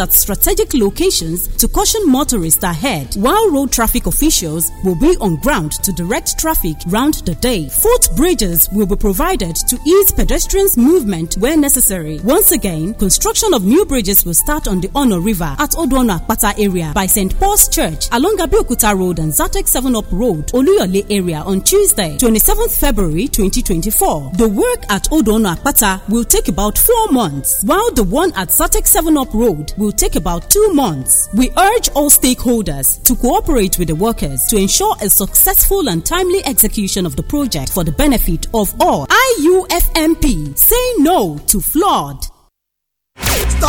at strategic locations to caution motorists ahead, while road traffic officials will be on ground to direct traffic round the day. Foot bridges will be provided to ease pedestrians' movement where necessary. Once again, construction of new bridges will start on the Ono River at Odono Pata area by St. Paul's Church along Abeokuta Road and Zatek 7 Up Road, Oluyole area on Tuesday, 27th February 2024. The work at Odono Pata will take about four months, while the one at Zatek 7 Up Road will take about two months. We urge all stakeholders to cooperate with the workers to ensure a successful and timely execution of the project for the benefit of all. IUFMP say no to flood. jọ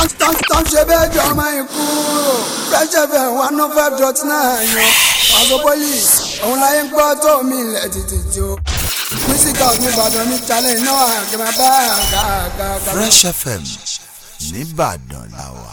ọmọ Fresh FM one oh five dot nine yan òun láyé ń gbọ́ tó mi ilẹ̀ mísíkà ọ̀gbìn Ìbàdàn ní challenge náà àgbẹ̀ Fresh FM nìbàdàn làwà.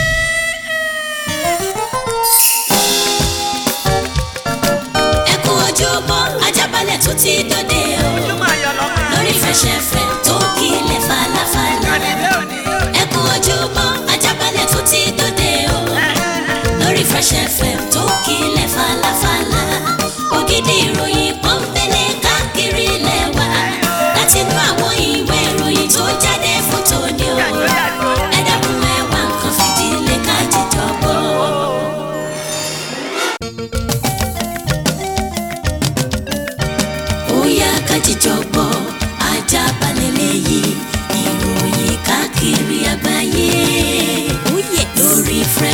tún ti dòde o lórí fẹsẹ̀fẹ̀ tó kílẹ̀ falafala ẹ kú ojúmọ́ ajábalẹ̀ tún ti dòde o lórí fẹsẹ̀fẹ̀ tó kílẹ̀ falafala ògidì ìròyìn pọ́npẹ́lẹ́ káàkiri lẹ́wà látinú àwọn ìwé ìròyìn tó jáde fún.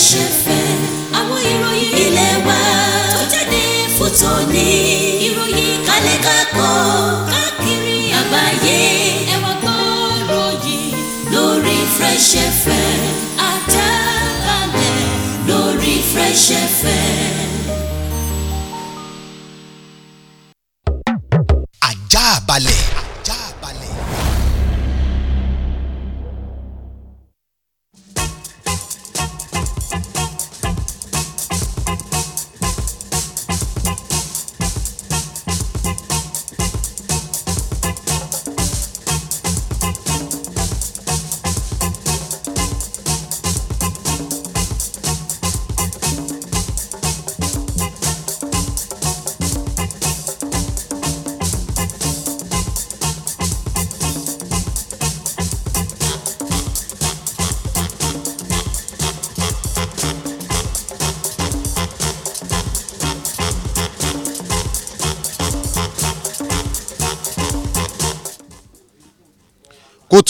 fresh fẹ́ àwọn ìròyìn ilé wa tó jáde fún tòní ìròyìn kálẹ̀ kákọ́ káàkiri àgbáyé ẹ gbọ́rọ̀ yìí lórí fresh fẹ́ lórí fresh fẹ́.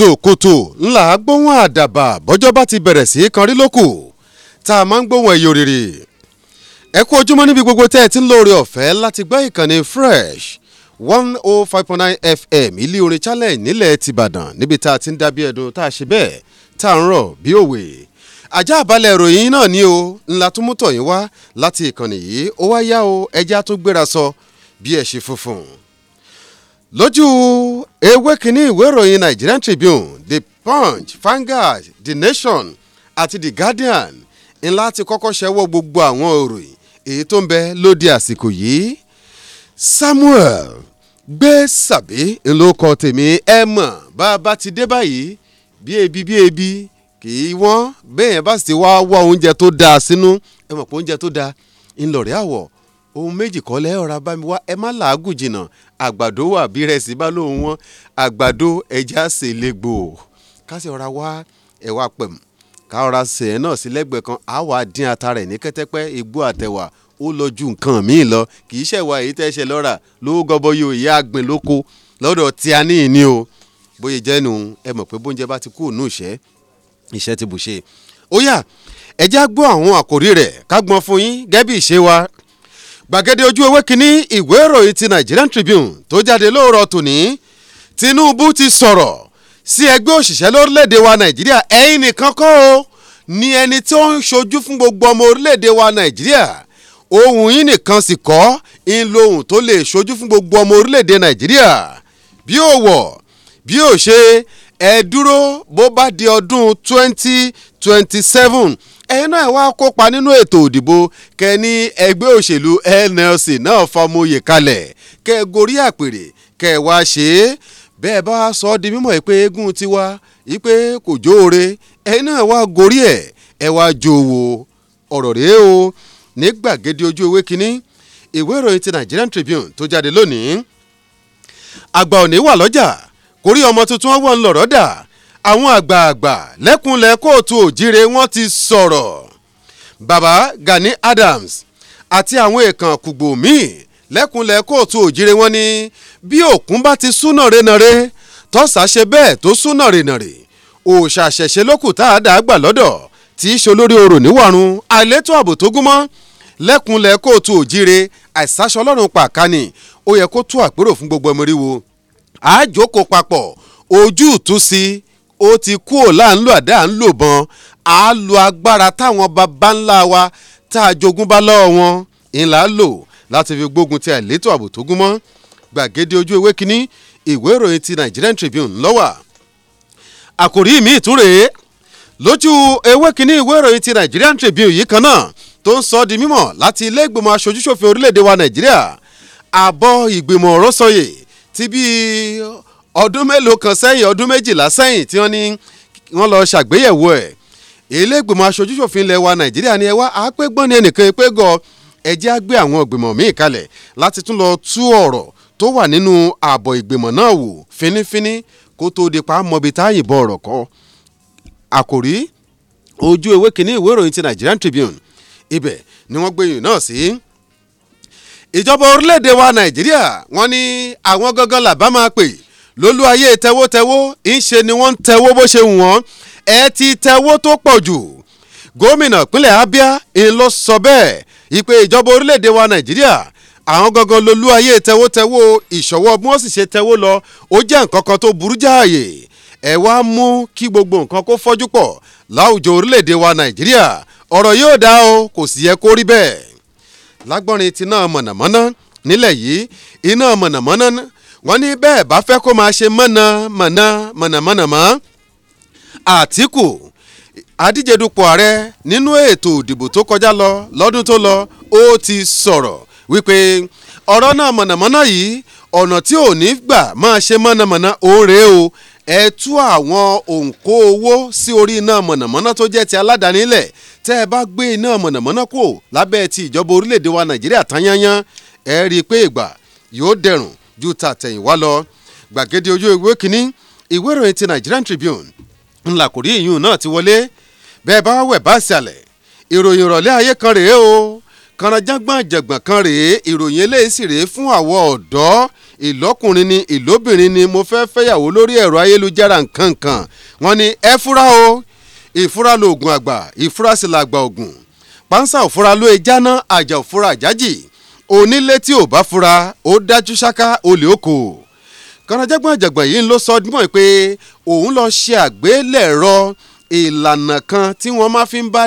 kùtùkùtù ńlá gbóhùn àdàbà bọ́jọ́ bá ti bẹ̀rẹ̀ sí kanrí lókù tá a máa ń gbóhùn ẹ̀yọ́ rírì ẹ kú ojúmọ́ níbi gbogbo tẹ́ ẹ ti ń lóore ọ̀fẹ́ láti gbọ́ ìkànnì fresh one oh five point nine fm ilé orin challenge nílẹ̀ tìbàdàn níbi tá a ti ń dábí ẹ̀dùn tá a ṣe bẹ́ẹ̀ tá a ń rọ̀ bí òwe ajá àbálẹ̀ ìròyìn náà ni o ńlá tún mú tọ̀yìn wá láti ìkànnì yìí ó wá yá o ẹja tún gbéra sọ bí ẹ̀ ṣe funfun lójú ewé kínní ìwé ìròyìn Nigerian Tribune The Punch Vanguard The Nation àti The Guardian ńlá ti kọ́kọ́ ṣẹ́wọ́ gbogbo àwọn òròyìn èyí tó ń bẹ lóde àsìkò yìí Samuel gbé sàbí ńlọkọ tèmi ẹ mọ̀ bá a bá ti dé báyìí bí ebi bí ebi kì í wọ́n bẹ́ẹ̀ yẹn bá sì ti wá wá oúnjẹ tó dáa sínú ẹ mọ̀ pé oúnjẹ tó dáa ńlọrẹ́ àwọ̀ ohun méjì kọ́ lẹ́ ọ̀rá bá mi wá ẹ má làágùn jìnnà àgbàdo wà bí rẹsì bá lóun wọn àgbàdo ẹja ṣèlégbò kásì ọ̀rá wá ẹ̀wà pẹ̀m ká ọ̀rá sèé náà sí lẹ́gbẹ̀ẹ́ kan á wà á dín ata rẹ̀ ní kẹ́tẹ́pẹ́ igbó àtẹ̀wà ó lọ ju nǹkan míì lọ kì í ṣẹ̀wà èyí tẹ́ ṣe lọ́ra lówó gọbọyò ìyá àgbìn lóko lọ́dọ̀ tí a ní ìní o bóyá jẹ́nu ẹ gbàgede ojú ewé kínní ìwé ìròyìn ti Nigerian Tribune tó jáde lóòrọ̀ tòní Tinubu ti sọ̀rọ̀ sí ẹgbẹ́ òṣìṣẹ́ lórílẹ̀ wa Nàìjíríà ẹ̀yin nìkan kọ́ o ní ẹni tí ó ń ṣojú fún gbogbo ọmọ orílẹ̀ wa Nàìjíríà ohun yìí nìkan sì kọ́ ń lo ohun tó lè ṣojú fún gbogbo ọmọ orílẹ̀ Nàìjíríà bí ó wọ̀ bí ó ṣe ẹ dúró bó bá di ọdún twenty twenty seven ẹ̀yin náà wá kópa nínú ètò òdìbò kẹ́ni ẹgbẹ́ òṣèlú NLC náà fọmọye kalẹ̀ kẹ́ gorí àpèrè kẹ́ wá ṣe é bẹ́ẹ̀ bá sọ ọ́ di mímọ̀ pé eégún tiwa ipe kò jóore ẹ̀yin náà wá gorí ẹ̀ ẹ̀ wá jòwó ọ̀rọ̀ rèé o ní gbàgede ojú ewé kínní ìwé ìròyìn ti Nigerian Tribune tó jáde lónìí àgbà òní wà lọ́jà. Ja kórí ọmọ tuntun ọwọ́ ńlọrọ̀ dà àwọn àgbààgbà lẹ́kùnlẹ̀ kóòtù òjíire wọ́n ti sọ̀rọ̀ baba Gani Adams àti àwọn èèkàn kùgbò míì lẹ́kùnlẹ̀ kóòtù òjíire wọ́n ní bí òkun bá ti súnà renare tọ́sà ṣe bẹ́ẹ̀ tó súnà renare òòṣà ṣẹ̀ṣẹ̀ lókù tá a dà gbà lọ́dọ̀ tí í ṣe olórí orò níwọ̀run àìlétò ààbò tó gúnmọ́ lẹ́kùnlẹ̀ kóòtù òjíire àìsàṣọlọ́run pàkánì ó yẹ kó tú àpérò fún gbogbo ọmọ rí wo àjókòó papọ̀ ojú ìtún sí ó ti kú ò láńlò àdá à ń lò bọ́n á lo agbára táwọn baba ńlá wa tá a jogún bá lọ́wọ́ wọn ńlá lò láti fi gbógun ti àìlétò ààbò tó gún mọ́ gbàgede ojú ewé kínní ìwé ìròyìn ti Nigerian Tribune lọ́wà àkòrí mi ìtúrèé lójú ewé kínní ìwé ìròyìn ti Nigerian Tribune yìí kan náà tó ń sọ ọ́ di mímọ̀ láti ilé ìgbìmọ̀ aṣojúṣòfin orílẹ̀-èdè wa Nàìjíríà àbọ̀ ìgbìmọ̀ ọ̀rọ̀ sọyè ti bíi ọdún mélòó kan sẹ́yìn ọdún méjìlá sẹ́yìn tí wọ́n ní wọ́n lọ ṣàgbéyẹ̀wò ẹ̀ ilé ìgbìmọ̀ aṣojúṣòfin ilẹ̀ wa nàìjíríà ni ẹ wá àápégbọ́n ní ẹnìkan ẹ pé gọ ẹ jẹ́ á gbé àwọn ìgbìmọ̀ míì kalẹ̀ láti tún lọ tú ọ̀rọ̀ tó wà nínú ààbọ̀ ìgbìmọ̀ náà wò fínífíní kó tó di pa mọ́bi tá àyìnbọn ọ̀rọ̀ kan àkòrí ojú ewé kínní ìwé ìròyìn ti Nigerian Tribune ibẹ̀ ni wọ́n gbé yìí náà sí ìjọba orílẹ̀-èdè wa nàìjíríà wọ́n ní àwọn gangan làbá máa pè lólú ayé tẹwótẹwó ńṣe ni wọ́n ń tẹwó bó ṣe wọ́n ẹ ti tẹwó tó pọ̀ jù gómìnà ìpínlẹ̀ abia ń lọ sọ bẹ́ẹ̀ ìpè ìjọba orílẹ̀-èdè wa nàìjíríà àwọn gangan lolú ayé tẹwótẹwó ìṣọwọ́ bí wọ́n sì ṣe tẹwó lọ ó jẹ́ nǹkan kan tó burú jáàyè ẹ wá mú kí gbogbo nǹkan kó fọ́jú pọ̀ láwùjọ orílẹ̀-èdè wa nàìjíríà ọ̀rọ̀ yóò dá o kò sì yẹ kó rí bẹ́ẹ̀. lágbọ́nrin ti náà mọ̀nàmọ́ná nílẹ̀ yìí iná mọ̀nàmọ́ná wọ́n ní bẹ́ẹ̀ bá fẹ́ kó máa ṣe mọ̀nà mọ̀nà mọ̀nàmọ́ná mọ́ Àtíkù adíjedupò ààrẹ nínú ètò òdìbò tó kọjá lọ lọ́dún tó lọ ó ti sọ̀rọ̀ wípé ọ̀rọ̀ náà mọ̀nàmọ́ná yìí ọ̀nà tí ò ní gbà máa ṣe mọ̀nàmọ́ná òun rèé o ẹ tú àwọn òǹkó owó sí orí iná mọ̀nàmọ́ná tó jẹ́ ti aládàáni lẹ̀ tẹ́ ẹ bá gbé iná mọ̀nàmọ́ná kò lábẹ́ ti ìjọba orílẹ̀-èdè wa nàìjíríà tán yányán ẹ rí i pé ìgbà yóò dẹ̀rùn ju tàtẹ̀yìnwá lọ gbàgede ojú ìwé kínní ìwé ìròyìn ti Nigerian Tribune ńlá kò rí ìyún náà ti wọlé bẹ́ẹ̀ bá wẹ̀ bá ṣàlẹ̀ ìròyìn ìrọ̀lẹ́ ayé kan rèé o kànájàngbọ̀n jẹ̀gbọ̀n kan rèé ìròyìn eléyìí sì rèé fún àwọ̀ ọ̀dọ́ ìlọ́kùnrin ni ìlóbìnrin ni mo fẹ́ fẹ́yàwó lórí ẹ̀rọ ayélujára nkankan wọ́n ní ẹ fura o ìfura lóògùn àgbà ìfura sì làgbà ògùn pánsá òfura ló ejáná àjà òfura àjájì onílé tí ò bá fura ó dájú ṣáká olè oko kànájàngbọ̀n jẹ̀gbọ̀n yìí ló sọ ọdún mọ́ pé òun lọ ṣe àgbélẹ̀rọ ìlànà kan tí wọ́n máa fi ń bá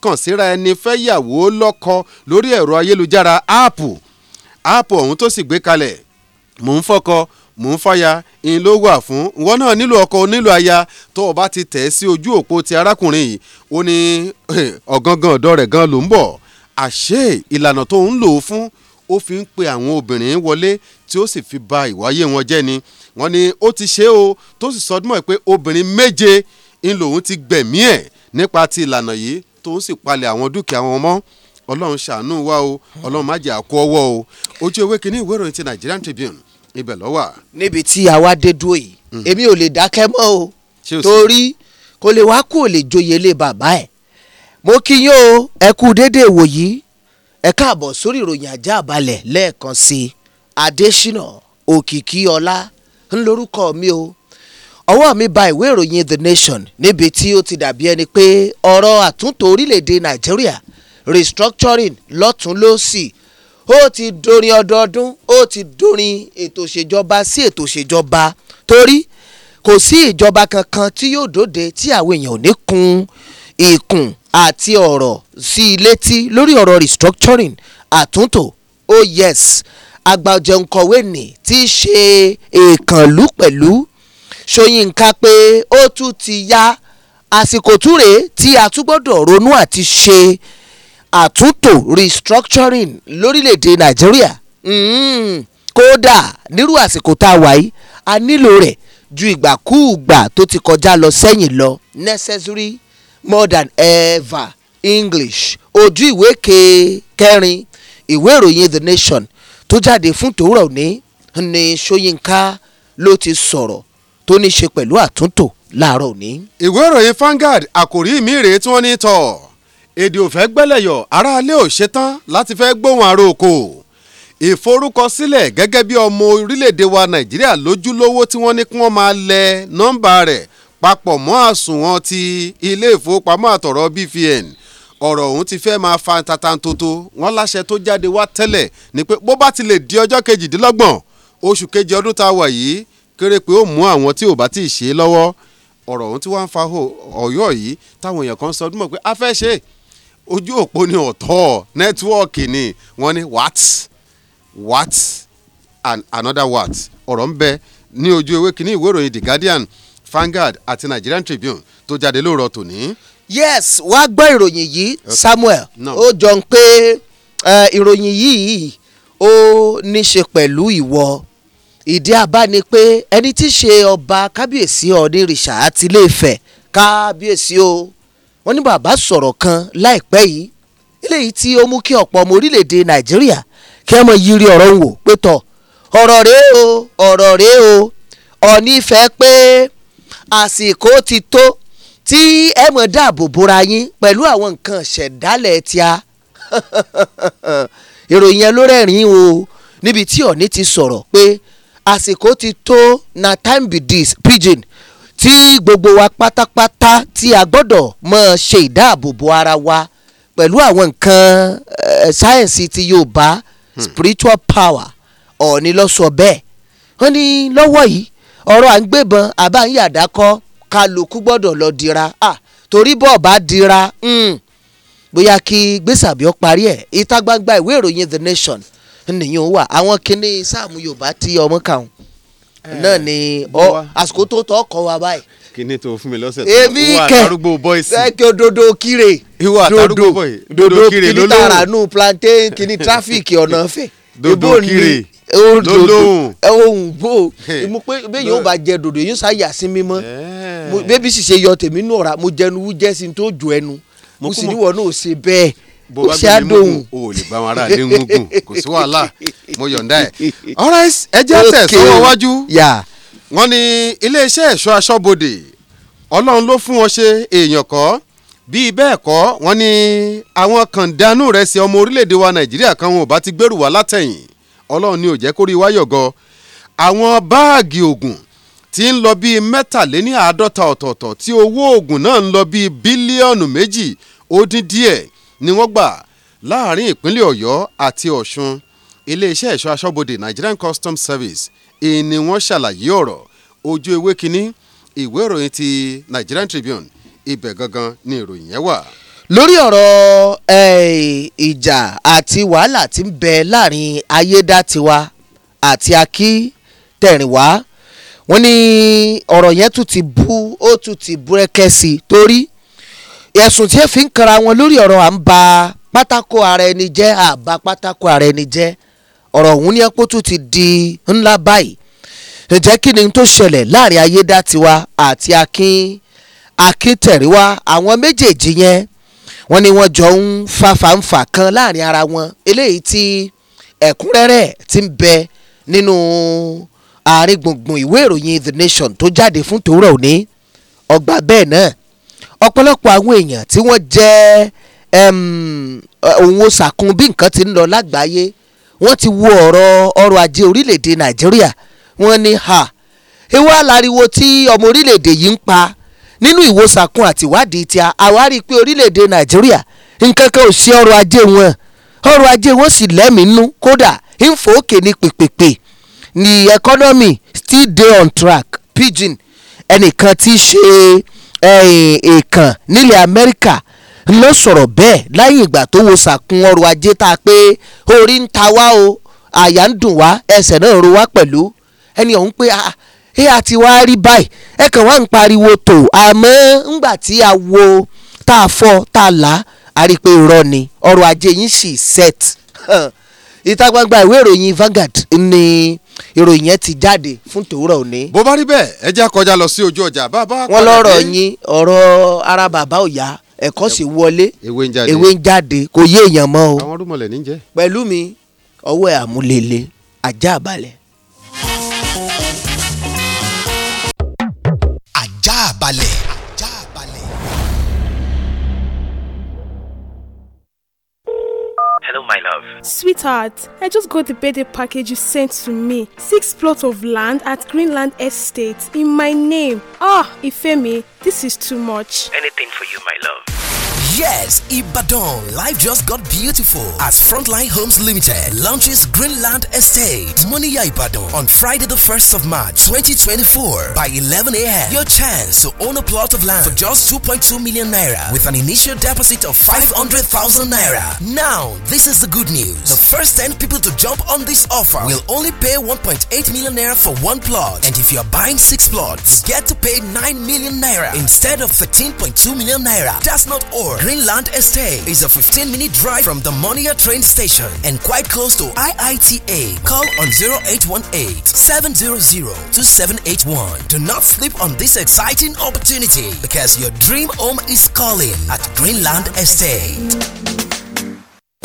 kàn síra ẹni fẹ́yàwó lọ́kọ lórí ẹ̀rọ ayélujára áàpù áàpù ọ̀hún tó sì gbé kalẹ̀ mò ń fọkọ mò ń fàyà ń ló wà fún ìwọ náà nílò ọkọ nílò aya tó o bá ti tẹ̀ sí ojú òpó ti arákùnrin yìí ó ní ọ̀gángán ọ̀dọ́ rẹ̀ gan ló ń bọ̀ àṣé ìlànà tó ń lò ó fún ó fi ń pe àwọn obìnrin wọlé tí ó sì fi ba ìwáyé wọn jẹ́ ni wọ́n ní ó ti ṣe o tó sì sọdúnmọ́ pé obìnrin méje ń lòun ti gbẹ̀mí ẹ̀ nípa ti ìlànà yìí tó ń sì palẹ̀ àwọn dúkìá wọn mọ́ ọlọ́run ṣàánú wa o ọlọ́run má jẹ́ àkó ọwọ́ o ojú ewé kínní ìwé ìròyìn ti Nigerian Tribune ibẹ̀ ló wà. níbi tí àwa dé dúró yìí hmm. èmi ò lè dákẹ́ mọ́ o torí kò lè wá kú lè joyè lé bàbá ẹ̀ mo kí yín o ẹ kú déédéé wò yìí ẹ káàbọ̀ sórí ìròyìn ajá àbálẹ̀ lẹ́ẹ̀kan sí i Adésínà Òkìkí Ọlá ńlórúkọ mi o ọwọ́ mi ba ìwé ìròyìn the nation níbi tí ó ti dàbí ẹni pé ọ̀rọ̀ àtúntò orílẹ̀-èdè nàìjíríà restructuring lọ́tún lọ́sì ó ti dorin ọdọọdún ó ti dorin ètò ìṣèjọba sí ètò ìṣèjọba torí kò sí ìjọba kankan tí yóò dóde tí àwọn èèyàn ò ní kun ìkùn àti ọ̀rọ̀ sí i létí lórí ọ̀rọ̀ restructuring àtúntò oh yes àgbà ọ̀jẹ̀ǹkọ̀wé nì tí í ṣe èèkànlú pẹ̀lú ṣóyínká pé ó tún ti yá àsìkò túre tí a tún gbọ́dọ̀ ronú àti ṣe àtúntò restructuring lórílẹ̀‐èdè nàìjíríà hmm, kódà nírú àsìkò tá a wà yìí a nílò rẹ̀ ju ìgbàkúùgbà tó ti kọjá lọ sẹ́yìn lọ necessary more than ever english ojú ìwé kẹrin ìwé ìròyìn the nation tó jáde fún tòwúrọ̀ ní ní ṣóyínká ló ti sọ̀rọ̀ tó ní í ṣe pẹ̀lú àtúntò láàárọ̀ òní. ìwé ìròyìn Vanguard àkòrí mi rèé tí wọ́n ní tọ̀ èdè òfẹ́ gbẹ́lẹ̀yọ̀ aráalé ò ṣetán láti fẹ́ gbóhùn àròkò ìforúkọsílẹ̀ gẹ́gẹ́ bí ọmọ orílẹ̀-èdè wa Nàìjíríà lójúlówó tí wọ́n ní kí wọ́n máa lẹ nọ́mbà rẹ̀ papọ̀ mọ́ àsùnwọ̀n ti ilé ìfowópamọ́ àtọ̀rọ̀ BVN ọ̀rọ̀ ọ̀hún ti fẹ́ máa fa tatantoto wọ́n láṣẹ tó jáde wá tẹ́lẹ̀ ni pé bó bá ti lè di ọjọ́ kejìdínlọ́gbọ̀n oṣù kejì ọdún tá a wà yìí kéré pé ó mú àwọn tí ò bá tí ì ṣe é lọ́wọ́ ọ̀rọ̀ ọ̀hún tí wọ́n fa ọ̀yọ́ yìí táwọn èèyàn kan sọ ọdún mọ̀ pé a fẹ́ ṣe ojú òpó ni ọ̀tọ̀ nẹ́tíwọ́ọ̀kì ni wọ́n ní what what and another what ọ̀rọ̀ ń bẹ ní ojú ewé kínní ìwé ìròyìn the guardian Vanguard àti Nigerian Tribune tó jáde lóòrọ̀ tòní. yes wàá gbọ́ ìròyìn yìí Samuel ó jọ ń pé ìròyìn yìí ó ní ṣe pẹ̀lú ìwọ ìdí àbá ni pé ẹni tí í ṣe ọba kábíyèsí ọ̀nìrìṣà àti iléèfẹ̀ kábíyèsí o wọ́n ní bàbá sọ̀rọ̀ kan láìpẹ́ yìí eléyìí tí ó mú kí ọ̀pọ̀ ọmọ orílẹ̀-èdè nàìjíríà kí ẹ mọ yiri ọ̀rọ̀ ń wò pé tọ̀ ọ̀rọ̀ rèé o ọ̀rọ̀ rèé o ọ̀ní fẹ́ pé àsìkò ti tó tí ẹ mọ̀ dáàbò bora yín pẹ̀lú àwọn nǹkan ṣẹ̀dálẹ̀ tíá ìròyìn yẹn ló rẹ́rìn-ín o níbi tí ọ̀ní ti sọ̀rọ̀ pé àsìkò ti tó na time be this pidgin tí gbogbo wa pátápátá tí a gbọ́dọ̀ mọ̀ ṣe ìdáàbòbò ara wa pẹ̀lú àwọn nǹkan eh, sáyẹ̀nsì ti Yorùbá hmm. spiritual power Ọọ̀ni ló sọ bẹ́ẹ̀ wọ́n ní lọ́wọ́ yìí ọ̀rọ̀ à ń gbébọn àbá ń yàdá kọ́ kálukú gbọ́dọ̀ lọ dira ah torí bọ́ọ̀ bá dira hmm, bóyá kí gbèsàbíọ́ parí ẹ̀ ìta gbangba ìwé ìròyìn The Nation nìyẹn ó wà àwọn kinní sáàmù yorùbá tí ọmọ kàn náà ni àsìkò tó tọ́ kọ́ wa báyìí. kinní tó fún mi lọ́sẹ̀ tó wà tarugbo boys. èmi kẹ dodo kire dodo dodo kiri tara nu plantain kinní tráfíkì ọ̀nà fẹ̀. dodo kire lólóhùn ohun bò mo pé bẹ́ẹ̀ yóò bá jẹ dòdò yóò sá yà sí mímọ́ bébí sì ṣe yọ tèmi nù ọ̀rá mo jẹnu wú jẹ́sí tó jù ẹnu mo sì níwọ̀n náà ṣe bẹ́ẹ̀ bó bá gbé mi mú o ò lè gba wọn ara lé ń gùn kò sí wàhálà mo yọ̀ǹda ẹ̀. alright ẹ jẹ́ tẹ̀ sọ́wọ́ wájú wọ́n ní iléeṣẹ́ ẹ̀ṣọ́ aṣọ́bodè ọlọ́run ló fún wọn ṣe èèyàn kọ́ bíi bẹ́ẹ̀ kọ́ wọ́n ní àwọn kàndánù rẹ̀ sí ọmọ orílẹ̀‐èdè wa nàìjíríà kan wọn ò bá ti gbèrú wa látẹ̀yìn ọlọ́run ni ò jẹ́ kórí wáyọ̀ gan àwọn báàgì oògùn tí ń lọ bíi mẹ́tàléní ọ̀tọ̀ọ̀tọ̀ tí owó oògùn náà ń lọ bíi bílíọ̀nù méjì ó dín díẹ̀ ni wọ́n gbà láàrin ìpínlẹ̀ ọ̀yọ́ àti ọ̀ṣun iléeṣẹ́ ẹ̀ṣọ́ aṣọ́bodè nigerian customs service ìní wọ́n ṣàlàyé ọ̀rọ̀ ojú ewé kínní ìwé ìròyìn ti nigerian tribune ibẹ̀ gangan ni ìròyìn yẹn wà. lórí ọ̀rọ̀ eh, ìjà àti wàhálà tí ń bẹ láàrin ayédátiwa àti akítẹ̀rìnwá wọ́n ní ọ̀rọ̀ yẹn tún ti bú ó tún ti búrẹ́kẹ́ sí torí ẹ̀sùn tí ẹ fi ń kanra wọn lórí ọ̀rọ̀ à ń ba pátákó ara ẹni jẹ́ àbá pátákó ara ẹni jẹ́ ọ̀rọ̀ ọ̀hún ní ẹ̀pọ̀ ti di ńlá báyìí ǹjẹ́ kí ni tó ṣẹlẹ̀ láàrin ayédátiwa àti akin akíntẹ̀ríwá àwọn méjèèjì yẹn wọ́n ní wọ́n jọ ń fa fàǹfà kan láàrin ara wọn eléyìí tí ẹ̀kúnrẹ́rẹ́ ti ń bẹ nínú àárín gbùngbùn ìwé ìròyìn The Nation tó jáde fún tòwúrọ̀ òní ọgbà bẹ́ẹ̀ náà ọ̀pọ̀lọpọ̀ àwọn èèyàn tí wọ́n jẹ́ òun ṣàkun bí nǹkan ti ń lọ lágbàáyé wọ́n ti wo ọ̀rọ̀ ọrọ̀ ajé orílẹ̀-èdè nàìjíríà wọ́n ní ha ewu aláriwo tí ọmọ orílẹ̀-èdè yìí ń pa nínú ìwòsàkun àtìwádìí tí a wá rí i pé orílẹ̀-èdè nàìjíríà nǹkan kan ò sí ọrọ̀ ajé wọn ọrọ̀ ajé wọn sì lẹ́mìínú kódà ń fòókè ní pèpèpè ní economy still dey on track pidgin ẹnìkan tí í ṣe èèkàn nílẹ̀ amẹ́ríkà ló sọ̀rọ̀ bẹ́ẹ̀ láyé ìgbà tó wo sàkún ọrọ̀ ajé tá pé orí ń ta wá o àyà ń dùn wá ẹsẹ̀ náà ro wá pẹ̀lú ẹni ọ̀hún pé ah, a ẹ àti wá rí báyìí ẹ kàn wá ń wo tá a fọ́ tá a là á rí i pé irọ́ ni ọrọ̀ ajé set ìta gbangba ìwé ìròyìn ni ìròyìn yẹn ti jáde fún tòwúrọ̀ òní. bó bá rí bẹ́ẹ̀ ẹ jẹ́ kọjá lọ sí ojú ọjà bá a bá. wọ́n lọ́rọ̀ yín ọ̀rọ̀ ara bàbá òyà ẹ̀kọ́ sì wọlé ewé ń jáde kò yé èèyàn mọ́ o. àwọn rúmọlẹ̀ ní jẹ́. pẹ̀lú mi ọwọ́ ẹ̀ àmúlélẹ̀ ajá balẹ̀. ajá balẹ̀. Hello, my love. Sweetheart, I just got the birthday package you sent to me. Six plots of land at Greenland Estate in my name. Ah, oh, Ifemi, this is too much. Anything for you, my love. Yes, Ibadan, life just got beautiful as Frontline Homes Limited launches Greenland Estate, Moniya Ibadan on Friday the 1st of March 2024 by 11 a.m. Your chance to own a plot of land for just 2.2 million naira with an initial deposit of 500,000 naira. Now, this is the good news. The first 10 people to jump on this offer will only pay 1.8 million naira for one plot and if you're buying 6 plots, you get to pay 9 million naira instead of 13.2 million naira. That's not all. Greenland Estate is a 15 minute drive from the Monia train station and quite close to IITA. Call on 0818 700 2781. Do not sleep on this exciting opportunity because your dream home is calling at Greenland Estate.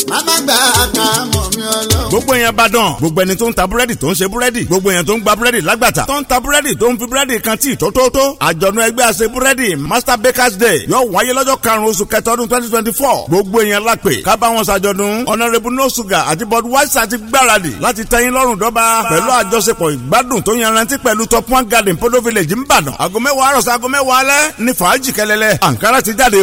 Màmá gba àkàmọ̀ mi ọlọ́run. Gbogbo èèyàn bá dán. Gbogbo ẹni tó ń ta búrẹ́dì tó ń ṣe búrẹ́dì. Gbogbo èèyàn tó ń gba búrẹ́dì lágbàtà. Tó ń ta búrẹ́dì tó ń fi búrẹ́dì kan tí tótótó. Àjọ̀dún ẹgbẹ́ àṣẹ búrẹ́dì Master Bakers Day yóò wáyé lọ́jọ́ karùn-ún oṣù kẹtọ́dún twenty twenty four. Gbogbo èèyàn la pè. Ká bá wọn ṣàjọ̀dún. Honourable No Sugar àti Budweiser ti gbáradì láti tẹ́yìn lọ́rùn dọ́ba. Pẹ̀lú àjọṣepọ̀ ìgbádùn tó yanrantí pẹ̀lú Top Garden Podo Village Ìbàdàn. Aago mẹ́wàá àrọ̀sọ aago mẹ́wàá alẹ́ ní fàájì kẹlẹ́lẹ́.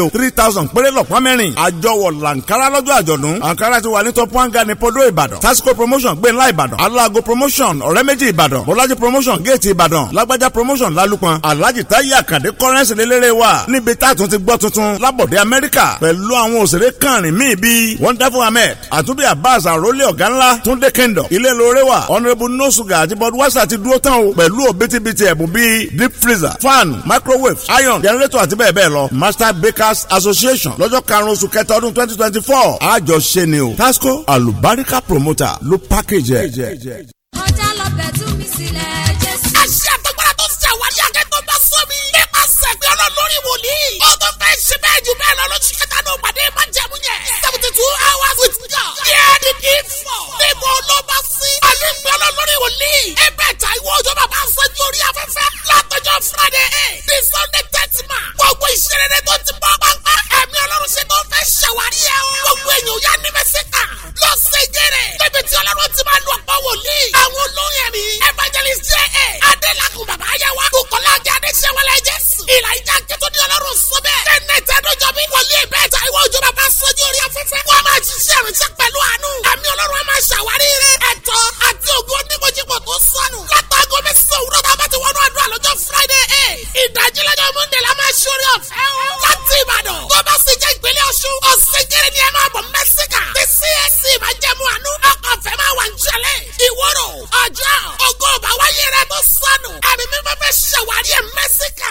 o. three thousand péré lọ́pọ̀ mẹ́rin. Àjọwọ̀ làǹkárá lọ́jọ́ àjọ̀dún ankara ti wà ní top ní podo ìbàdàn tasco promotion gbẹ̀nlá ìbàdàn alago promotion ọ̀rẹ́ ìbàdàn bọ́lájí promotion géètì ìbàdàn lágbájá promotion lálùpọ̀n alhaji táyé àkàndé kọ́rẹ́nsì lélẹ́rẹ́ wa níbi tá a tún ti gbọ́ tuntun lábọ̀dé amẹ́ríkà pẹ̀lú àwọn òṣèré kànrin míì bíi wonderful ahmed àtúndé abbas àròlé ọ̀gá ńlá túndé kingdom ilé lóore wa honourable no sugar àti budweiser ti dúró tán o pẹ̀lú òbítíbitì ẹ̀bùn bíi deep freezer fan microwave iron generator àti bẹ́ẹ̀ bẹ́ẹ̀ lọ master bakers association lọ́jọ́ karùn-ún oṣù kẹta ọdún twenty twenty four àjọṣe ṣe ni o tasco alubarika promoter ló package ẹ. kì í fọ̀. níbo ló bá sí. pẹ̀lú ìpínlẹ̀ lórí wòlíì. ẹ bẹ́ẹ̀ ta ìwọ òjò bàbá ń sẹ́jú orí afẹ́fẹ́. látọjọ́ friday eight ní sunday thirty ma. gbogbo ìṣerere tó ti bọ́ pápá. ẹ̀mí ọlọ́run ṣe tó ń fẹ́ ṣàwárí ẹ o. gbogbo èèyàn yá ní mẹ́síkà. lọ sí gẹ́rẹ̀. níbi tí ọlọ́run ti máa lu ọ̀pọ̀ wòlíì. àwọn olóyè mi. evangelist jẹ́ ẹ̀. adélakùn bàbá yà wá. kòkòlá jẹ́ adéṣẹ́wọlẹ̀ jésù. ìlà ìjà kẹ́tọ́ di ọlọ́run sọ bẹ́ẹ̀. kẹ́ńtẹ́ tẹ́nu jọ bí wòlíì bẹ́ẹ̀ ta ìwọ òjò bàbá sẹ́jú orí afẹ́fẹ́. wọ́n máa ṣiṣẹ́ ìrìnsẹ̀ pẹ̀lú àánú ẹ̀mí ọlọ́run a máa ṣàwárí rẹ̀ ẹ̀tọ́ àti ògùn onímọ̀jìpọ̀ tó sọnù látàgọ́ mẹ́sàn-án òwúrọ̀ tá a bá ti wọnú àdúrà lọ́jọ́ friday eight ìdájí lọ́jọ́ monday la máa ṣorí ọ̀fẹ́ o láti ìbàdàn tó bá sì jẹ́ ìpínlẹ̀ ọ̀ṣun ọ̀sẹ̀ kéré ni ẹ máa bọ̀ mẹ́síkà tí csc máa e jẹ́ mu àánú ọkọ̀ máa wà ń ṣẹlẹ̀ ọjọ́ ògo ọ̀bà wáyé rẹ̀ tó sọnù ẹ̀mí mímọ́ fẹ́ ṣàwárí ẹ̀ mẹ́síkà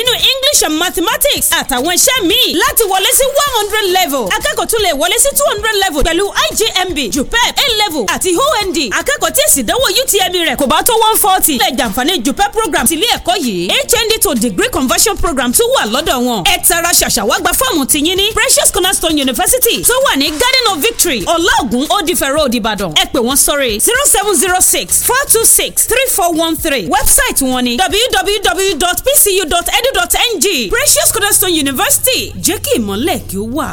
nínú English and mathematics àtàwọn iṣẹ́ míì láti wọlé sí one hundred level akẹ́kọ̀ọ́ tún lè wọlé sí two hundred level pẹ̀lú IJMB JUPEB A level àti OND akẹ́kọ̀ọ́ tí èsì ìdánwò UTME rẹ̀ kò bá tó one forty lè jàǹfààní JUPEB program tìlé ẹ̀kọ́ yìí HND to degree conversion program tún wà lọ́dọ̀ wọn ẹ tara ṣàṣàwágbá fọ́ọ̀mù tìyín ní Precious Cornerstone University tó wà ní Garden of Victory ọlọ́ọ̀gùn òdìfẹ̀rọ̀ òdìbàdàn ẹ pè wọ́n sórí zero seven zero six four two six three four one three website wọn ni www.pcu.nl edu.ng Precious Cornerstone University jẹ́ kí ìmọ̀lẹ̀ kí ó wà.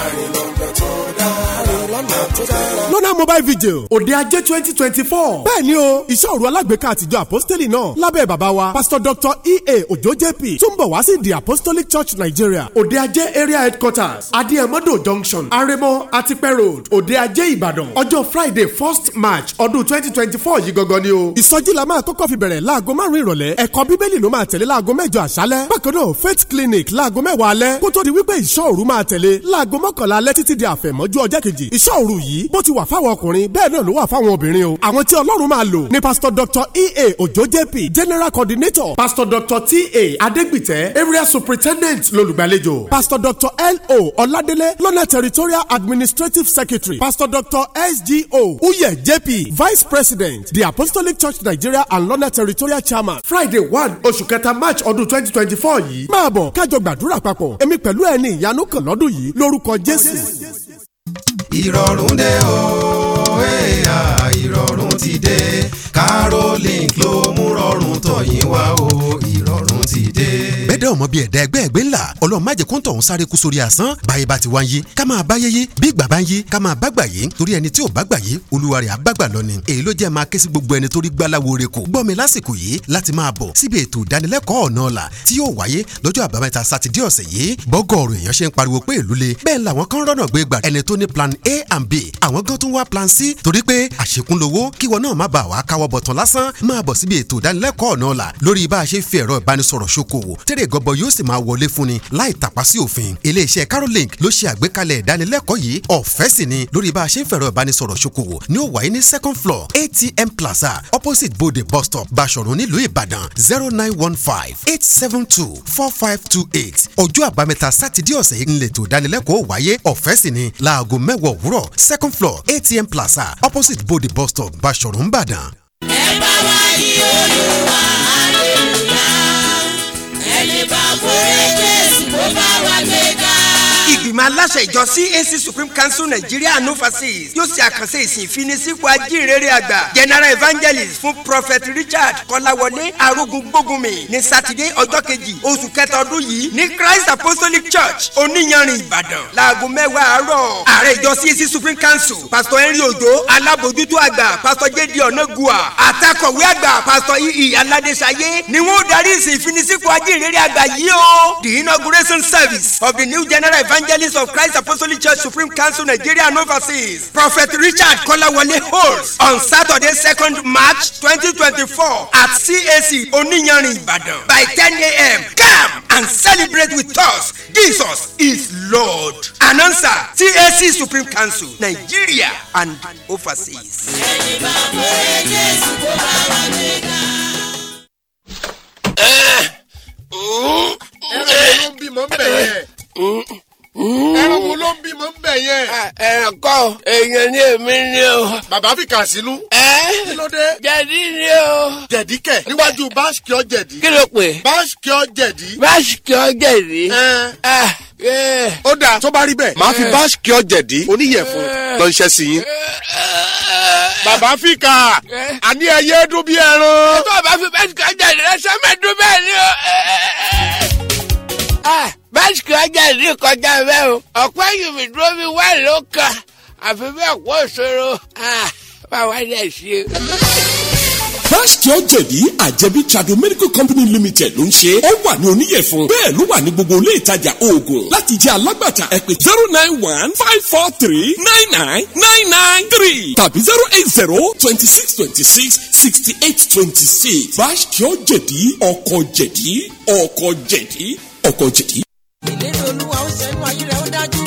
àrìlọ́gbà tó dára lọ́nà tó dára mobile vigil òde ajé twenty twenty four. bẹ́ẹ̀ni o iṣẹ́ òru alágbèéká àtijọ́ apostoli náà lábẹ́ bàbá wa pastor doctor ea ojo jp tún bọ̀ wá sí the apostolic church nigeria òde ajé area headquarters adiamodo junction aremo atipẹ road òde ajé ìbàdàn ọjọ́ friday first march ọdún twenty twenty four yìí gangan ni o. ìsọjí la máa kọ́kọ́ fi bẹ̀rẹ̀ láago márùn-ún ìrọ̀lẹ́ ẹ̀kọ́ bíbélì ló máa tẹ̀lé láago mẹ́jọ àṣálẹ́ bákan náà faith clinic láago mẹ́wàá alẹ́ kó tó di wípé ìṣọ́ òru máa tẹ̀lé láago mọ́kànlá alẹ́ títí di àfẹ̀mọ́jú ọjọ́ kejì ìṣọ́ òru yìí bó ti wà fáwọn fáwọn ọkùnrin bẹ́ẹ̀ náà ló wà fáwọn obìnrin o àwọn tí ọlọ́run máa lò ní pastor dr ea ojo jp general coordinator pastor dr ta adegbite area superintendent lolùgbàlejò pastor dr lo ọládélé lọ́nà territorial administrative secretary pastor dr sgo uye jp vice president the apostolic church nigeria and lọ́nà territorial chairman friday one oṣù kẹta march ọdún twenty twenty four yìí máa bọ̀ kájọ gbàdúrà papọ̀ èmi pẹ̀lú ẹni ìyanu kan lọ́dún yìí lórúkọ jésù. ìrọ̀rùn dé o ẹ̀yà ìrọ̀rùn ti dé Caroline ló mú rọrùn tọ̀yìn wá o ìrọ̀rùn ti dé. bẹ́ẹ̀ dẹ́ ọmọ bíi ẹ̀dá ẹgbẹ́ ẹgbẹ́ ńlá ọlọ́run má jẹ́ kó ń tọ̀hún sáré kú sórí asán báyé bá ti wá ń yé ká máa báyé yé bí ìgbà bá ń yé ká máa bágbà yé torí ẹni tí ò bágbà yé olúwa rẹ̀ àbágbà lọ ni èyí ló jẹ́ máa ké sí gbogbo ẹni torí gbáláwo rẹ̀ kò gbọ́ mi lásìkò yìí láti máa bọ̀ síbi ètò ìdánilẹ́kọ̀ọ́ ọ̀nà ọ̀la tí yóò plan a and b àwọn plan c torí pé àṣekúnlówó kíwọ náà má bàa wá káwọ́ bọ̀tán lásán máa bọ̀ síbi ètò ìdánilẹ́kọ̀ọ́ ọ̀nà ọ̀la lórí bá a ọ̀rọ̀ ṣòkòwò tèrè gọbọ yóò sì máa wọlé fún ni láì tàpá sí òfin iléeṣẹ́ carolink ló ṣe àgbékalẹ̀ ìdánilẹ́kọ̀ọ́ yìí ọ̀fẹ́ sì ni lórí bá a ṣe ń fẹ̀rọ ìbánisọ̀rọ̀ ṣòkòwò ní ó wáyé ní second floor atm plaza opposite bode bus stop basọ̀run nílùú ìbàdàn zero nine one five eight seven two four five two eight ọjọ́ àbámẹ́ta sátidé ọ̀sẹ̀ yìí ńlẹ̀tò ìdánilẹ́kọ̀ọ́ wáyé ọ̀fẹ́ sì ni láago mẹ́wọ̀ òwúrọ̀ second floor atm plaza opposite bode bus stop basọ̀run ìbàdàn. ẹ bá wá yí olúwa. ó bá wa gbé ga ìgbìmọ̀ aláṣẹ ìjọ CAC Supreme Council Nigeria and Overseas yóò ṣe àkànṣe ìsìn ìfinisípò ajínrere àgbà general evangelist fún prophet Richard Kọ́láwọlé arógun gbógunmi ní sátidé ọjọ́ kejì oṣù kẹta ọdún yìí ní Christ Apostolic Church oníyanrìn Ìbàdàn láago mẹ́wàá àárọ̀ ààrẹ ìjọ CAC Supreme Council pastor Henry Odo alábòjútó àgbà pastor J.D. Onagua àtàkọ̀wé àgbà pastor E.E. Aládéṣayé ni wọ́n darí ìsìn ìfinisípò ajínrere àgbà yìí o the inauguration service of the new general evangelist Assemblies of Christ Apostolic Church Supreme Council Nigeria and overseas Prophet Richard Kolawole holds on Saturday 2nd March 2024 at CAC Oniyanrin Ibadan by 10 a.m. Come and celebrate with us. Jesus is Lord. Announcer CAC Supreme Council Nigeria and overseas. Ẹni bá bọ́ ẹ Jésù kó bá wà nígbà. Ẹ ẹ ló ń bímọ ń bẹ̀rẹ̀. Mm, mm, mm ẹranko ló ń bímọ ń bẹ̀ yẹn. Ah, ẹ̀kọ́ èèyàn ni èmi ni o. bàbá fi kà sílú. ẹ kí ló dé. jẹ̀dí ni o. jẹ̀dí kẹ̀ níwájú báṣkìọ́ jẹ̀dí. kí ló pè. báṣkìọ́ jẹ̀dí. báṣkìọ́ jẹ̀dí. Ah, ó dáa tó bá rí bẹ́ẹ̀. màá fi eh. báṣkìọ́ jẹ̀dí oníyẹ̀fun eh. lọ iṣẹ́ sí yín. Eh. bàbá fi kà àní ẹyẹ dún bí ẹran. ẹ tó bá fi báṣkìọ́ jẹ̀dí rẹ sẹ́mẹ̀ẹ́dún bẹ́ẹ̀ ni o. Ah báṣìkì ọjà ní kọjá bẹ́ẹ̀ o ọ̀pẹ́ yìí dúró mi wá ló kan àfi bẹ́ẹ̀ kó ṣòro ah, bá wá dẹ̀ ṣe. Báṣkì ọ̀jẹ̀bí àjẹbí Trado Medical Company Limited ló ń ṣe. Ó wà ní oníyẹ̀fun. Bẹ́ẹ̀ ló wà ní gbogbo ilé ìtajà oògùn. Láti jẹ́ alágbàtà ẹ zero nine one five four three nine nine nine nine three tàbí zero eight zero twenty six twenty six sixty eight twenty six. Báṣkì ọ̀jẹ̀bí ọkọ̀ jẹ̀dí ọkọ̀ jẹ̀dí ọkọ̀ jẹ̀dí ìlérí olúwa ó ṣẹ́nu ayé rẹ̀ ó dájú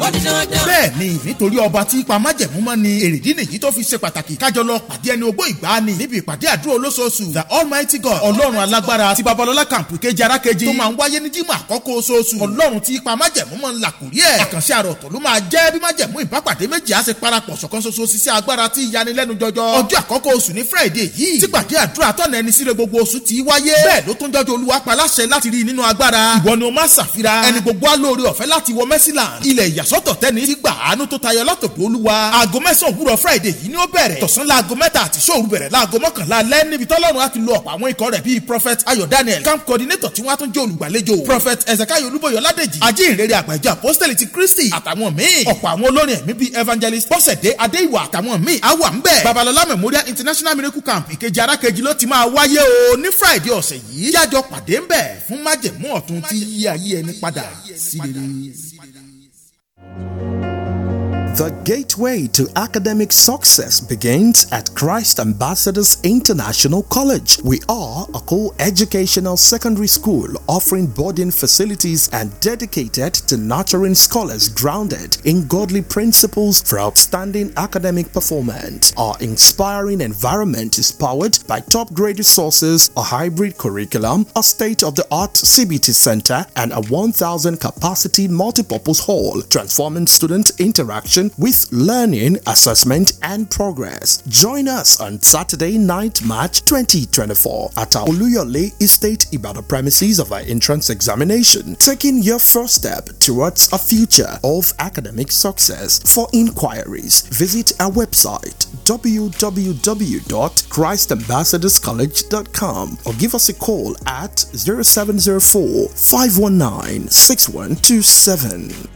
ó di dandan. bẹ́ẹ̀ni nítorí ọba tí ipa májẹ̀mú mọ́ ni èrèdí nìyí tó fi ṣe pàtàkì kájọ lọ pàdé ẹni ogbó ìgbàanì níbi ìpàdé àdúrà olóṣooṣù the almighty god ọlọ́run alágbára ti babalọ́lá kàǹpù kejì arákejì tó máa ń wáyé ní jímọ̀ àkọ́kọ́ oṣooṣù ọlọ́run tí ipa májẹ̀mú mọ́ ń là kórí ẹ̀ àkànṣe àròtọ̀ ló máa jẹ́ bí májẹ̀mú ìbápàdé méjì á ṣe parapọ̀ ṣọ̀kan ṣoṣo ṣiṣẹ́ agbára tí ìyanilẹ́nu jọjọ ọjọ́ àkọ́kọ́ oṣù ní friday yìí tí pàdé àdúrà tọ̀nà ẹni síre gbogbo oṣù ti wáyé bẹ́ẹ̀ ló tún jọjọ olúwa pa láṣẹ láti rí nínú agbára ìwọ ni o máa ṣàfira ẹni gbogbo alóore ọ̀fẹ́ láti wọ mẹ́sìlá ilẹ̀ ìyà ìyàsọ́tọ̀ tẹ́ni ti gbà àánú tó tayọ látọ̀dọ̀ olúwa aago mẹ́sàn-án òwúrọ̀ friday yìí ni ó bẹ̀rẹ̀ tọ̀sán laago mẹ́ta àti sóòru bẹ̀rẹ̀ laago mọ́kànlá alẹ́ níbi tọ́lọ́run á ti lo ọ̀pọ̀ àwọn ikọ̀ rẹ̀ bíi prophet ayọ̀ daniel camp coordinator tí wọ́n á tún jẹ́ olùgbàlejò prophet ezekiel olúbọyọ̀ ládèjì ajínrere àpẹjọ apostoli ti kristi àtàwọn míì ọ̀pọ̀ àwọn olórin ẹ̀mí bíi evangelist bọ́sẹ̀dé adéìwà àtàwọn míì á wà ńbẹ̀ babalọlá memorial international miracle camp ìkejì arákejì ló ti máa wáyé o ní friday ọ̀sẹ̀ yìí jájọ pàdé ńbẹ̀ fún májẹ̀mú ọ̀tun tí yí ẹni padà sí rere. The gateway to academic success begins at Christ Ambassadors International College. We are a co-educational secondary school offering boarding facilities and dedicated to nurturing scholars grounded in godly principles for outstanding academic performance. Our inspiring environment is powered by top-grade resources, a hybrid curriculum, a state-of-the-art CBT center, and a 1,000 capacity multipurpose hall, transforming student interaction with learning, assessment, and progress. Join us on Saturday, 9th March 2024 at our Oluyole Estate the premises of our entrance examination, taking your first step towards a future of academic success. For inquiries, visit our website www.christambassadorscollege.com or give us a call at 0704 519 6127.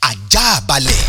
ajá balẹ̀.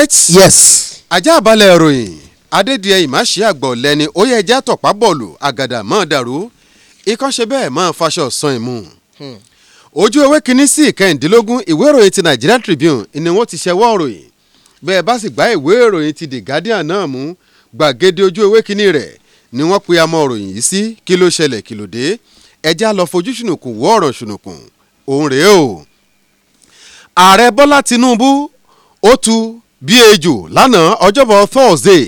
right. yes. ajá balẹ̀ ìròyìn adédìẹ ìmáṣe àgbà ọ̀lẹ́ni ó yẹ ẹja tọ̀pá bọ́ọ̀lù àgàdà mọ́ dàrú ikọ́ ṣe bẹ́ẹ̀ máa faṣọ san ìmú. Hmm. ojú ewé kínní sí ìkẹyìndínlógún ìwé ìròyìn ti Nigerian Tribune ni wọ́n ti ṣẹwọ́ ìròyìn bẹ́ẹ̀ bá sì gbá ìwé ìròyìn ti The Guardian náà mú gbàgede ojú ewé kínní rẹ̀ ni wọ́n pe amọ̀ ìròyìn yìí sí kí ló ṣẹlẹ̀ kí ló dé ẹja lọ fojú ṣùnùkùn wọ ọ̀ràn ṣùnùkùn òun rèé o ààrẹ bọ́lá tinubu ó tu bí ejò lánàá ọjọ́bọ̀ thursday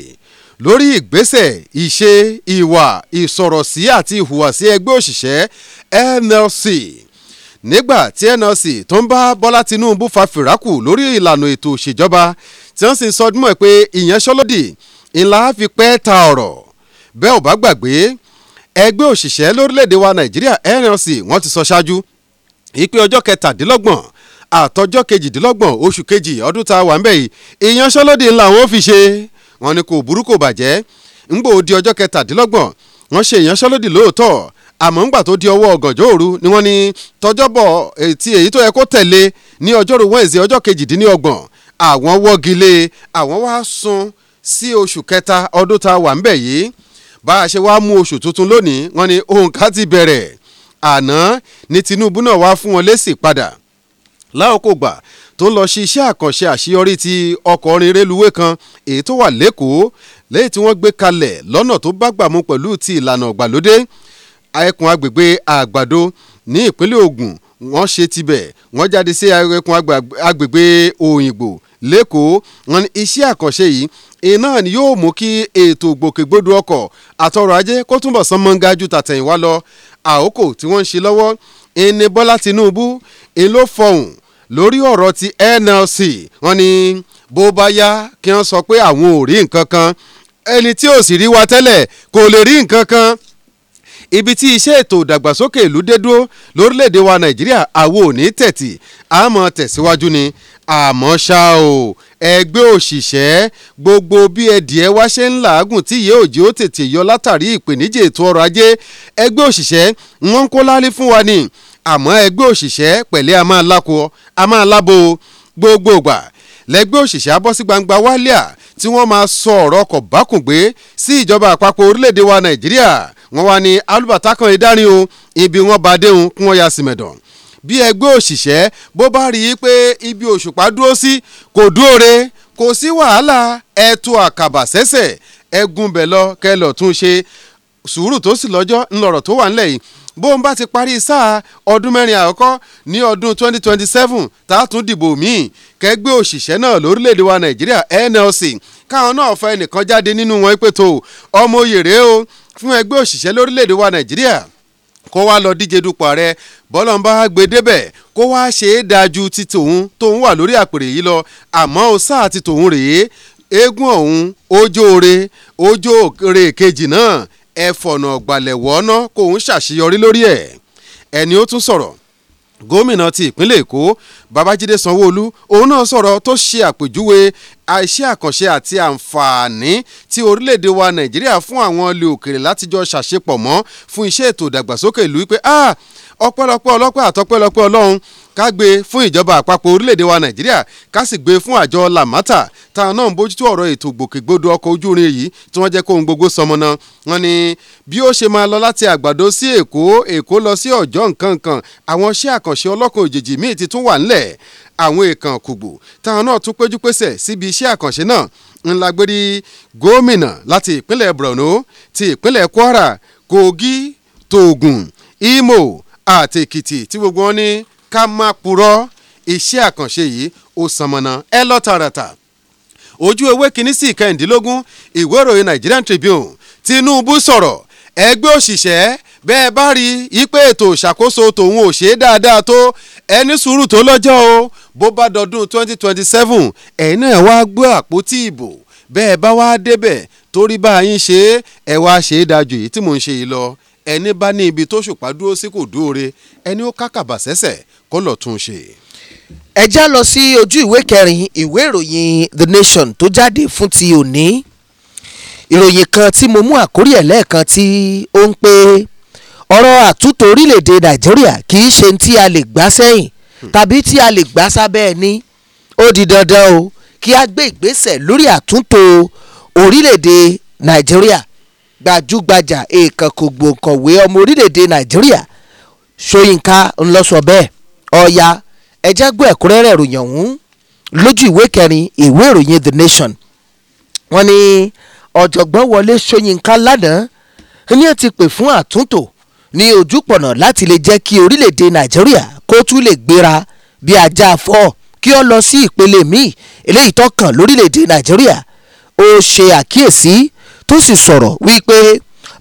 lórí ìgbésẹ̀ ìṣe ìwà ìsọ̀rọ̀sí àti ìhùwàsí ẹgbẹ́ òṣìṣẹ́ NLC nígbà tí NLC tó ń bá Bọ́lá Tinubu fa fìràkù lórí ìlànà ètò òṣèjọba tí wọ́n sì ń sọdúnmọ́ ẹ pé ìyanṣẹ́lódì ńlá fi pẹ́ ta ọ̀rọ̀ bẹ́ẹ̀ ò bá gbàgbé ẹgbẹ́ òṣìṣẹ́ lórílẹ̀‐èdè wa Nàìjíríà NLC wọ́n ti sọ ṣáájú ìpè ọjọ́ kẹtàdínlọ́gbọ̀n àtọjọ́ kejìdínlọ́gbọ̀n oṣù kejì ọdún tá a wà ń bẹ̀ yìí ìyanṣẹ́lódì ńlá wọn ò fi ṣe wọn ni kò burú kò bàjẹ́ ńgbò di ọjọ́ kẹtàdínlọ́gbọ̀n wọ́n ṣe ìyanṣẹ́lódì lóòótọ́ àmọ́ ńgbà tó di ọwọ́ ọ̀gànjọ́ òru ni wọ́n ní tọjọ́bọ̀ ti èyí tó yẹ kó tẹ̀lé ní ọjọ́rú wẹ́ẹ̀sì ọjọ́ kejìdínlọ́gbọ̀n àwọn wọ́gi lé àwọn wá sún sí oṣù kẹta ọdún tá a wà ń bẹ̀ yìí bá a ṣe wá mú oṣù tuntun lónìí wọ́n ní òǹkà ti bẹ̀rẹ̀ àná ni Tinubu náà wá fún wọn lésì padà láòkó gbà tó ń lọ sí iṣẹ́ àkànṣe àṣeyọrí ti ọkọ̀ orin rélùwé kan èyí tó wà lẹ́kọ̀ọ́ lẹ́yìn tí wọ́n gbé kalẹ̀ lọ́nà tó bá gbàmú pẹ̀lú ti ìlànà ìgbàlódé ẹkùn agbègbè àgbàdo ní ìpínlẹ̀ Ògùn wọ́n ṣe tibẹ̀ wọ́n jáde sí ẹkùn agbègbè òyìnbó lẹ́kọ̀ọ́ wọn ni iṣẹ́ àkànṣe yìí iná ni yóò mú kí ètò ìgbòkègbodò ọkọ̀ àtọrọ̀ ajé kó túnbọ̀ sán mọ́ngá ju tàtẹ̀yìnwá lọ àkókò tí wọ́n ń ṣe lọ́wọ́ ẹni Bọ́lá Tinubu èló fọhùn lórí ọ̀rọ̀ ti NLC wọ́n ní bó bá yá kí wọ́n sọ pé àwọn ò rí nǹkan kan ẹni tí ò sì rí wa tẹ́lẹ̀ kò lè rí nǹkan kan ibi tí iṣẹ́ ètò ìdàgbàsókè ìlú dé dúró lórílẹ̀‐èdè wa Nàìjíríà àwo ò ní tẹ̀tì àmọ́ tẹ̀síwájú ni àmọ́ ṣá o ẹgbẹ́ òṣìṣẹ́ gbogbo bí ẹdìẹ wá ṣe ń làágùn tí ìyẹ́ òjì ó tètè yọ látàrí ìpèníjà ètò ọrọ̀ ajé ẹgbẹ́ òṣìṣẹ́ wọ́n ń kó lálé fún wa ni àmọ́ ẹgbẹ́ òṣìṣẹ́ pẹ̀lẹ́ a máa lákò a máa lábo gbogbo ìgbà lẹ́gbẹ́ òṣìṣẹ́ abọ́ sí gbangba wálíà tí wọ́n máa sọ ọ̀rọ̀ kò bákùngbé sí ìjọba àpapọ̀ orílẹ̀‐èdè wa nàìjíríà wọ́n wá ní alúbàtà ìdárin o ibi wọn bá déhùn kí wọ́n ya sìmẹ̀dàn bí ẹgbẹ́ òṣìṣẹ́ bó bá rí i pé ibi òṣùpá dúró sí kò dúró re kò sí wàhálà ẹ̀tọ́ àkàbà sẹ́sẹ̀ ẹ̀gùn kẹlọ̀ tún ṣe sùúrù tó sì lọ́jọ́ ńlọrọ̀ tó wà ńlẹ̀ yìí bó ń bá ti parí sáà ọdún mẹ́rin àkọ́kọ́ ní ọdún 2027 tá a tún dìbò míì kẹgbẹ́ òṣìṣẹ́ náà lórílẹ̀‐èdè wa nàìjíríà NLC káwọn náà fa ẹnìkan jáde nínú wọn pé tó ọmọ oyè rèé o fún ẹgbẹ́ òṣìṣẹ́ lórílẹ̀‐èdè wa nàìjíríà kó wá lọ díje dupò ààrẹ bọ́lá ń bá gbé débẹ̀ kó wá ṣe é dáa ju ti tòun tóun wà lórí àpèrè yìí lọ àmọ́ ó sáà ti tòun rèé eégún ọ̀hún ojóore ojóore kejì náà ẹ fọ̀nà ọ̀gbàlẹ̀ wọ́ọ́ná kó ń ṣàṣeyọrí lórí ẹ̀ ẹni ó tún sọ̀rọ̀ gómìnà ti ìpínlẹ̀ èkó babájídé sanwóolu òun náà sọ̀rọ̀ tó ṣe àpèjúwe iṣẹ́ àkànṣe àti àǹfààní tí orílẹ̀-èdè wa nàìjíríà fún àwọn ilé òkèrè láti jọ ṣàṣepọ̀ mọ́ fún iṣẹ́ ètò ìdàgbàsókè ìlú wípé ah, ọpẹ́lọpẹ́ ọlọ́pẹ́ àtọpẹ́lọpẹ́ ọlọ́run ká gbé fún ìjọba àpapọ̀ orílẹ̀-èdè wa nàìjíríà ká sì gbé fún àjọ lamata táwọn náà ń bójútó ọ̀rọ̀ ètò ìgbòkègbodò ọkọ̀ ojú irin yìí tí wọ́n jẹ́ kó ohun gbogbo sọmọ náà wọ́n ní bí ó ṣe máa lọ láti àgbàdo sí èkó èkó lọ sí ọ̀jọ́ nǹkankan àwọn iṣẹ́ àkànṣe ọlọ́kọ̀ òjèjì míì ti tún wà ńlẹ̀ àwọn èèkàn kùgbù táwọn náà tún péjú pésẹ̀ síbi iṣẹ́ àkànṣe náà ńlá gbérí gómìnà láti ìpínlẹ̀ borno ti ìpínlẹ̀ kwara kogi togun imo àti èkìtì tí gbogbo wọn ní ká má purọ́ iṣẹ́ àkànṣe yìí ó sanmọ́nà ẹ lọ tààràtà ojú ewé kínní sí ìkẹyìndínlógún ìwé ìròyìn Nigerian Tribune Tinubu sọ̀rọ̀ ẹgbẹ́ òṣìṣẹ́ bẹ́ẹ̀ bá rí i pé ètò ìṣàkóso tòun ò ṣe é dáadáa tó ẹni sùúrù tó lọ́jọ́ o bó bá dọdún 2027 ẹ̀yin náà wá gbé àpótí ìbò bẹ́ẹ̀ bá wá débẹ̀ torí bá yín ṣe é ẹ̀ wá ṣe é dájú èyí tí mò ń ṣe yìí lọ ẹni bá ní ibi tó ṣùpá dúró sí kò dúóre ẹni ó kákàbà sẹ́sẹ̀ kó lọ́ọ́ tún un ṣe. ẹ já lọ sí ojú ìwé kẹrin ìwé ìròyìn The Nation tó jáde fún ti òní ìròyìn kan tí mo mú àkórí ẹ̀ lẹ́ẹ̀kan tí ó ń pé ọ̀rọ̀ àtúntò orílẹ̀-èdè Nàìjíríà kì í ṣe tí a lè gbá sẹ́yìn hmm. tàbí tí a lè gbá sábẹ́ ẹni ó di dandan o kí a gbé ìgbésẹ̀ lórí àtúntò orílẹ̀ Nàìjíríà gbajúgbajà èèkàn kò gbòǹkọ̀wé ọmọ orílẹ̀ Nàìjíríà Ṣóyínká ńlọ́sọ bẹ́ẹ̀ ọ̀ya ẹ̀já gbọ́ ẹ̀kúnrẹ́rẹ́ ìròyìn ọ̀hún lójú ìwé kẹrin ìwé ìròyìn the nation wọ́n ní ọ̀jọ̀gbọ́n wọlé ṣóyínká lánàá ní ó ti pè fún àtúntò ní ojúpọ̀nà láti lè jẹ́ kí orílẹ̀-èdè nàìjíríà kó tún lè gbéra bí ajá fọ́ kí ó lọ sí ìpele míì eléyìí tó kàn lórílẹ̀-èdè nàìjíríà ó ṣe àkíyèsí tó sì sọ̀rọ̀ wípé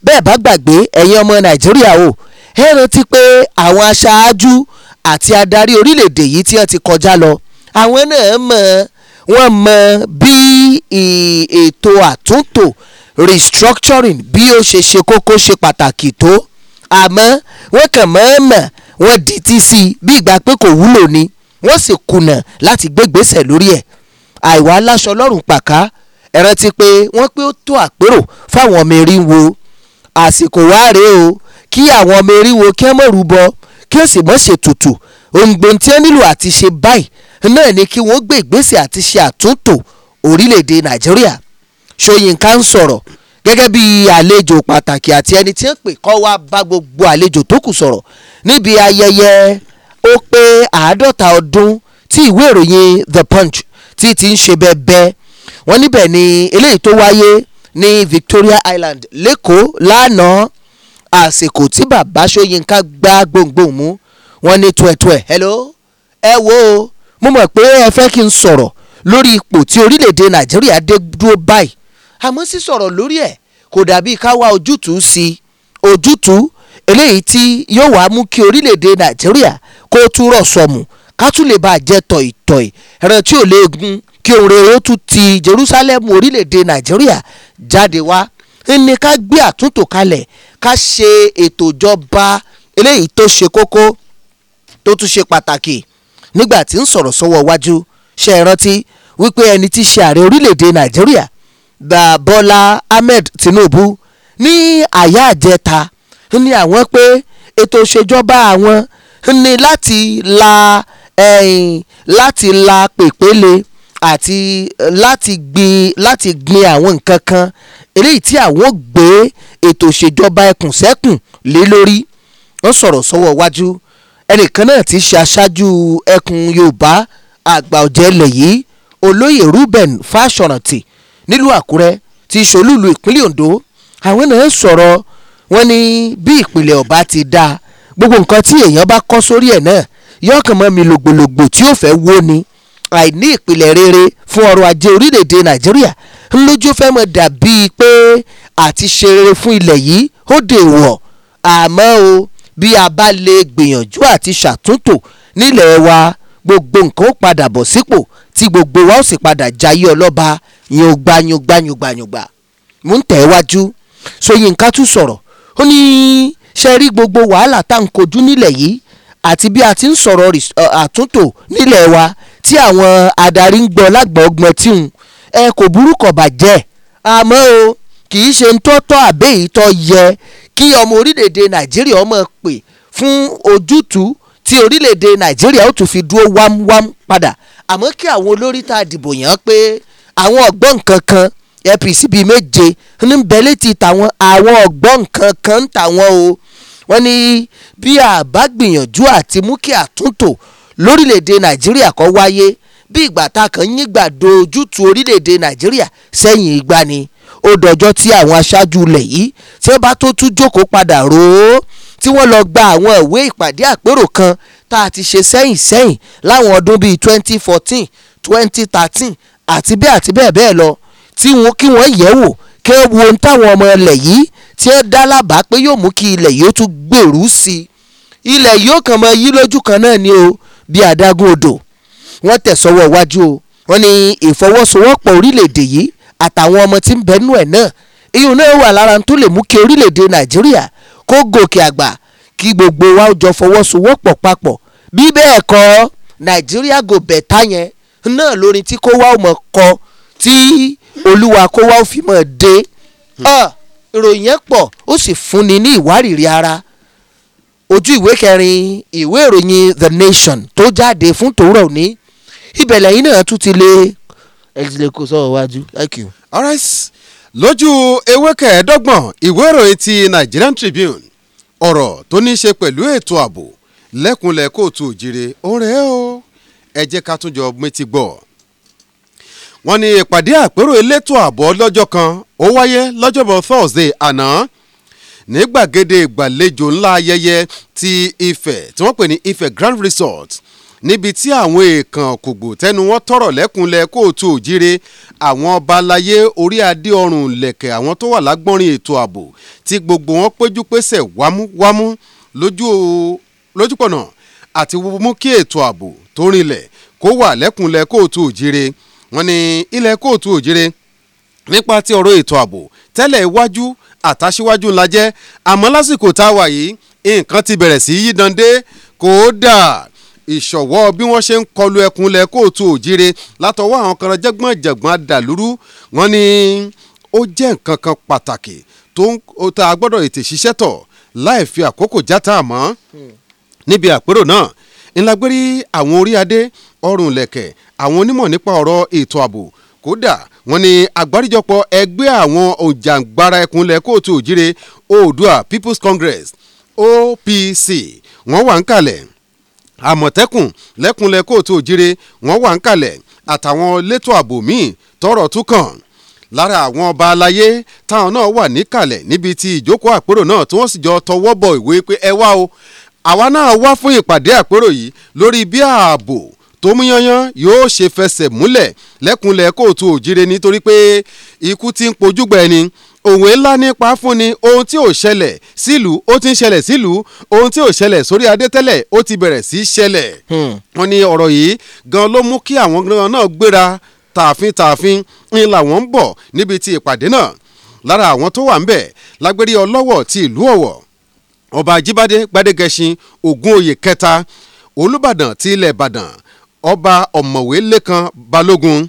bẹ́ẹ̀ bá gbàgbé ẹ̀yin ọmọ nàìjíríà o ẹ rántí pé àwọn aṣáájú àti adarí orílẹ̀-èdè yìí tí wọ́n ti kọjá lọ àwọn náà mọ̀ wọ́n mọ̀ bí ètò àtúntò restructuring bí ó ṣe ṣe kókó ṣe pàtàkì tó àmọ́ wọ́n kàn mọ̀ọ́mọ̀ wọ́n di tí sí i bí ìgbà pé kò wúlò ni wọ́n sì kùnà láti gbégbèsè lórí ẹ̀ àìwá aláṣọ lọ́rùn pàká ẹ rántí pé wọ́n pé ó tó àpérò fáwọn ọmọ erin wo àsìkò wá rèé o kí àwọn ọmọ erin wo kí wọ́n kí ó sì mọ̀ ṣètùtù òǹgbòǹ tí ó nílò àti ṣe báyìí náà ni kí wọ́n gbé ìgbésẹ̀ àti ṣe àtúntò orílẹ̀-èdè nàìjíríà ṣóyínká ń sọ̀rọ̀ gẹ́gẹ́ bí àlejò pàtàkì àti ẹni tí ń pè kọ́ wá bá gbogbo àlejò tó kù sọ̀rọ̀ níbi ayẹyẹ ó pé àádọ́ta ọdún tí ìwé ìròyìn The Punch tí ti ń ṣe bẹ́ẹ̀bẹ́ wọ́n níbẹ̀ ni eléyìí tó wáyé ní Victoria Island lẹ́kọ̀ọ́ lánàá àsìkò tí bàbá Ṣóyínká gbá gbòǹgbòǹ mú wọn ní tuẹ̀tuẹ̀ hello ẹ wo mo mọ̀ pé ẹ fẹ́ kí n sọ̀rọ̀ lórí ipò tí orílẹ̀-èdè Nàìjíríà dé dúró báyìí àmọ́ sí sọ̀rọ̀ lórí ẹ̀ kò dàbí ká wá ojútùú sí ojútùú eléyìí tí yóò wá mú kí orílẹ̀-èdè Nàìjíríà kó túrọ̀ sọmù ká tún lè bá jẹ́ tọ̀ìtọ̀ì ẹran tí ò lè gun kí òun rere ó tún ti Jerusalem orílẹ̀-èdè Nàìjíríà jáde wá ní ká gbé àtúntò kalẹ̀ ká ṣe ètò ìjọba eléyìí tó ṣe kókó tó tún ṣe pàtàkì nígbà tí ń sọ̀rọ̀ sọ́wọ́ iwájú ṣe é rántí wípé ẹni tí ṣe ààrẹ orílẹ̀-èdè nàìjíríà dá bọ́lá ahmed tinubu ní àyà àjẹta ní àwọn pé ètò ìṣèjọba àwọn ní láti la ẹ̀yìn láti la pèpéle àti eh, láti gbin láti gbin àwọn nǹkan kan eléyìí tí àwọn gbé ètò ìṣèjọba ẹkùnsẹ́kùn lé lórí wọ́n sọ̀rọ̀ sọ́wọ́ iwájú ẹnìkan náà ti ṣe aṣáájú ẹkùn yorùbá àgbà ọ̀jẹ̀ ilẹ̀ yìí olóyè Ruben Fáṣọ̀rántì nílùú àkúrẹ́ ti ṣolúlu ìpínlẹ̀ ondo àwọn náà sọ̀rọ̀ wọ́n ní bí ìpínlẹ̀ ọba ti dáa gbogbo nǹkan tí èèyàn bá kọ́ sórí ẹ̀ náà yọ̀ọ̀kan mọ́ mi lògbòlògbò tí ó fẹ́ wó ni àìní ìpìlẹ̀ rere fún ọrọ̀ ajé orílẹ̀-èdè nàìjíríà ńlójú fẹ́ mọ̀ dàbíi pé àti ṣe rere fún ilẹ̀ yìí ó dèwọ̀ àmọ́ o bí a bá lè gbìyànjú àti ṣàtúntò nílẹ̀ wa gbogbo nǹkan ó padà bọ̀ sípò tí gbogbo wa ó sì padà jayé ọlọ́ba yungba yungba yungba yungba mò ń tẹ̀ wájú Ṣóyínká tún sọ̀rọ̀ ó ní ṣe rí gbogbo wàhálà tá à ń kojú nílẹ̀ yìí àti bí a ti ń sọ̀rọ̀ àtúntò nílẹ̀ wa tí àwọn adarí ń gbọ́ lágbọ̀ọ́gbọ́n tíhun ẹ kò burú kò bàjẹ́ àmọ́ o kì í ṣe tọ́tọ́ àbẹ́ ìtọ́ yẹ kí ọmọ orílẹ̀-èdè nàìjíríà ọmọ pè fún ojútùú tí orílẹ̀-èdè nàìjíríà ó tún fi dúró wámúwámú padà àmọ́ kí àwọn olórí tá a dìbò yàn pé àwọn ọ̀gbọ́n kankan APC bíi méje ń bẹ tàwọn àwọn ọ̀gbọ́n kankan ń tàwọn o wọ́n ní bí àbá gbìyànjú àti mú kí àtúntò lórílẹ̀‐èdè nàìjíríà kọ́ wáyé bí ìgbà tá a kàn yín gbà dojútu orílẹ̀‐èdè nàìjíríà sẹ́yìn ìgbà ni ó dọjọ́ tí àwọn aṣáájú ilẹ̀ yìí tí wọ́n bá tó tún jókòó padà rò ó tí wọ́n lọ gba àwọn ìwé ìpàdé àpérò kan tá a ti ṣe sẹ́yìn sẹ́yìn láwọn ọdún bíi twenty fourteen twenty thirteen àti bẹ́ẹ̀ àti bẹ́ẹ̀ bẹ́ẹ̀ lọ tí wọ́n kí wọ́n yẹ̀ wò kí wọ́n wo ohun táwọn ọmọ ilẹ̀ yìí tí ó dá lábàá pé yóò mú kí ilẹ̀ yìí ó tún gbèrú sí i ilẹ̀ yìí ó kàn mọ yí lójú kan náà ni o bí adágún odò wọ́n tẹ̀sọ́wọ́ iwájú o wọ́n ní ìfọwọ́sowọ́pọ̀ orílẹ̀-èdè yìí àtàwọn ọmọ tí ń bẹ́nú ẹ̀ náà iyùn náà wà lára tó lè mú kí orílẹ̀-èdè nàìjíríà kó gòkè àgbà kí gbogbo wa jọ fọwọ́sowọ́pọ̀ papọ̀ bí bẹ́ẹ̀ kọ́ nàìjíríà gò bẹ̀tà yẹn náà lórin tí kó wá ọmọ kọ tí olúwa kó wá òfin mọ̀ dé hmm. ah, ìròyìn yẹn pọ̀ ó sì fúnni ní ìwárìrì ara ojú ìwé kẹrin ìwé ìròyìn the nation tó jáde fún tòórọ̀ òní ibẹ̀ lẹ́yìn náà tún ti lé ẹ sọ̀rọ̀ wájú thank you. all right lójú ewé kẹẹ̀ẹ́dọ́gbọ̀n ìwé ìròyìn ti Nigerian Tribune ọ̀rọ̀ tó ní í ṣe pẹ̀lú ètò ààbò lẹ́kùnlẹ̀ kóòtù òjìrè ọ̀rẹ́ o ẹ jẹ́ ká tún jọ métí gbọ́ wọ́n ní ìpàdé àpérò elétò ààbò ọlọ́jọ́ kan ó wáyé lọ́jọ́bọ̀ Thursday àná ní gbàgede ìgbàlejò ńlá ayẹyẹ ti ife. tí wọ́n pè ní Ifẹ̀ Grand Resort níbi tí àwọn èèkàn kògbò tẹnu wọn tọrọ lẹkùnlẹ kóòtù òjire àwọn ọba aláyé orí adé ọrùn lẹ̀kẹ̀ àwọn tó wà lágbọ́nrin ètò ààbò tí gbogbo wọn péjú pésẹ̀ wámúwámú lójúpọ̀nà àti mú kí ètò ààbò tó rinlẹ̀ kó wà lẹkùnlẹ kóòtù òjire wọ́n ní ilẹ̀ kóòtù òjire nípa ti ọ̀rọ̀ ètò ààbò tẹ́lẹ̀ iwájú àtàṣíwájú ńlá jẹ́ àmọ́ lásìkò tá a wà yìí nǹkan ti bẹ̀rẹ̀ sí yí dande kódà ìṣọ̀wọ́ bí wọ́n ṣe ń kọlu ẹkùn lẹ kóòtù òjire látọwọ́ àwọn kan jẹ́gbọ́n jẹ̀gbọ́n adàlúrú wọ́n ní ó jẹ́ nǹkan kan pàtàkì tó ń ta gbọ́dọ̀ ètè ṣiṣẹ́ tọ̀ láì fi àkókò játa àmọ́ níbi àpérò náà ńlá àwọn orí adé ọrùn lẹ̀kẹ̀ àwọn onímọ̀ nípa ọ̀rọ̀ ètò ààbò kódà wọ́n ní àgbáríjọpọ̀ ẹgbẹ́ àwọn òjàǹgbara ẹkùnlẹ̀ kóòtù òjire oòdua people's congress opc wọ́n wà ń kalẹ̀ àmọ̀tẹ́kùn lẹ́kùnlẹ̀ kóòtù òjire wọ́n wà ń kalẹ̀ àtàwọn létò ààbò míì tọrọ tún kàn lára àwọn ọba aláyé táwọn náà wà níkàlẹ̀ níbi tí ìjókòó àpérò náà tí wọ́n sì jọ tọwọ́ bọ ìwé pé ẹ wá o àwa náà wá fún ìpàdé àpérò yìí lórí bí ààbò tó mú yányán yóò ṣe fẹsẹ̀ múlẹ̀ lẹ́kùnlẹ̀ kóòtù òjire nítorí pé ikú ti ń pojúgbà ẹni òwe ńlá nípa fúnni ohun tí ò ṣẹlẹ̀ sílùú ó ti ń ṣẹlẹ̀ sílùú ohun tí ò ṣẹlẹ̀ sórí adé tẹ́lẹ̀ ó ti bẹ̀rẹ̀ sí í ṣẹlẹ̀. Hmm. wọ́n ní ọ̀rọ̀ yìí gan ló mú kí àwọn gan náà gbéra tààfin tààfin ń làwọn ń bọ̀ níbi tí ìpàdé náà lára àwọn tó wà ń bẹ̀ lágbérí ọlọ́wọ̀ ti ìlú ọ̀wọ̀ ọba ajíbádé gbádégẹṣin ògún oyè kẹta olùbàdàn ti ilẹ̀ ìbàdàn ọba ọ̀mọ̀wé lẹ́kan balógun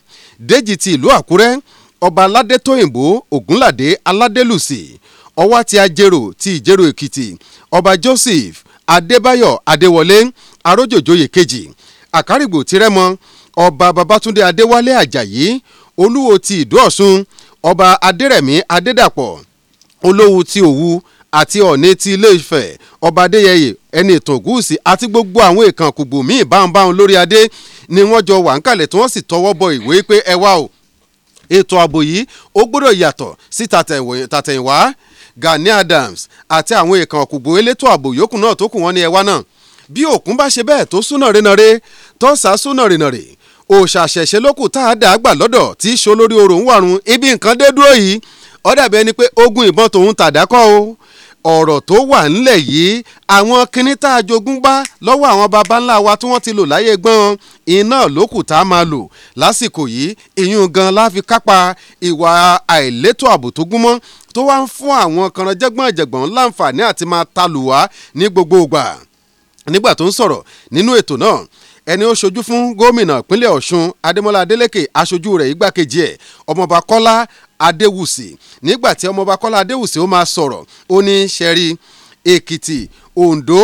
dèjì ti ìlú àkúrẹ́ ọba aládétóyìnbó ògúnládé aládélùsì ọwá ti ajérò ti ìjérò èkìtì ọba joseph adébáyọ̀ adéwọlé arójòjòyè kejì àkárìgbò ti rẹ́mọ ọba babátúndé adéwálé àjàyí olúwo ti ìdó ọ̀ṣun ọba adérẹ̀mí adédàpọ̀ olówó ti òwu àti ọ̀ní ti ilé ọba adéyẹyè ẹni ìtàn gúúsì àti gbogbo àwọn èèkàn kùgbù míì báhùnbáhùn lórí adé ni wọ́n jọ wà ń kalẹ̀ tí wọ́n sì tọwọ́ bọ ìwé pé ẹ wá o ètò ààbò yìí ó gbọ́dọ̀ yàtọ̀ sí tàtẹ̀yìnwá Gani Adams àti àwọn èèkàn kùgbù elétò ààbò yòókù náà tó kù wọ́n ní ẹ wá náà bí òkun bá ṣe bẹ́ẹ̀ tó súnà rínàre tọ́sà súnà rínàre òṣàṣẹ̀ṣẹ̀ lókù tá a dà á gbà lọ́dọ̀ tí ṣolórí oòrùn wàrùn ibi nǹkan dé dúró yìí ó pé ogun ìbọn tòun tàdákọ́ o ọ̀rọ̀ tó wà ńlẹ̀ yìí àwọn kinní tá a jogún bá lọ́wọ́ àwọn baba ńlá wa tí wọ́n ti lò láyé gbọ́n iná lókù tá a máa lò lásìkò yìí ìyún gan la fi kápá ìwà àìlétò ààbò tó gúnmọ́ tó wá ń fún àwọn kanranjẹ́gbọ́n ìjẹ̀gbọ́n láǹfààní àti máa talùwá ní gbogbo ìgbà nígbà tó ń sọ̀rọ̀ nínú ètò náà ẹni ó ṣojú fún gómìnà ìpínlẹ̀ ọ̀ṣun adémọ́lá adélékè aṣojú rẹ̀ igbákejì ẹ̀ ọmọọba kọ́lá adéwùsì nígbà tí ọmọọba kọ́lá adéwùsì ó máa sọ̀rọ̀ ó ní sẹ́rí èkìtì ondo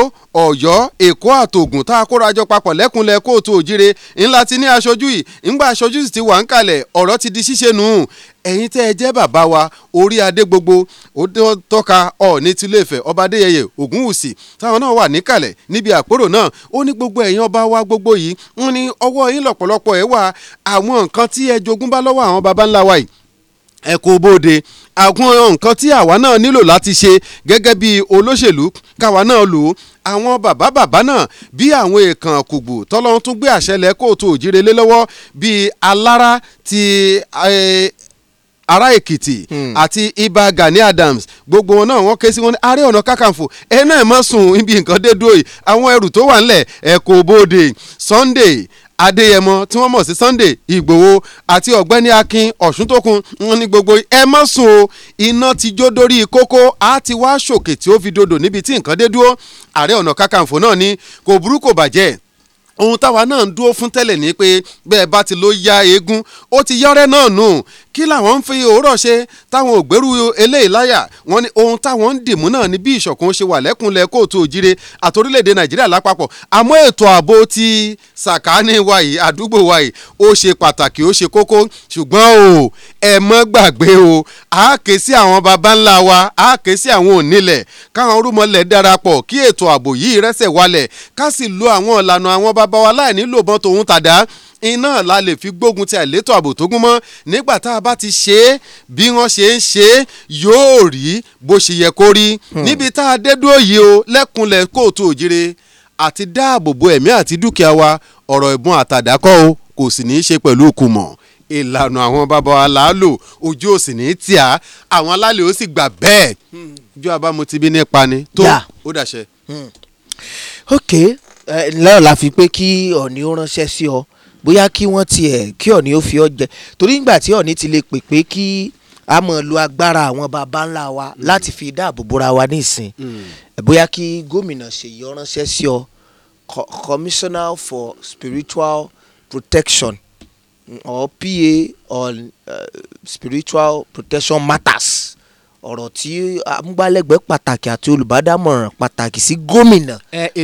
ọ̀yọ́ èkó àtògùn tá a kórajọ papọ̀ lẹ́kùnlẹ̀ kóòtù òjire ńlá ti ní aṣojú yìí ńgbà aṣojú sì ti wà ń kalẹ̀ ọ̀rọ̀ ti di ṣíṣe nù ẹ̀yin tẹ́ ẹ jẹ́ bàbá wa orí adé gbogbo ó tọ́ka ọ̀ọ́ni tilé Ifẹ̀ ọba adéyẹyẹ ògúnwùsì táwọn náà wà níkàlẹ̀ níbi àpérò náà ó ní gbogbo ẹ̀yin ọba wa gbogbo yìí wọ́n ní ọwọ́ yín lọ́pọ̀lọpọ̀ ẹ̀ wà àwọn nǹkan tí ẹ jogún bá lọ́wọ́ àwọn baba ńlá wa yìí ẹ kò bóde àwọn nǹkan tí àwa náà nílò láti ṣe gẹ́gẹ́ bí olóṣèlú káwa náà lò ó àwọn bàbá bàbá náà bí àwọn èèkàn kùgbù tọ́lọ́run tún gbé àṣẹlẹ̀ kóòtù òjìrè lọ́wọ́ bíi alára ti ará èkìtì hmm. àti hmm. ibà gani adams gbogbo wọn náà wọn ké sí wọn ní ààrẹ ọ̀nà kàkànfò ẹ náà má sùn ibi nǹkan dé dúró yìí àwọn ẹrù tó wà ńlẹ̀ ẹ bóde sunday adéyẹmọ tí wọ́n mọ̀ sí sunday ìgbòho àti ọ̀gbẹ́ni akin ọ̀ṣúntòkun ní gbogbo ẹ má sùn o iná ti jó dórí kókó á ti wá sòkè tí ó fi dodo níbi tí nǹkan dé dúró ààrẹ ọ̀nà kakanfò náà ni kò burú kò bàjẹ́ ohun táwa náà ń dúró fún tẹ́lẹ̀ ni pé bẹ́ẹ̀ bá ti ló ya eégún ó ti yọ́rẹ́ náà nù kí làwọn ń fi òórọ̀ ṣe táwọn ògbérù eléyìí láyà wọn ni ohun táwọn ń dìmú náà ni bí ìṣọ̀kan ṣe wà lẹ́kùnlẹ̀ kóòtù òjire àtòrílẹ̀-èdè nàìjíríà lápapọ̀ àmọ́ ètò ààbò ti sàkáání wa yìí àdúgbò wa yìí ó ṣe pàtàkì ó ṣe kókó ṣùgbọ́n o ẹ mọ́ gbàgbé o a ké sí àwọn baba ńlá wa a ké sí àwọn onílẹ̀ káwọn orúmọlẹ̀ darapọ̀ kí ètò ààbò yìí rẹ́sẹ̀ walẹ̀ ká sì lo àwọn ìlànà àwọn baba bá wa láì nílò bọ́n tòun tàdá iná la lè fi gbógun ti àìlétò ààbò tó gún mọ́ nígbà tá a bá ti ṣe é bí wọ́n ṣe ń ṣe é yóò rí bó ṣe yẹ kó rí hmm. níbi tá a dé dúró yìí o lẹ́kùnlẹ̀ kóòtù òjire àti dáàbò bo ẹ̀mí àti dúkìá wa ọ̀rọ̀ ìbọn àtàdákọ́ o kò sì ní í ṣe pẹ̀lú òkùmọ̀ ìlànà àwọn bàbá wa làálò ojú ò sì ní í tì á àwọn alálẹ̀ ó sì gbà bẹ́ẹ̀ hmm. ju abámu nípa ni tó ó dàṣẹ. Hmm. ok lẹ́yìn la fi pé kí ọ̀ní ó ránṣẹ́ sí ọ bóyá kí wọ́n tiẹ̀ kí ọ̀ní ó fi ọ jẹ torí nígbà tí ọ̀ní ti lè pè pé kí a mọ̀ lo agbára àwọn baba ńlá wa hmm. láti fi dáàbò bora wa nísìn hmm. bóyá kí gómìnà ṣèyí ọ ránṣẹ́ sí ọ commissioner for spiritual protection or PA on uh, spiritual protection matters ọ̀rọ̀ tí amúgbálẹ́gbẹ̀ẹ́ pàtàkì àti olùbádámọ̀ràn pàtàkì sí gómìnà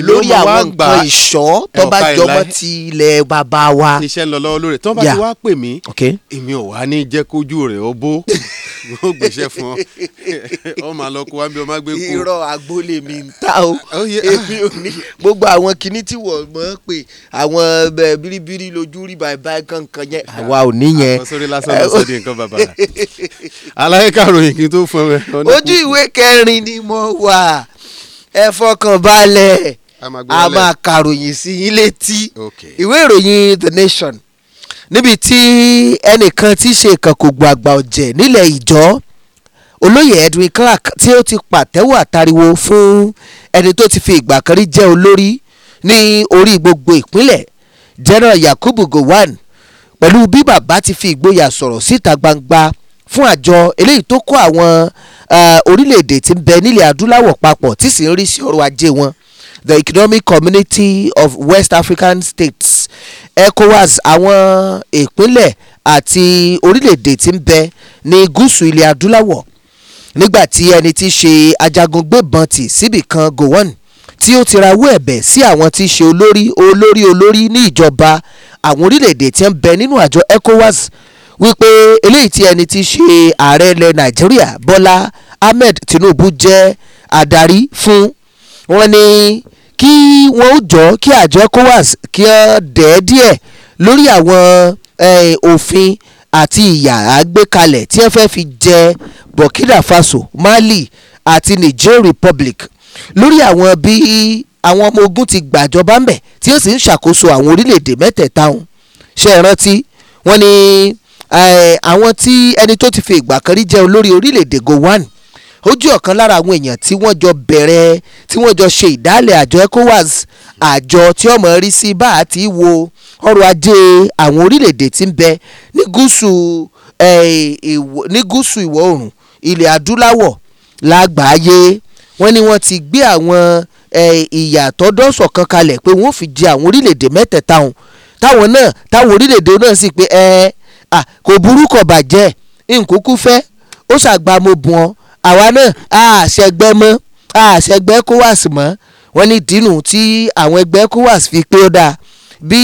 lórí àwọn nǹkan ìṣọ́ tó bá jọmọ́ ti ilẹ̀ bàbá wa. iṣẹ́ ń lọ lọ́wọ́ lórí tó bá ti wá pè mí èmi ò wá ní jẹ́ kójú rẹ̀ ó bó ó gbèsè fún ọ ọ máa lọ kó wá bí ọ má gbé kó. irọ́ agboolé mi ń ta o oh, èmi ò ní gbogbo àwọn kinní tí wọ́n mọ̀ ọ́n pé àwọn eh, biribiri lójú rí bàbá kankan yẹn àwa ò níyẹn. àwọn sórí lásán lọ sóde nǹkan bàbá aláyé kàròyìn kí n tó fún ẹ. ojú ìwé kẹrin ni mo wà ẹ fọkàn balẹ̀ a máa kàròyìn sí i létí ìwé ìròyìn The Nation níbi tí ẹnìkan tí í ṣe ìkànkògbò àgbà ọ̀jẹ̀ nílẹ̀ ìjọ́ olóyè Edwin Clark tí ó ti pàtẹ́wọ́ àtariwo fún ẹni tó ti fi ìgbà kan rí jẹ́ olórí ní orí gbogbo ìpínlẹ̀ General Yakubu Gowon pẹ̀lú bí bàbá ti fi ìgboyà sọ̀rọ̀ síta gbangba fún àjọ eléyìí tó kó àwọn orílẹ̀-èdè tí ń bẹ nílẹ̀ adúláwọ̀ papọ̀ tí sì ń rí sí ọrọ̀ ajé wọn the Economic Community of West African States ecowas àwọn ìpínlẹ̀ àti orílẹ̀-èdè tí ń bẹ ní gúúsù ilẹ̀ adúláwọ̀ nígbàtí ẹni tí í ṣe ajagun gbébọn tì síbì kan gowon tí ó ti rawọ́ ẹ̀bẹ̀ sí àwọn tí í ṣe olórí olórí olórí ní ìjọba àwọn orílẹ̀-èdè tí ń bẹ nínú àjọ ecowas wípé eléyìí tí ẹni tí í ṣe ààrẹ ilẹ̀ nàìjíríà bọ́lá ahmed tinubu jẹ́ adarí fún wọn ní kí wọ́n ó jọ kí àjọ ECOWAS kí wọ́n dẹ̀ díẹ̀ lórí àwọn òfin àti ìyà àgbékalẹ̀ tí wọ́n fẹ́ fi jẹ Burkina Faso Mali àti Niger Republic lórí àwọn bí àwọn ọmọ ogun ti gbàjọba ńbẹ̀ tí ó sì ń ṣàkóso àwọn orílẹ̀-èdè mẹ́tẹ̀ẹ̀ta ọ̀hún ṣe é rántí wọ́n ní àwọn tí ẹni tó ti fi ìgbà kan rí jẹ́ olórí orílẹ̀-èdè Gowon ó jẹ́ ọ̀kan lára àwọn èèyàn tí wọ́n jọ bẹ̀rẹ̀ tí wọ́n jọ ṣe ìdálẹ̀ àjọ ECOWAS àjọ tí ọmọ rí sí bá a ti wo ọrọ̀ ajé àwọn orílẹ̀-èdè tí ń bẹ ní gúúsù ní gúúsù ìwọ̀ oòrùn ilẹ̀ adúláwọ̀ lágbàáyé wọ́n ní wọ́n ti gbé àwọn ìyàtọ̀ dọ́sọ̀ kan kalẹ̀ pé wọ́n fi jẹ àwọn orílẹ̀-èdè mẹ́tẹ̀ẹ̀ta hùn táwọn náà táwọn orílẹ̀-èdè náà sì pé ẹ kò burú kò bàjẹ́ nkókú fẹ́ ó ṣàgbà bùn ọ́ àwa náà a ṣẹgbẹ́ mọ́ a ṣẹgbẹ́ ECOWAS mọ́ wọ́n ní dínú tí àwọn ẹgbẹ́ ECOWAS fi pé ó dáa bí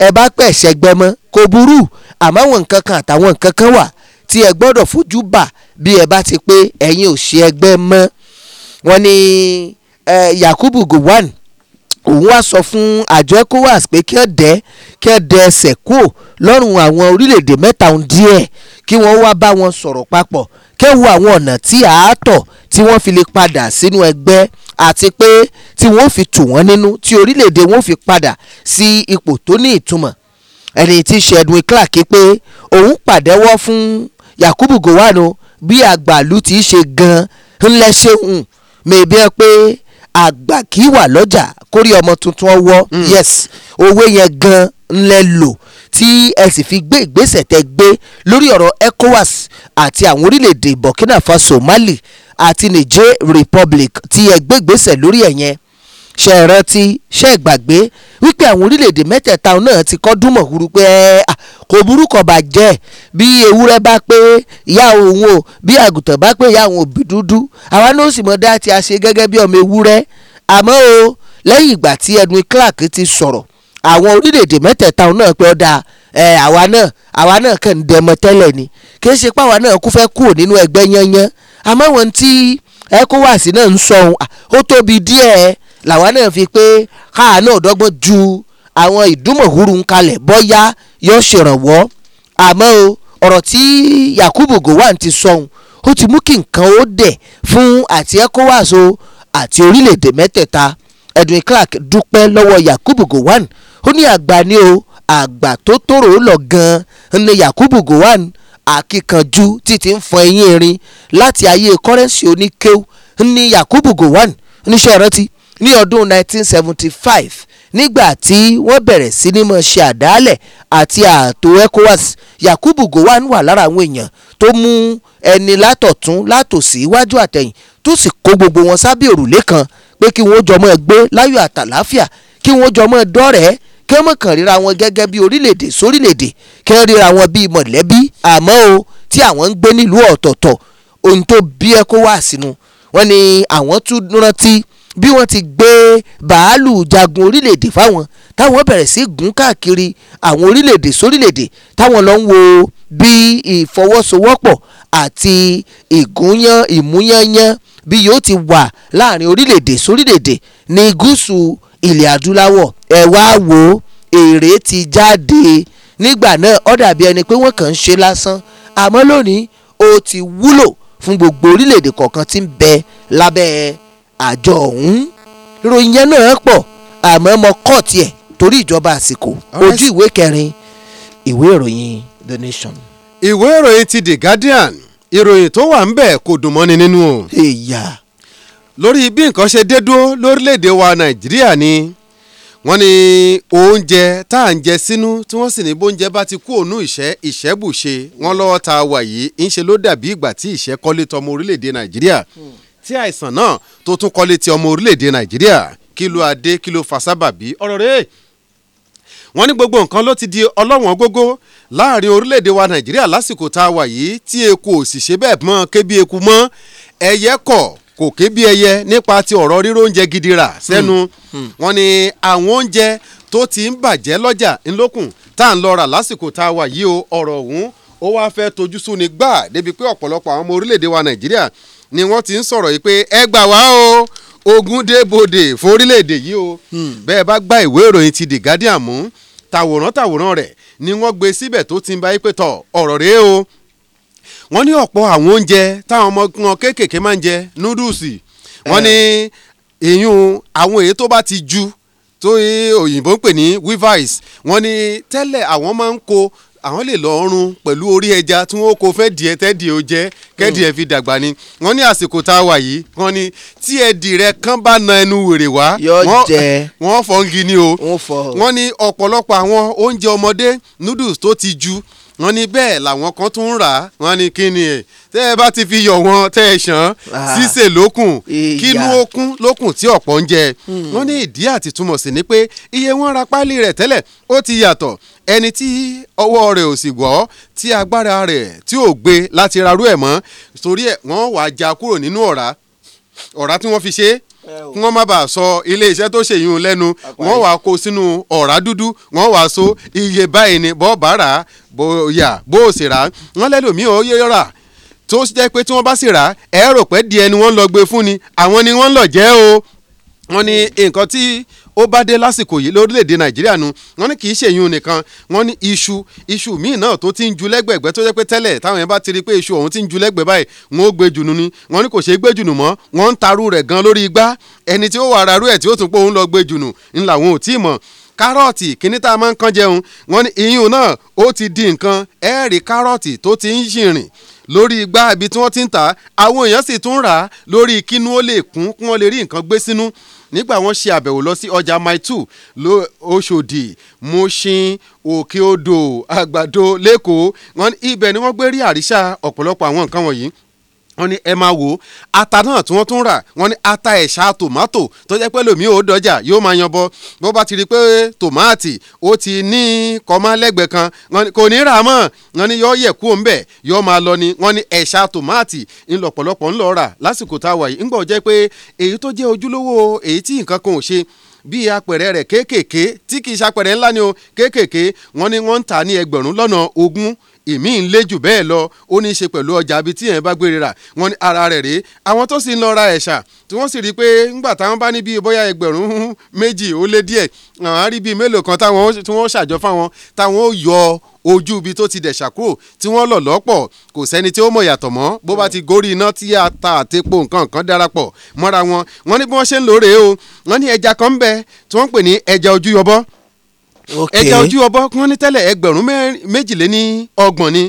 ẹ bá pẹ̀ ṣẹgbẹ́ mọ́ kò burú àmọ́ àwọn nǹkan kan àtàwọn nǹkan kan wà tí ẹ gbọ́dọ̀ fojú bà bí ẹ bá ti pé ẹ̀yin ò ṣe ẹgbẹ́ mọ́ wọ́n ní Yakubu Gowon òun wá sọ fún àjọ ECOWAS pé kí ẹ dẹ kí ẹ dẹ ẹsẹ̀ kúò lọ́rùn àwọn orílẹ̀-èdè mẹ́ta ọ̀hún díẹ̀ kí wọ́n wá bá wọn sọ̀rọ̀ papọ̀ kẹ́wọ́ àwọn ọ̀nà tí a tọ̀ tí wọ́n fi lè padà sínú ẹgbẹ́ àti pé tí wọ́n fi tù wọ́n nínú tí orílẹ̀-èdè wọn fi padà sí ipò tó ní ìtumọ̀ ẹni tí í ṣe Edwin Clark pé òun pàdẹ́wọ́ fún Yakubu Gowon bí àgbàlú ti ṣe gan ńlẹ́ ṣeun mèbí ẹ pé àgbà kì wà lọ́jà kórí ọmọ tuntun ọwọ́ hmm. yes owó yẹn gan ńlẹ́ lò tí ẹ sì fi gbé ìgbésẹ̀ tẹ́ gbé lórí ọ̀rọ̀ ECOWAS àti àwọn orílẹ̀-èdè Burkina Faso Mali àti Niger Republic tí ẹ gbé ìgbésẹ̀ lórí ẹ̀ yẹn ṣe rántí ṣe gbàgbé wípé àwọn orílẹ̀-èdè mẹ́tẹ̀ẹ̀ta náà ti kọ́ dúnmọ̀ huru pé kò burúkọ bá jẹ́ bí ewúrẹ́ bá pé ìyá òun o bí àgùntàn bá pé ìyá òun òbí dúdú àwa náà sì mọ̀ dá tí a ṣe gẹ́gẹ́ bí ọmọ ewúrẹ́ àmọ́ o lẹ́yìn ìgbà tí Edwin Clark ti sọ̀rọ̀ àwọn orílẹ̀-èdè mẹ́tẹ̀ẹ̀ta náà pé ọ̀dà àwa náà àwa náà kàn ń dẹmọ tẹ́lẹ̀ ni kì í ṣe pé àwa náà kú fẹ́ kúrò nínú ẹgbẹ́ yányán àmọ́ wọn tí ECOWAS náà ń sọ ó tóbi díẹ̀ làwa náà fi pé káà náà dọ́gbọ́n ju àwọn ìdúmọ̀húrú ń kalẹ̀ bọ́yá yóò ṣèrànwọ́ àmọ́ o ọ̀rọ̀ tí Yakubu Gowon ti sọ̀hún ó ti mú kí nǹkan ó dẹ̀ fún àti ECOWAS o àti orílẹ̀-èdè mẹ́tẹ̀ẹ̀ta Edwin Clark dúpẹ́ lọ́wọ́ Yakubu Gowon ó ní àgbà ni o àgbà tó tòrò lọ gan ni Yakubu Gowon akíkanjú títí ń fọn eyín erin láti ayé kọ́rẹ́nsì oníkéw ni Yakubu Gowon oníṣẹ́ ìrántí ní ọdún 1975 nígbà tí wọ́n bẹ̀rẹ̀ sí ní mọ̀ ṣe àdálẹ̀ àti ààtò ECOWAS Yakubu Gowon wà lára àwọn èèyàn tó mú ẹni látọ̀tún látòsí iwájú àtẹ̀yìn tó sì kó gbogbo wọn sábẹ́ òrùlé kan pé kí wọ́n jọmọ́ gbé láyọ̀ àtàláfíà kí wọ́n jọmọ́ dọ́rẹ̀ẹ́ kí wọ́n mọ̀ kàn ríra wọn gẹ́gẹ́ bí orílẹ̀-èdè sórílẹ̀-èdè kí wọ́n ríra wọn bíi mọ̀lẹ́bí àmọ́ o tí àwọn ń gbé nílùú ọ̀tọ̀ọ̀tọ̀ ohun tó bí ẹ kó wà sínú wọn ni àwọn tún rántí bí wọ́n ti gbé bàálù jagun orílẹ̀-èdè fáwọn táwọn bẹ̀rẹ̀ sí gùn káàkiri àwọn orílẹ̀-èdè sórílẹ̀-èdè táwọn lọ ń wo bí ìfọwọ́sowọ́pọ̀ àti ìgúnyán ìmúyányán bí yóò ti wà láàrin orílẹ̀-èdè sórílẹ̀-èdè ní gúúsù ilẹ̀ adúláwọ̀ ẹ wá wo ó èrè ti jáde nígbà náà ó dàbí ẹni pé wọ́n kàn ń ṣe lásán àmọ́ lónìí ó ti wúlò fún gbogbo orílẹ̀-èdè kọ̀ọ̀kan tí ń bẹ lábẹ́ àjọ ọ̀hún ìròyìn yẹn náà pọ̀ àmọ́ mo kọ́ tiẹ̀ torí ìjọba àsìkò ojú ìwé kẹrin ìwé ìròyìn The Nation. ìwé ìròyìn ti The Guardian ìròyìn tó wà ń bẹ̀ kò dùn nínú o. Hey, yeah lórí bí nǹkan ṣe dé dúró lórílẹ̀‐èdè wa nàìjíríà ni wọ́n ní oúnjẹ tá à ń jẹ sínú tí wọ́n sì ní bóúnjẹ bá ti kú òun ìṣẹ́ ìṣẹ́bùṣe wọ́n lọ́wọ́ ta wà yìí ń ṣe ló dàbí ìgbà tí ìṣẹ́ kọ́lé tọmọ orílẹ̀‐èdè nàìjíríà tí àìsàn náà tó tún kọ́lé ti ọmọ orílẹ̀‐èdè nàìjíríà kí ló adé kí ló fa sábàbí ọ̀rọ̀ rèé wọ́n ní gbogbo nǹkan ló ti di ọlọ́wọ́n gógó láàrin orílẹ̀-èdè wa nàìjíríà lásìkò tá a wà yìí tí eku ò sì ṣe bẹ́ẹ̀ mọ́ kébí eku mọ́ ẹ̀yẹ kọ̀ kò ké bí ẹyẹ nípa ti ọ̀rọ̀ ríró oúnjẹ gidi rà sẹ́nu hmm. hmm. wọn ni àwọn oúnjẹ tó ti ń bàjẹ́ lọ́jà ńlọ́kùn tá à ń lọ rà lásìkò tá a wà yìí o ọ̀rọ̀ ọ̀hún ó wáá fẹ́ tojú sú ni gbà débi pé ọ̀pọ̀lọpọ̀ àwọn ọmọ orílẹ̀-èdè wa nàìjíríà ni wọ́n ti ń sọ̀rọ̀ yìí pé ẹ gbà wá o ogun débodè forílẹ̀-èdè yìí o hmm. bẹ́ẹ̀ bá gba ìwé ìròyìn ti The Guardian mú tàwòrán tàwòrán rẹ̀ ni wọ́n gbé síbẹ̀ tó ti ń bá pé tọ̀ ọ̀rọ̀ rèé o wọ́n ní ọ̀pọ̀ àwọn oúnjẹ táwọn ọmọ wọn kéékèèké máa ń jẹ núdùsì wọ́n ní ìyún àwọn èyí tó bá ti ju tó òyìnbó ń pè ní weavice wọ́n ní tẹ́lẹ̀ àwọn máa ń ko àwọn lè lọ ọrùn pẹ̀lú orí ẹja tí wọ́n kó fẹ́ díẹ̀ tẹ́dìẹ̀ ó jẹ́ kẹ́dìẹ̀ fi dàgbà ni wọ́n ní àsìkò tá a wà yìí wọ́n ní tí ẹdì rẹ kán bá na ẹnu wèrè wá wọ́n fọ́ ń gini o wọ́n ní ọ̀pọ̀lọpọ̀ àwọn oúnjẹ ọmọdé noodles tó ti ju wọ́n ní bẹ́ẹ̀ làwọn kan tún ń rà á wọ́n ní kí ni ẹ̀ tẹ́ ẹ bá ti fi yọ̀ wọn tẹ́ ẹ ṣàn ah, ṣíṣe lókun kínú okun lókun tí ọ̀pọ̀ ń jẹ hmm. wọ́n ní ìdí àti túmọ̀ sí ni pé iye wọn ra páálí rẹ̀ tẹ́lẹ̀ ó ti yàtọ̀ ẹni tí ọwọ́ rẹ̀ ò sì gbọ́ tí agbára rẹ̀ tí ò gbé láti rarú ẹ̀ mọ́ torí ẹ̀ wọ́n wàá já kúrò nínú ọ̀rá ọ̀rá tí wọ́n fi ṣe é kí wọ́n má bàa sọ iléeṣẹ́ tó ṣèyí òun lẹ́nu wọ́n wàá kó sínú ọ̀rá dúdú wọ́n wàá so iye báyìí ni bọ́ bàárà bóyá bó o sì rà wọ́n lẹ́lòmíì ó yẹ rà tó jẹ́ pé tí wọ́n bá sì rà ẹ̀ rò díẹ̀ ni wọ́n lọ gbé fún ni àwọn ni wọ́n lọ jẹ́ o wọ́n ní nǹkan tí ó bá dé lásìkò yìí lórílẹ̀‐èdè nàìjíríà nu wọ́n ní kì í ṣe ìyún nìkan wọ́n ní iṣu iṣu míì náà tó ti ń ju lẹ́gbẹ̀gbẹ́ tó jẹ́ pé tẹ́lẹ̀ táwọn yẹn bá ti rí pé iṣu òun ti ń ju lẹ́gbẹ̀ báyìí wọ́n ó gbé jùnú ni wọ́n ní kò ṣeé gbé jùnú mọ́ wọ́n ń tarú rẹ̀ gan lórí igbá ẹni tí ó wà rárú ẹ̀ tí ó tún pé òun lọ gbé jùnú ńlá wọn ò tí ì mọ̀ kárọ̀tì kíní tá a máa ń kan jẹun wọ́n ní iyún náà ó ti di nǹkan ẹ̀ẹ́rì kárọ̀tì tó ti ń ṣìrìn lórí igbá ibi tí wọ́n ti ń tà àwọn èèyàn sì tún rà á lórí kínú ó lè kún kí wọ́n lè rí nǹkan gbé sínú nígbà wọ́n ṣe àbẹ̀wò lọ sí ọjà mile two lóṣòdì mushin òkè odò àgbàdo lẹ́kọ̀ọ́ ibẹ̀ ni wọ́n gbé rí àrísà ọ̀pọ̀lọpọ̀ àwọn nǹkan wọ̀nyí wọ́n ní ẹ máa wò ó ata náà tí wọ́n tún rà wọ́n ní ata ẹ̀ṣà tòmátò tó jẹ́ pé lòmí ò dọ́jà yóò máa yanbọ bó bá ti rí i pé tòmáàtì ó ti ní kọ́má lẹ́gbẹ̀ẹ́ kan kò ní rà mọ́ wọ́n ní yọ yẹ̀ kú òun bẹ̀ yọ máa lọ ni wọ́n ní ẹ̀ṣà tòmáàtì ńlọpọ̀lọpọ̀ ńlọ rà lásìkò tá a wà yìí ńgbọ̀ jẹ́ pé èyí tó jẹ́ ojúlówó èyí tí nǹkan kan ò ṣe bíi apẹ̀rẹ̀ rẹ̀ kéékèèké tí kì í sapẹ̀rẹ̀ ńlá ni o kéékèèké wọ́n ní wọ́n ń tà ní ẹgbẹ̀rún lọ́nà ogún ìmí ń lé jù bẹ́ẹ̀ lọ ó ní í ṣe pẹ̀lú ọjà ibi tí bá gbére rà wọ́n ní ara rẹ̀ rèé àwọn tó sì ń lọ ra ẹ̀ṣà tí wọ́n sì rí i pé ńgbà táwọn bá ní bíi bóyá ẹgbẹ̀rún méjì ó lé díẹ̀ àwọn á rí bíi mélòó kan táwọn tí wọ́n ṣàjọ fáwọn táwọn ó yọ ojú ibi tó ti dẹ̀ṣà kúrò tí wọ́n lọ̀ lọ́pọ̀ kò sẹ́ni tí ó mọ̀ yàtọ̀ mọ́ bó bá ti gorí iná tí a ta àtepo nǹkan kan darapọ̀ mọ́ra wọn wọ́n ní bí wọ́n ṣe ń lò rèé o wọ́n ní ẹja kan ń bẹ tí wọ́n ń pè ní ẹja ojú yọbọ́ ẹja ojú ọbọ wọn ní tẹ́lẹ̀ ẹgbẹ̀rún méjìléní ọgbọ̀n ni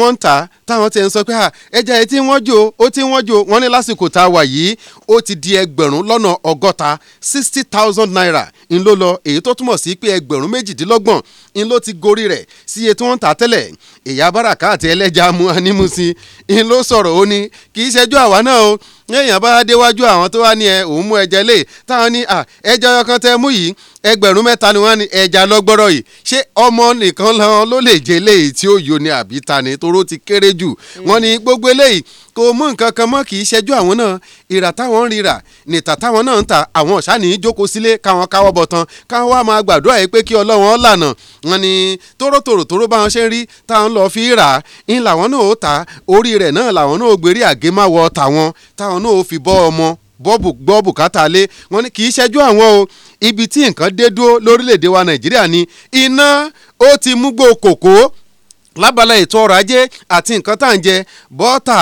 wọ́n ń ta táwọn ti ń sọ pé ẹja yìí tí wọ́n jò ó tí wọ́n jò wọ́n ní lásìkò tá a wà yìí ó ti di ẹgbẹ̀rún lọ́nà ọgọ́ta sixty thousand naira ń ló lọ èyí tó túmọ̀ sí pé ẹgbẹ̀rún méjìdínlọ́gbọ̀n ń ló ti gorí rẹ̀ sí iye tí wọ́n ń ta tẹ́lẹ̀ ìyá báràká àti ẹlẹ́jà mu anímùsí ń ló sọ̀rọ̀ ó ní kì í ṣẹjọ́ àwa náà o èèyàn bá déwájú àwọn tó wá ní ẹ òun mú ẹjẹ lé táwọn ní ẹja ọkàn tẹ mú yìí ẹgbẹ̀rún mẹ́ta ni wọ́n ní ẹja lọ́gbọ́rọ̀ yìí ṣé ọmọ nìkan ló lè jẹ́ léyìí tí ó yọ ni àbí ta ni toró ti kéré jù hmm. wọ́n ní gbogbo eléyìí kò mú nǹkan kan mọ́ kì í ṣẹ́jú àwọn náà ìrà táwọn ń rira nìta táwọn náà ń ta àwọn ọ̀sá ní í jókòó sílé káwọn káwọ́ bọ̀ tán káwọn wá máa gbàdúrà yìí pé kí ọlọ́wọ́n lànà wọn ni tórótòrò tóró báwọn ṣe ń rí táwọn lọ fi rà á ń làwọn náà ó ta orí rẹ̀ náà làwọn náà ó gbérí àgémáwọ̀ tàwọn táwọn náà ó fi bọ́ ọmọ bọ́ọ̀bù gbọ́ bùkátà lé wọn ni kì í ṣẹ́jú àwọn o ibi tí nǹkan dé dúró lórílẹ̀‐èdè wa nàìjíríà ni iná ó ti múgbó kòkó lábala ètò ọrọ̀ ajé àti nǹkan tá à ń jẹ bọ́tà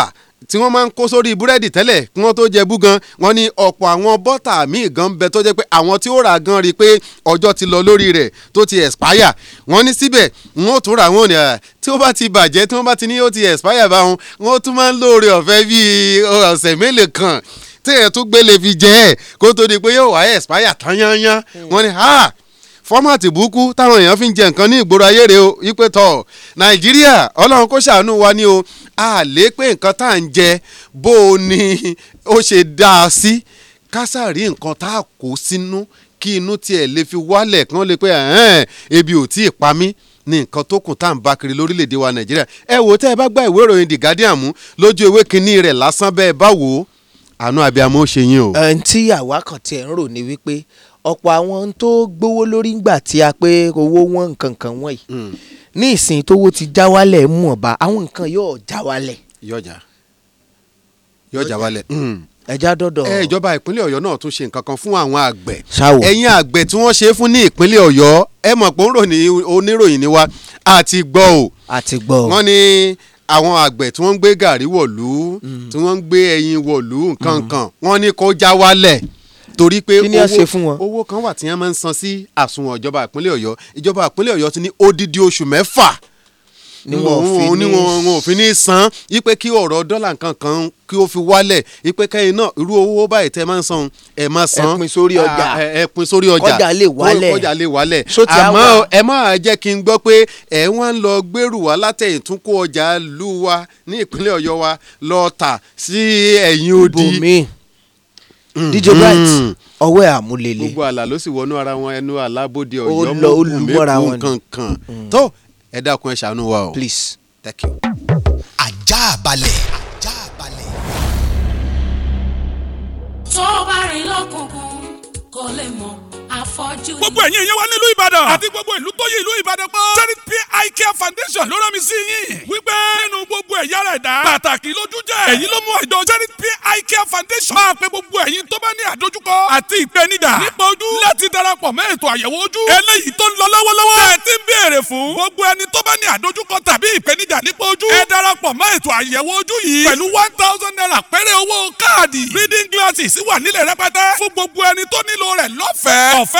tí wọ́n máa ń kó sórí búrẹ́dì tẹ́lẹ̀ kí wọ́n tó jẹ bú gan wọ́n ní ọ̀pọ̀ àwọn bọ́tà míì gan bẹ tó jẹ́ pé àwọn tí ó rà gan rí i pé ọjọ́ ti lọ lórí rẹ̀ tó ti expire wọ́n ní síbẹ̀ wọ́n ò tún rà wọ́n ní tí ó bá ti bàjẹ́ tí wọ́n bá ti ní ó ti expire báwọn wọ́n tún máa ń lóore ọ̀fẹ́ bíi ọ̀sẹ̀ mélòó kan tí ẹ̀ tún gbélé fi jẹ́ kó tó di pé yóò wá expire tán yányán hmm. wọ́n ní fọ́màtì burúkú táwọn èèyàn fi ń jẹ nǹkan ní ìgboro ayé rèé o wípé tọ̀ nàìjíríà ọlọ́run kó ṣàánú wa ni o a lè pé nǹkan tá à ń jẹ bó o ní ó ṣe dá a sí kásàrí nǹkan tá a kó sínú kí inú tiẹ̀ lè fi wálẹ̀ kí wọ́n lè pé ebi ò tí ì pa mí ní nǹkan tó kù tá à ń bá kiri lórílẹ̀‐èdè wa nàìjíríà ẹ wò tẹ́ ẹ bá gba ìwé ìròyìn the guardian mú lójú ewé kínní rẹ̀ lásán bẹ́ẹ̀ bá wò ó àánú abiyamọ ó ṣe yín o. ẹn tí àwa kan tiẹ̀ ń rò ní wípé ọ̀pọ̀ àwọn tó gbówó lórí ńgbà tí a pé owó wọn nǹkan kan wọ̀nyí hmm. ní ìsìn tówó ti já wálẹ̀ mú ọ̀bá àwọn nǹkan yóò já wálẹ̀. yọjà yọjà wálẹ̀ hmm. ẹja dọdọ. ẹ ìjọba ìpínlẹ̀ ọ̀yọ́ náà tún ṣe nǹkan kan fún àwọn àgbẹ̀. ṣáwò ẹ̀yin àgbẹ̀ tí wọ́n ṣe fún ní ìpínlẹ̀ ọ̀yọ́ ẹ mọ̀ pé oníròyìn ni wa àti gbọ́ o. àti gbọ́ o. wọ́n ní àwọn àgbẹ̀ tí wọ́n ń gbé gàrí wọ̀lú hmm. tí wọ́n ń gbé ẹyin wọ̀lú nǹkan wọ́n ní kó já wálẹ̀ torí pé owó kan wà tí wọ́n máa ń san sí àsùnwọ̀n ìjọba ìpínlẹ̀ ọ̀yọ́ ìjọba ìpínlẹ̀ ọ̀yọ́ ti ní odidi oṣù mẹ́fà ni wọn ò fi ní san ipe kí ọ̀rọ̀ dọ́là kankan kí ó fi wálẹ̀ ipe kẹ́yìn náà irú owó báyìí tẹ́ máa ń san ẹ máa san ẹ sórí ọjà ẹ sórí ọjà kọjà lè wálẹ̀ àmọ́ ẹ máa jẹ́ kí n gbọ́ pé ẹ wá ń lọ gbèrú wa látẹ̀yìn tún kó ọjà lù wa ní ìpínlẹ̀ ọ̀yọ́ wa lọ tà sí ẹ̀yìn odi Mm. dj bright mm. ọwọ́ ẹ̀ àmúlélẹ̀. gbogbo àlà ló sì wọnú ara wọn ẹnu alábòde ọ̀yọ́ mọ̀kùnmẹ́kùn kankan mm. tó ẹ dákun ẹ ṣàánú wa o. please thank you. ajá balẹ̀. ajá balẹ̀. tó bá rìn lọ́kùnkùn kò lè mọ̀ afọ́jú gbogbo ẹ̀yin ìyẹn wá nílùú ìbàdàn àti gbogbo ìlú tó yí ìlú ìbàdàn pọ̀. charity pi care foundation ló rán mi sí yín. wípé nínú gbogbo ẹ̀yà ara ẹ̀dá pàtàkì lójú jẹ́. èyí ló mú àjọ charity pi care foundation. máa pe gbogbo ẹ̀yin tó bá ní àdójúkọ àti ìpèníjà nípa ojú láti darapọ̀ mẹ́ ètò àyẹ̀wò ojú. eléyìí tó ń lọ lọ́wọ́lọ́wọ́. ẹ ti ń béèrè fún. gbogbo ẹni tó bá ní àdójúkọ tàbí ìpèníjà nípa ojú. ẹ darapọ̀ mọ́ ètò àyẹ̀wò ojú yìí. pẹ̀lú one thousand naira péré owó káàdì. reading glasses wà nílẹ̀ rẹpẹtẹ. fún gbogbo ẹni tó nílò rẹ̀ lọ́fẹ̀ẹ́. ọ̀fẹ́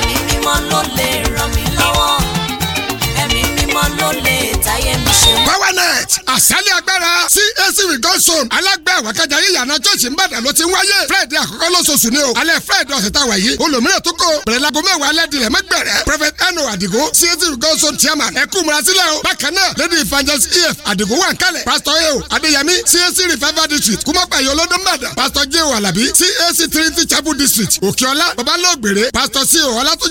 ẹ̀mí mímọ́ ló lè ràn mí lọ́wọ́ ẹ̀mí mímọ́ ló lè táyé power night àṣálẹ̀ agbára cac with god zone alágbẹ́ àwàkájà yíyànà church ńbàdàn ló ti ń wáyé friday àkọ́kọ́ lóṣooṣù ni o alẹ́ friday ọ̀sẹ̀ tá a wà yìí olùmíràn tó kó bẹ̀rẹ̀ lago mẹ́wàá alẹ́ dilẹ̀ mẹ́gbẹ̀rẹ̀ prophet Anu adigo cac with god zone chairman ẹ̀kú murasílẹ̀ o bákan náà lady evangelist ef adigo wà ń kalẹ̀ pastor eo adéyẹmí cac revival district kúmọ́pàyọ olódó ńbàdàn pastor Jeo o alabi cac trinity chapel district òkèọlá babalóògbèrè pastor c o cac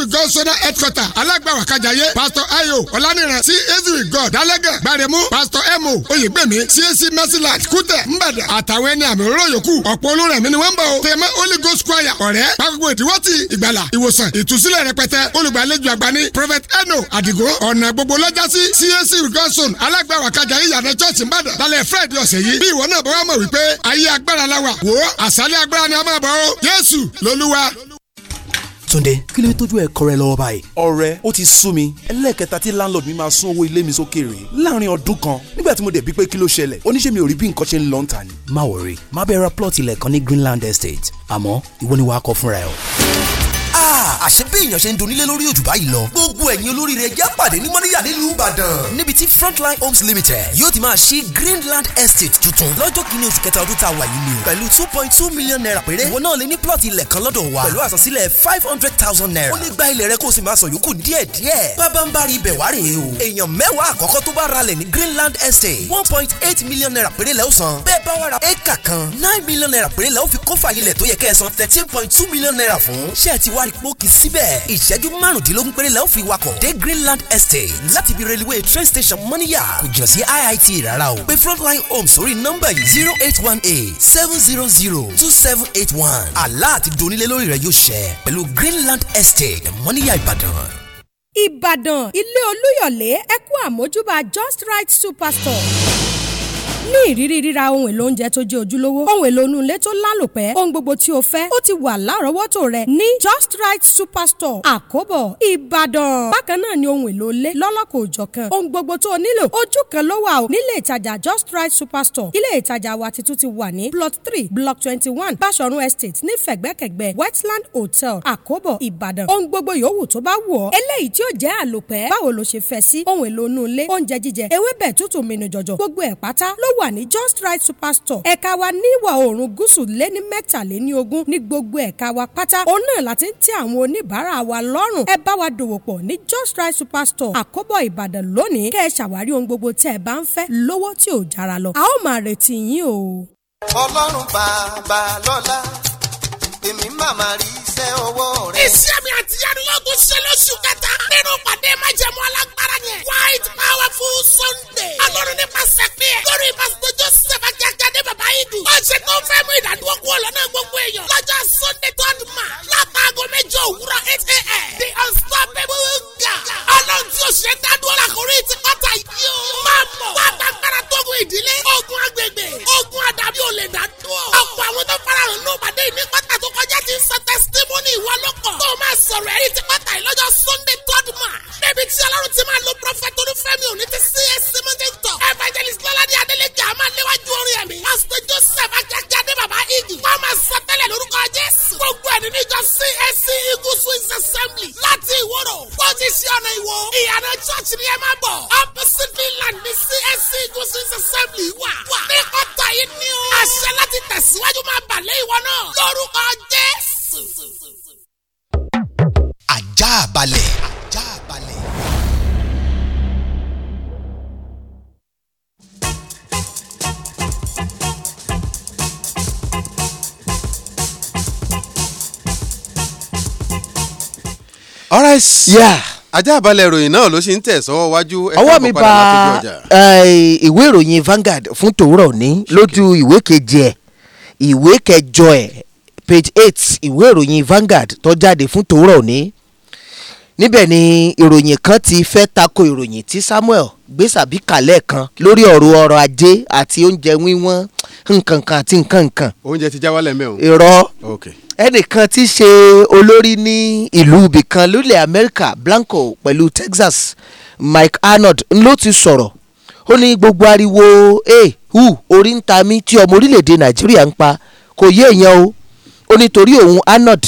with god zone headquarter alágbàwàkájà yé pastor ayo ọlánìràn cac with god ọlẹ́gẹ̀ gbàrẹ̀mú pásítọ̀ emo oyègbèmí csc mercyland kútẹ̀ nbàdàn àtàwọn ẹni àmì òróró yòókù ọ̀pọ̀ olórẹ̀mí ni wọ́n ń bọ̀ o tẹ̀mẹ́ holy ghost choir ọ̀rẹ́ pákókó ìdíwọ́ ti ìgbàlà ìwòsàn ìtúsílẹ̀ rẹpẹtẹ olùgbàlejò àgbà ní prophet eno àdìgó ọ̀nà gbogbo lọ́jà sí csc rigonson alágbàwà kájà ìyànà church nbàdàn lálẹ́ fred ọ̀sẹ̀ yìí bí ìwọ náà bọ́ wá mọ̀ wípé ayé agbára la wà ni a máa bọ̀ o Túndé kí ló tójú ẹ kọrẹ lọ́wọ́ báyìí. ọ̀rẹ́ ó ti sú mi ẹlẹ́ẹ̀kẹta tí landlord mi máa sún owó ilé mi sókè rèé láàrin ọdún kan nígbà tí mo dẹ̀ bí pé kí ló ṣẹlẹ̀ oníṣẹ́ mi ò rí bí nǹkan ṣe ń lọ ń tà ni. má wọrí má bẹ ra plọ́ọ̀tì ilẹ̀ kan ní Greenland Estate àmọ́ ìwọ ni wàá kọ fúnra ẹ o àṣẹ bí èèyàn ṣe ń donílé lórí òjò báyìí lọ gbogbo ẹ̀yin olóríire já pàdé ní mọ́níyà nílùú ìbàdàn níbi tí frontline homes limited yóò ti máa ṣí greenland estate tuntun lọ́jọ́ kìíní oṣù kẹta ọdún tá a wà yìí ni o pẹ̀lú two point two million naira péré ìwọ náà lè ní plot ilẹ̀ kan lọ́dọ̀ wa pẹ̀lú àsansílẹ̀ five hundred thousand naira ó lè gba ilẹ̀ rẹ kó o sì máa sọ yòókù díẹ̀díẹ̀ bábá ń bá rí ibẹ̀ wá rèé o èèyàn mẹ́wàá àkọ́kọ́ tó bá ralẹ̀ ní greenland estate one point eight million naira péré lẹ́ ó san bẹ́ẹ̀ bá million naira péré lẹ́ ó fi kófà ilẹ̀ tó million naira fún ti wá rí síbẹ̀ ìṣẹ́jú márùndínlógún péré la ó fi wakọ̀ dé Greenland Estate láti ibi rélùwé train station Mọ́níyà kò jìnnà sí IIT rárá o pé Frontline home, sórí nọ́mbà yìí zero eight one eight seven zero zero two seven eight one àlá àti donílé lórí rẹ̀ yóò ṣẹ pẹ̀lú Greenland Estate Mọ́níyà Ìbàdàn. Ìbàdàn ilé Olúyọ̀lé ẹ kú àmójúbà Just Right Superstore ní ìrírí ríra ohun èlò oúnjẹ tó jẹ́ ojúlówó ohun èlò inú ilé tó lálòpẹ́ ohun gbogbo tí o fẹ́ ó ti wà lárọ̀ọ́wọ́tò rẹ ní just right superstore àkóbọ̀ ìbàdàn bákan náà ni ohun èlò ilé lọ́lọ́kọ̀ òjọ̀kan ohun gbogbo tó o nílò ojú kan ló wà o nílé ìtajà just right superstore ilé ìtajà wa titun ti wà ní plot three block twenty one basọ̀run estate ní fẹ̀gbẹ́kẹ̀gbẹ́ wetland hotel àkóbọ̀ ìbàdàn ohun gbogbo yòówù tó bá wù ọ́ eléyìí tí ó jẹ́ àlòpẹ́ báwo ló ṣe fẹ́ sí ohun èlò inú ilé oúnjẹ jíjẹ ewébẹ̀ tútù mìnìjọ̀jọ̀ gbogbo ẹ̀ pátá ló w wà ní just right superstore ẹ̀ka wa ní ìwọ̀ oòrùn gúúsù lé ní mẹ́tàléní ogún ní gbogbo ẹ̀ka wa pátá òun náà láti ń tẹ́ àwọn oníbàárà wa lọ́rùn ẹ bá wa dòwò pọ̀ ní just right superstore àkóbọ̀ ìbàdàn lónìí kẹ́ ẹ ṣàwárí ohun gbogbo tẹ́ ẹ bá ń fẹ́ lówó tí ò jára lọ a ó máa retí yín o. ọlọ́run bàbá lọ́lá èmi máa máa rí iṣẹ́ ọwọ́ rẹ̀. iṣẹ́ mi àtìyánu yóò ṣe lóṣù kẹta nínú pàdé májẹ̀mú alágbó. Tonight powerful Sunday. Ọlọ́run nípasẹ̀ pé ẹ̀. Lórí ìbáṣepọ̀ Joseph Ajajáde Bàbá Ìdù. Ó ṣe tó fẹ́ mú ìdádúró kú ọ̀lọ́nà gbogbo èèyàn. Lọ́jọ́ Sunday third man. Látàgọ́ mẹ́jọ òwúrọ̀ eight a.m. The unstoppable God. Ọlọ́run tí o ṣe dádúró làkúrí ti pátá yìí o. Máa mọ̀. Wá gbàgbára tógun ìdílé. Ogun agbègbè. Ogun àdàbí ò lè dádúró. Ọ̀pọ̀ àwọn tó farahàn ní òpàdé ìní pátá tó kọjá ti ń sọ ní ìwọ ló kọ̀. tó o máa sọ̀rọ̀ ẹ̀rí ti pátá yìí lọ́jọ́ sunday third march. níbi tí ọlọ́run ti máa lo prọfẹ̀tì olúfẹ́mi òní ti csc mọ́tẹ́tọ̀. evangelist lọ́ládé adélèké a máa léwájú orin ẹ̀mí. pastor joseph ajájáde bàbá igi. wọ́n máa sọ tẹ́lẹ̀ lórúkọ jésù. gbogbo ẹ̀dín níjọ csc igusu is assembly. láti ìwòrò. bó ti ṣe ọ̀nà ìwò. ìyànà church ni ẹ máa bọ̀. opposite finland ni csc igusu is assembly wà. wà ní ọ̀tá yìí ni o. àṣẹ láti tẹ̀síwájú máa bà lé ìwọ náà. lórúkọ jésù. Àjààbalẹ̀. Àjààbalẹ̀. all right. yeah. Àjààbalẹ̀ ìròyìn náà ló ṣe ń tẹ̀ sọ́wọ́ wájú. ọwọ́ mi bà ìwé ìròyìn Vanguard fún tòwúrọ̀ ní lójú ìwé keje ẹ̀ ìwé kẹjọ ẹ̀ page eight ìwé ìròyìn Vanguard tó jáde fún tòórọ̀ òní níbẹ̀ ni ìròyìn kan ti fẹ́ tako ìròyìn tí Samuel gbé sàbí kalẹ̀ kan lórí ọ̀rọ̀ ọrọ̀ ajé àti oúnjẹ wíwọ́n nkankan àti nkankan. oúnjẹ ti já wálẹ̀ mẹ́ o. irọ́ ẹnìkan tí í ṣe olórí ní ìlú ibìkan lórílẹ̀ Amẹ́ríkà Blanco pẹ̀lú Texas Mike Arnold ló ti sọ̀rọ̀ ó ní gbogbo ariwo ẹ hù orí ń ta mí tí ọmọ orílẹ̀-èdè Nàìjíríà ń pa kò yé èèyàn o ó nítorí òun anod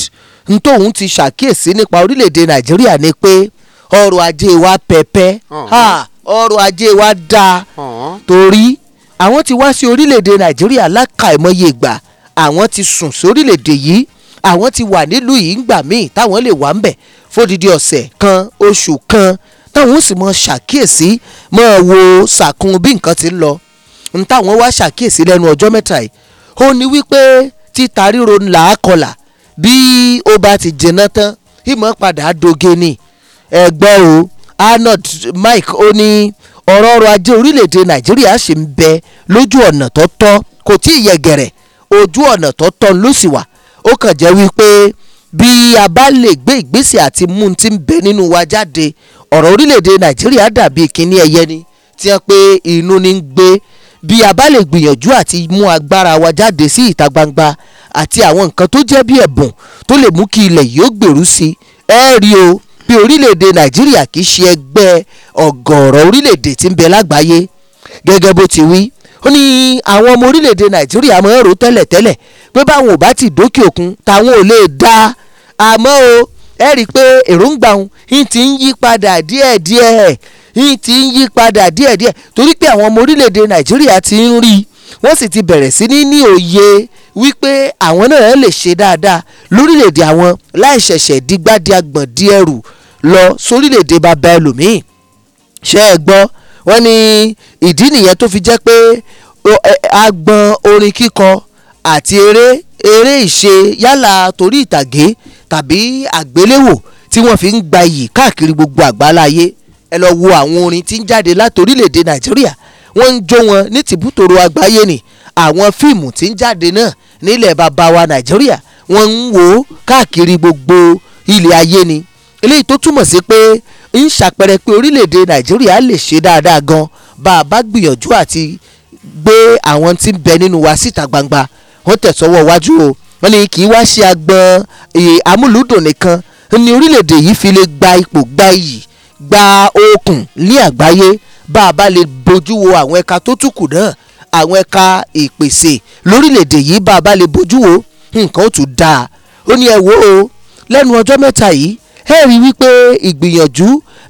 n tóun ti ṣàkíyèsí nípa orílẹ̀-èdè nàìjíríà ni pé ọrọ̀ ajé wa pẹ̀pẹ́ ọrọ̀ ajé wa dáa torí àwọn ti wá sí orílẹ̀-èdè nàìjíríà lákàìmọye ìgbà àwọn ti sùn sórílẹ̀-èdè yìí àwọn ti wà nílùú yìí ńgbà míì táwọn lè wà ńbẹ̀ fódìdí ọ̀sẹ̀ kan oṣù kan táwọn ó sì mọ ṣàkíyèsí mọ wo sàkún bí nǹkan ti ń lọ n táwọn wá ṣàkíyèsí lẹ́nu ọjọ́ mẹ́ta yìí ó ní wípé títa ríro là á kọlà bí ó bá ti jẹná tán ìmọ̀ padà doge ni ẹ̀gbọ́n o arnold mike ó ní ọ̀rọ̀ ọrọ̀ ajé orílẹ̀-èdè nàìjíríà ṣì ń bẹ lójú ọ̀nà tó tọ́ kò tí ì yẹ gẹ̀rẹ̀ ojú ọ̀nà tó tọ́ ló sì wà ó kàn jẹ́ wípé bí a bá lè gbé ìgbésẹ̀ àti mú ti ń bẹ nínú wa jáde ọ̀rọ̀ orílẹ̀-èdè nàìjíríà dàbí kíní ẹyẹ ni tí wọ́n pé inú ní ń gbé bí a bá lè gbìyànjú àti mú agbára wa jáde sí ìta gbangba àti àwọn nǹkan tó jẹ́ bí ẹ̀bùn tó lè mú kí ilẹ̀ yìí ó gbèrú sí i ẹ rí o bí orílẹ̀-èdè nàìjíríà kì í ṣe ẹgbẹ́ ọ̀gọ̀ọ̀rọ̀ orílẹ̀-èdè tí ń bẹ lágbàáyé gẹ́gẹ́ bó ti wí ó ní àwọn ọmọ orílẹ̀-èdè nàìjíríà máa ń rò tẹ́lẹ̀tẹ́lẹ̀ pé báwọn ò bá ti dókè òkun táwọn ò lè dá àmọ́ o ẹ rí i pé èròǹgbà òun ti ń yí padà díẹ̀díẹ̀ yìí ti ń yí padà díẹ̀díẹ̀ torí pé àwọn ọmọ orílẹ̀-èdè nàìjíríà ti ń rí wọ́n sì ti bẹ̀rẹ̀ sí ní ní òye wípé àwọn náà lè ṣe dáadáa lórílẹ̀-èdè àwọn láì ṣẹ̀ṣẹ̀ digbadi agbọ̀n di ẹrù lọ sórílẹ̀-èdè bàbá ẹlòmíì ṣé ẹ gbọ́ wọ́n ní ìdí nìyẹn tó fi jẹ́ pé agbọ̀n orin kíkọ àti eré eré ìṣe yálà torí ìtàgé tàbí àgbéléwò tí wọ́n fi ń gbayì káàkiri gbogbo àgbáláyé ẹ lọ wo àwọn orin tí ń jáde láti orílẹ̀-èdè nàìjíríà wọ́n ń jó wọn ní tìbútòrò àgbáyé ni àwọn fíìmù tí ń jáde náà nílẹ̀ bàbá wa nàìjíríà wọ́n ń wò ó káàkiri gbogbo ilẹ̀ ayé ni eléyìí tó túmọ̀ sí pé ń ṣàpẹrẹ pé orílẹ̀-èdè nàìjíríà lè ṣe dáadáa gan bá a bá gbìyànjú àti gbé àwọn tí ń bẹ nínú wa síta gbangba wọ́n tẹ̀sọ́wọ́ wájú o wọ́n ní kì í wá ṣe agbọn amúlùúdùn nìkan ni orílẹ̀-èdè yìí fi lè gba ipò gba iyì gba okùn ní àgbáyé bá a bá lè bójú wo àwọn ẹ̀ka tó tún kù náà àwọn ẹ̀ka ìpèsè lórílẹ̀‐èdè yìí bá a bá lè bójú wo nǹkan ó tún dáa ó ní ẹ wo o lẹ́nu ọjọ́ mẹ́ta yìí ẹ rí i wípé ìgbìyànjú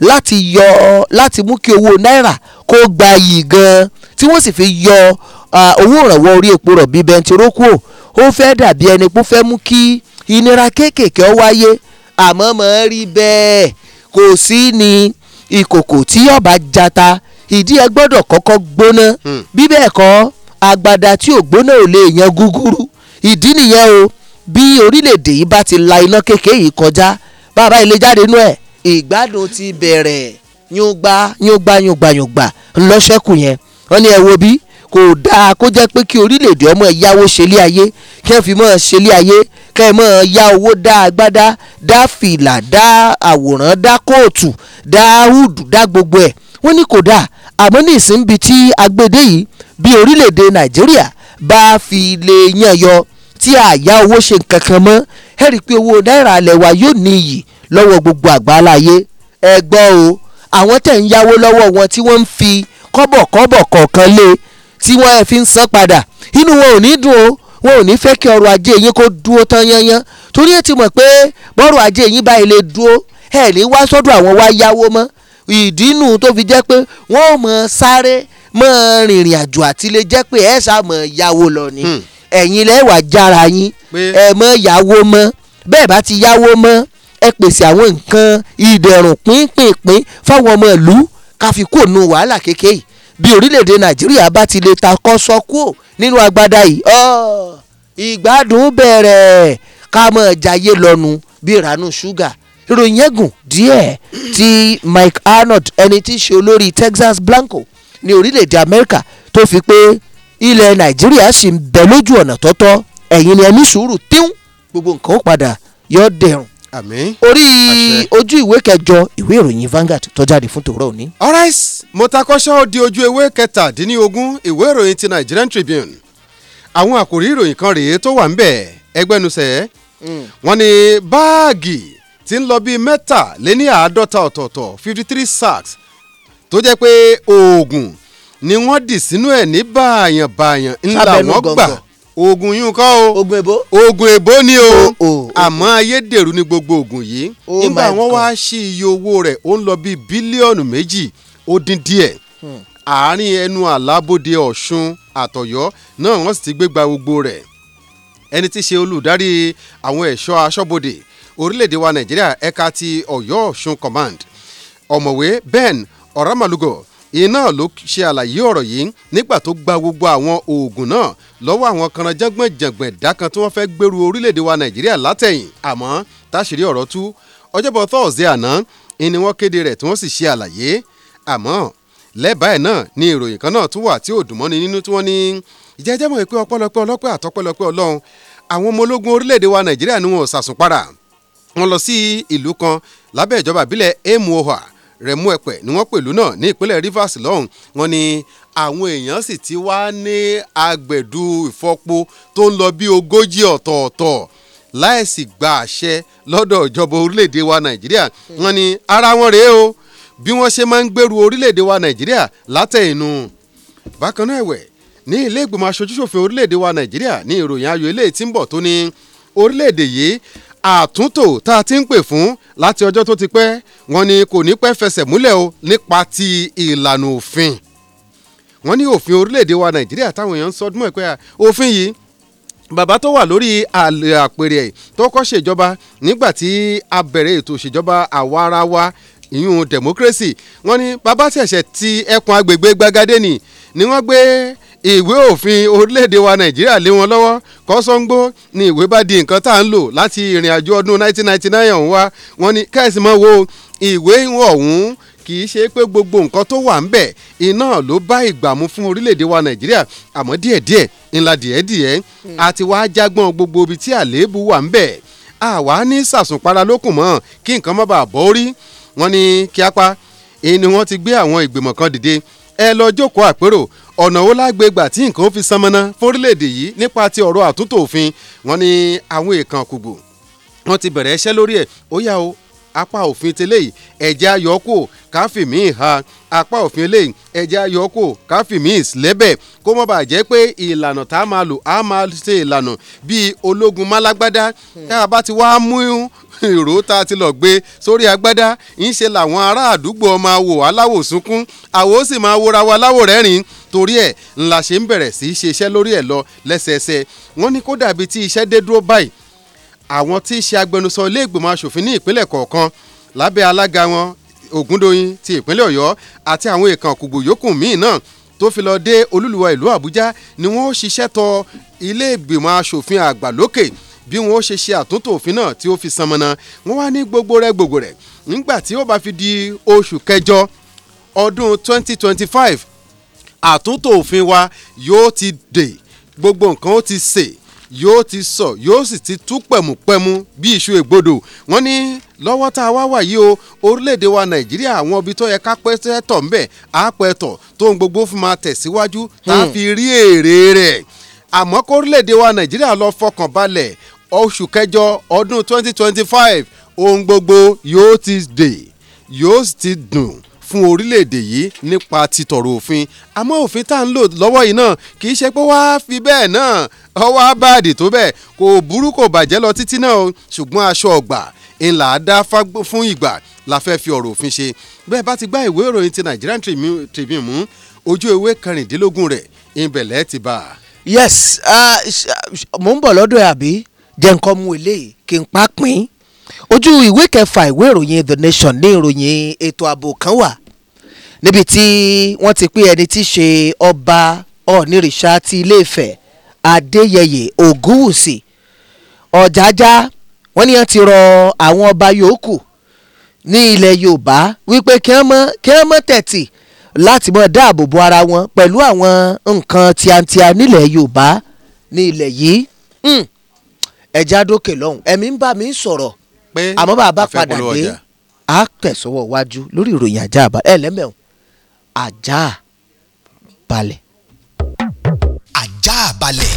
láti yọ láti mú kí owó náírà kó gba yìí gan-an tí wọ́n sì fi yọ owó ìrànwọ́ orí epo rọ̀bì bẹntiró kúrò ó fẹ́ dàbí ẹni pé ó fẹ́ mú kí ìnira kéékèèké ó wáyé àmọ́ mọ̀ rí bẹ́ẹ̀ kò sí ní ìkòkò tí ọba jata ìdí ẹ gbọ́dọ̀ kọ́kọ́ gbóná hmm. bí bẹ́ẹ̀ kọ́ agbada tí ò gbóná ò lè yan gúgúrú ìdí nìyẹn o bí orílẹ̀-èdè yìí bá ti la iná kékeré yìí kọjá bàbá ilé jáde nú ẹ̀ ìgbádùn ti bẹ̀rẹ̀ yúngbá yúngbá yúngbá yúngbá ńlọ́ṣẹ́kù yẹn wọ́n ní ẹ wo bí kò dáa kó jẹ́ pé kí orílẹ̀-èdè ọmọ yáwó ṣẹlé ayé kí wọ́n fi mọ́ ṣẹlé ayé kẹ́ ẹ̀ mọ́ ya owó dá agbádá dá fìlà dá àwòrán dá kóòtù dá húdù dá gbogbo ẹ̀ wọ́n ní kò dáa àmọ́ ní ìsínbi tí agbede yìí bí orílẹ̀-èdè nàìjíríà bá fi lè yàn yọ tí àyà owó ṣe nǹkan kan mọ́ ẹ rí i pé owó náírà alẹ̀ wa yóò ní iyì lọ́wọ́ gbogbo àgbáláyé ẹ gbọ́ o àwọn tẹ̀ ń yáwó lọ́wọ́ wọn tí wọ́n ń fi kọ́bọ̀kọ́bọ̀ kọ̀ọ̀kan lé e tí wọ́n fi ń san padà inú wọn ò ní dùn o wọn ò ní fẹ́ kí ọrọ̀ ajé yín kó dúró tán yányán torí ẹ ti mọ̀ pé bọ́rọ̀ ajé yín báyìí lè dúró ẹ̀ ní wá sọ́dọ̀ àwọn wá yáwó mọ́ ìdínú tó fi jẹ́ pé wọ́n ò mọ̀ sáré mọ̀ rìnrìn àjò àti lè jẹ́ pé ẹ̀ sá mọ̀ yáwó lọ ni hmm. ẹ̀yin lẹ́wà jára yín ẹ̀ mọ̀ yáwó mọ́ bẹ́ẹ̀ bá ti yáwó mọ́ ẹ pèsè àwọn nǹkan ìdẹ̀rùn pínpínpín fáwọn ọmọ ìlú káfíkò nu wàhálà kékeré bí orílẹ̀-èdè nàìjíríà bá ti lè ta kọ́sọ́ kúò nínú agbada yìí ìgbádùn bẹ̀rẹ̀ ká mọ̀ jayé lọ́nu bí ìranú ṣúgà ìròyìn ẹ̀gùn díẹ̀ tí Mike Arnold ẹni tí ṣe olórí Texas Blanco ní orílẹ̀-èdè Amẹ́ríkà tó fi pé ilẹ̀ nàìjíríà sì ń bẹ lójú ọ̀nà tọ́tọ́ ẹ̀yin ni ẹ sùúrù tíún gbogbo nǹkan ó padà yọ dẹ̀rùn orí ojú ìwé kẹjọ ìwé ìròyìn Vanguard tó jáde fún tòórọ́ òní. alright mo di ojú ewé kẹtàdínlógún ìwé ìròyìn ti Nigerian Tribune àwọn àkòrí ìròyìn kan rèé tó wà ń bẹ̀ ẹgbẹ́nusẹ̀ hmm. báàgì ń lọ bíi mẹ́ta lé ní àádọ́ta ọ̀tọ̀ọ̀tọ̀ fifty three sacks tó jẹ́ pé ni wọ́n dì sínú ẹ̀ oògùn yìí kọ́ o oògùn èbó oògùn èbó ni o àmọ́ ayédèrú ni gbogbo oògùn yìí oh nígbà wọn wá sí iye owó rẹ̀ ó ń lọ bíi bílíọ̀nù méjì ó dín díẹ̀ hmm. àárín ẹnu àlábòde ọ̀ṣun àtọ̀yọ́ náà wọ́n sì ti gbégbá gbogbo rẹ̀ ẹni tí í ṣe olùdarí àwọn ẹ̀ṣọ́ aṣọ́bodè orílẹ̀-èdè wa nàìjíríà ẹ̀ka ti ọ̀yọ́ ọ̀ṣun command ọ̀mọ̀wé ben ọ̀rámàlúgọ̀ iná ló ṣe àlàyé ọ̀rọ̀ yìí nígbà tó gba gbogbo àwọn oògùn náà lọ́wọ́ àwọn kanranjágbọ̀n jàngbọ̀n ẹ̀dá kan tí wọ́n fẹ́ gbèrú orílẹ̀-èdè wa nàìjíríà látẹ̀yìn àmọ́ táṣìírí ọ̀rọ̀ tú ọjọ́bọ̀ thursday àná ni wọ́n kéde rẹ̀ tí wọ́n sì ṣe àlàyé àmọ́ lẹ́bàá ẹ̀ náà ni ìròyìn kan náà tún wà tí ò dùn mọ́ni nínú tí wọ́n ní ìjẹ́jẹ́ mọ̀ pé ọpẹ́lọpẹ́ ọlọ́pẹ́ àtọ́pẹ́lọpẹ́ ọlọ́run àwọn ọmọ ológun orílẹ̀-èdè wa nàìjíríà rẹ̀mú ẹ̀pẹ̀ ni wọ́n pẹ̀lú náà ní ìpínlẹ̀ Rivers lọ́hùn wọn ni àwọn èèyàn sì ti wá ní agbẹ̀dù ìfọpo tó ń lọ bí ogójì ọ̀tọ̀ọ̀tọ̀ láìsí gba àṣẹ lọ́dọ̀ ìjọba orílẹ̀-èdè wa Nàìjíríà wọn ni ara wọn rèé o bí wọ́n ṣe máa ń gbèrú orílẹ̀-èdè wa Nàìjíríà látẹ̀ inú bákan náà ẹ̀wẹ̀ ní ilé ìgbìmọ̀ aṣojúṣòfin orílẹ̀-èdè wa Nàìjíríà ní ìròyìn ayọ̀ eléyìí tí ń bọ̀ tó ní orílẹ̀-èdè yìí àtúntò tá a ti ń pè fún láti ọjọ́ tó ti pẹ́ wọ́n ní kò ní pẹ́ fẹsẹ̀ múlẹ̀ o nípa ti ìlànà òfin wọ́n ní òfin orílẹ̀-èdè wa nàìjíríà táwọn èèyàn ń sọdún ẹ̀ pé òfin yìí bàbá tó wà lórí àpèrè tó kọ́ ṣèjọba nígbà tí a bẹ̀rẹ̀ ètò ìṣèjọba àwa wa ìyún democracy wọ́n ní bàbá ṣẹ̀ṣẹ̀ ti ẹkùn agbègbè gbàgádé ni ni wọ́n gbé ìwé òfin orílẹ̀-èdè wa nàìjíríà lé wọn lọ́wọ́ kọ́sọ́ngbó ni ìwé bá di nǹkan tá à ń lò láti ìrìn àjò ọdún 1999 ọ̀hún wá wọn ni kẹ́sì mọ́ wo ìwé ọ̀hún kì í ṣe pé gbogbo nǹkan tó wà ń bẹ̀ iná ló bá ìgbà mu fún orílẹ̀-èdè wa nàìjíríà àmọ́ díẹ̀díẹ̀ ńlá díẹ̀díẹ̀ àti wàá jágbọ́n gbogbo ibi tí àléébù wà ń bẹ̀ àwa ní sàsùnpara lókùn mọ́ kí nǹkan má bàa bọ́ orí wọn ni kíápá ni wọ́n ti gbé àwọn ìgbìmọ̀ kan dìde ẹ lọ jókòó àpérò ọ̀nà wo lágbègbà tí nǹkan fi sanmọ́nà fórílẹ̀-èdè yìí nípa ti ọ̀rọ̀ àtúntò òfin wọn ni àwọn èèkàn kùgbò wọn ti bẹ̀rẹ̀ iṣẹ́ lórí ẹ̀ ó yá o apá òfin tẹ́lẹ̀ yìí ẹ̀jẹ̀ ayọ̀kù káfí mi ha apá òfin eléyìí ẹ̀jẹ̀ ayọ̀kù káfí mi sílẹ̀bẹ̀ kó má bàa jẹ́ pé ìlànà tá a máa lò a máa ṣe ìlànà bíi ológun málágbádá hmm. tá a bá ti wá mú ìró tá a ti lọ gbé sórí agbádá ń ṣe làwọn ará àdúgbò ọmọ àwò aláwò sunkún sì máa wòra wa láwò rẹ́rìn-ín torí ẹ̀ ńlá ṣe ń bẹ̀rẹ̀ sí í ṣe iṣẹ́ lórí ẹ̀ lọ lẹ́sẹẹsẹ wọ́n ní kó dàbí tí iṣẹ́ dé dúró báyìí àwọn tí í ṣe agbẹnusọ ilé ìgbìmọ̀ asòfin ní ìpínlẹ̀ kọ̀ọ̀kan lábẹ́ alága wọn Ògúndóyin ti ìpínlẹ̀ Ọ̀yọ́ àti àwọn èèkàn kùgbù yòókù míì náà tó fi lọ dé olúluwa ìlú Àbújá ni wọ́n ṣiṣẹ́ tọ ilé ìgbìmọ̀ asòfin àgbà lókè bí wọn ó ṣe ṣe àtúntò òfin náà tí ó fi sanmọ́nà wọn wá ní gbogbo rẹ̀ gbogbo rẹ̀ nígbà tí ó bá fi di oṣù kẹjọ ọdún 2025 àtúntò òfin wa yóò ti dè gbogbo nǹkan ó ti sè yóò ti sọ yóò sì ti tú pẹ̀mùpẹ̀mù bí iṣu ègbodò wọ́n ní lọ́wọ́ tá a wá wà yìí o orílẹ̀-èdè wa nàìjíríà àwọn ibi tó yẹ ká pẹ́ tọ̀ ń bẹ̀ á pẹ́ tọ̀ tó ń gbogbo fún máa tẹ̀síwájú tá a hmm. fi rí èrè rẹ̀ àmọ́ kó orílẹ̀-èdè wa nàìjíríà lọ fọkàn balẹ̀ oṣù kẹjọ ọdún 2025 ohun gbogbo yóò ti dè yóò sì ti dùn fún orílẹ̀-èdè yìí nípa títọ̀rọ̀ òfin àmọ́ òfin tá à ń lò lọ́wọ́ yìí náà kì í ṣe pé wàá fi bẹ́ẹ̀ náà ọwọ́ abáàdì tó bẹ́ẹ̀ kò burú kò bàjẹ́ lọ títí náà ṣùgbọ́n aṣọ ọgbà ńlá dá fún ìgbà la fẹ́ fi ọ̀rọ̀ òfin ṣe bẹ́ẹ̀ bá ti gbá ìwé ìròyìn ti Nigerian Tribune mú ojú ewé kẹrìndínlógún rẹ̀ ìbẹ̀lẹ̀ ti bá a. yes ah, ah, mo ń bọ̀ lọ́dọ̀ àbí jẹ́ nǹkan mu eléyìí kí n pa pín ojú ìwé kẹfà ìwé ìròyìn the nation ní ìròyìn ètò ààbò kan wà níbi tí wọ́n ti pé ẹni tí í ṣe ọba ọ̀nìrìṣà ti Ilé-Ifẹ̀ Adéyẹyè Ògúnwùsì Ọ̀jájá wọ́n ní wọ́n ti rọ àwọn ọba yòókù ní ilẹ̀ Yorùbá wípé kí wọ́n mọ́ tẹ̀tì láti mọ́ dáàbò bo ara wọn pẹ̀lú àwọn nǹkan tiantia nílẹ̀ Yorùbá ní ilẹ̀ yìí hmm. ẹ̀já dókè lọ́hùn ẹ̀mí ń bà mí sọ̀rọ̀ pé àmọ́ bàbá padà dé a tẹ̀sọ́wọ́ wájú lórí ìròyìn ajá balẹ̀ ẹlẹ́mẹ̀ọ́ ajá balẹ̀. ajá balẹ̀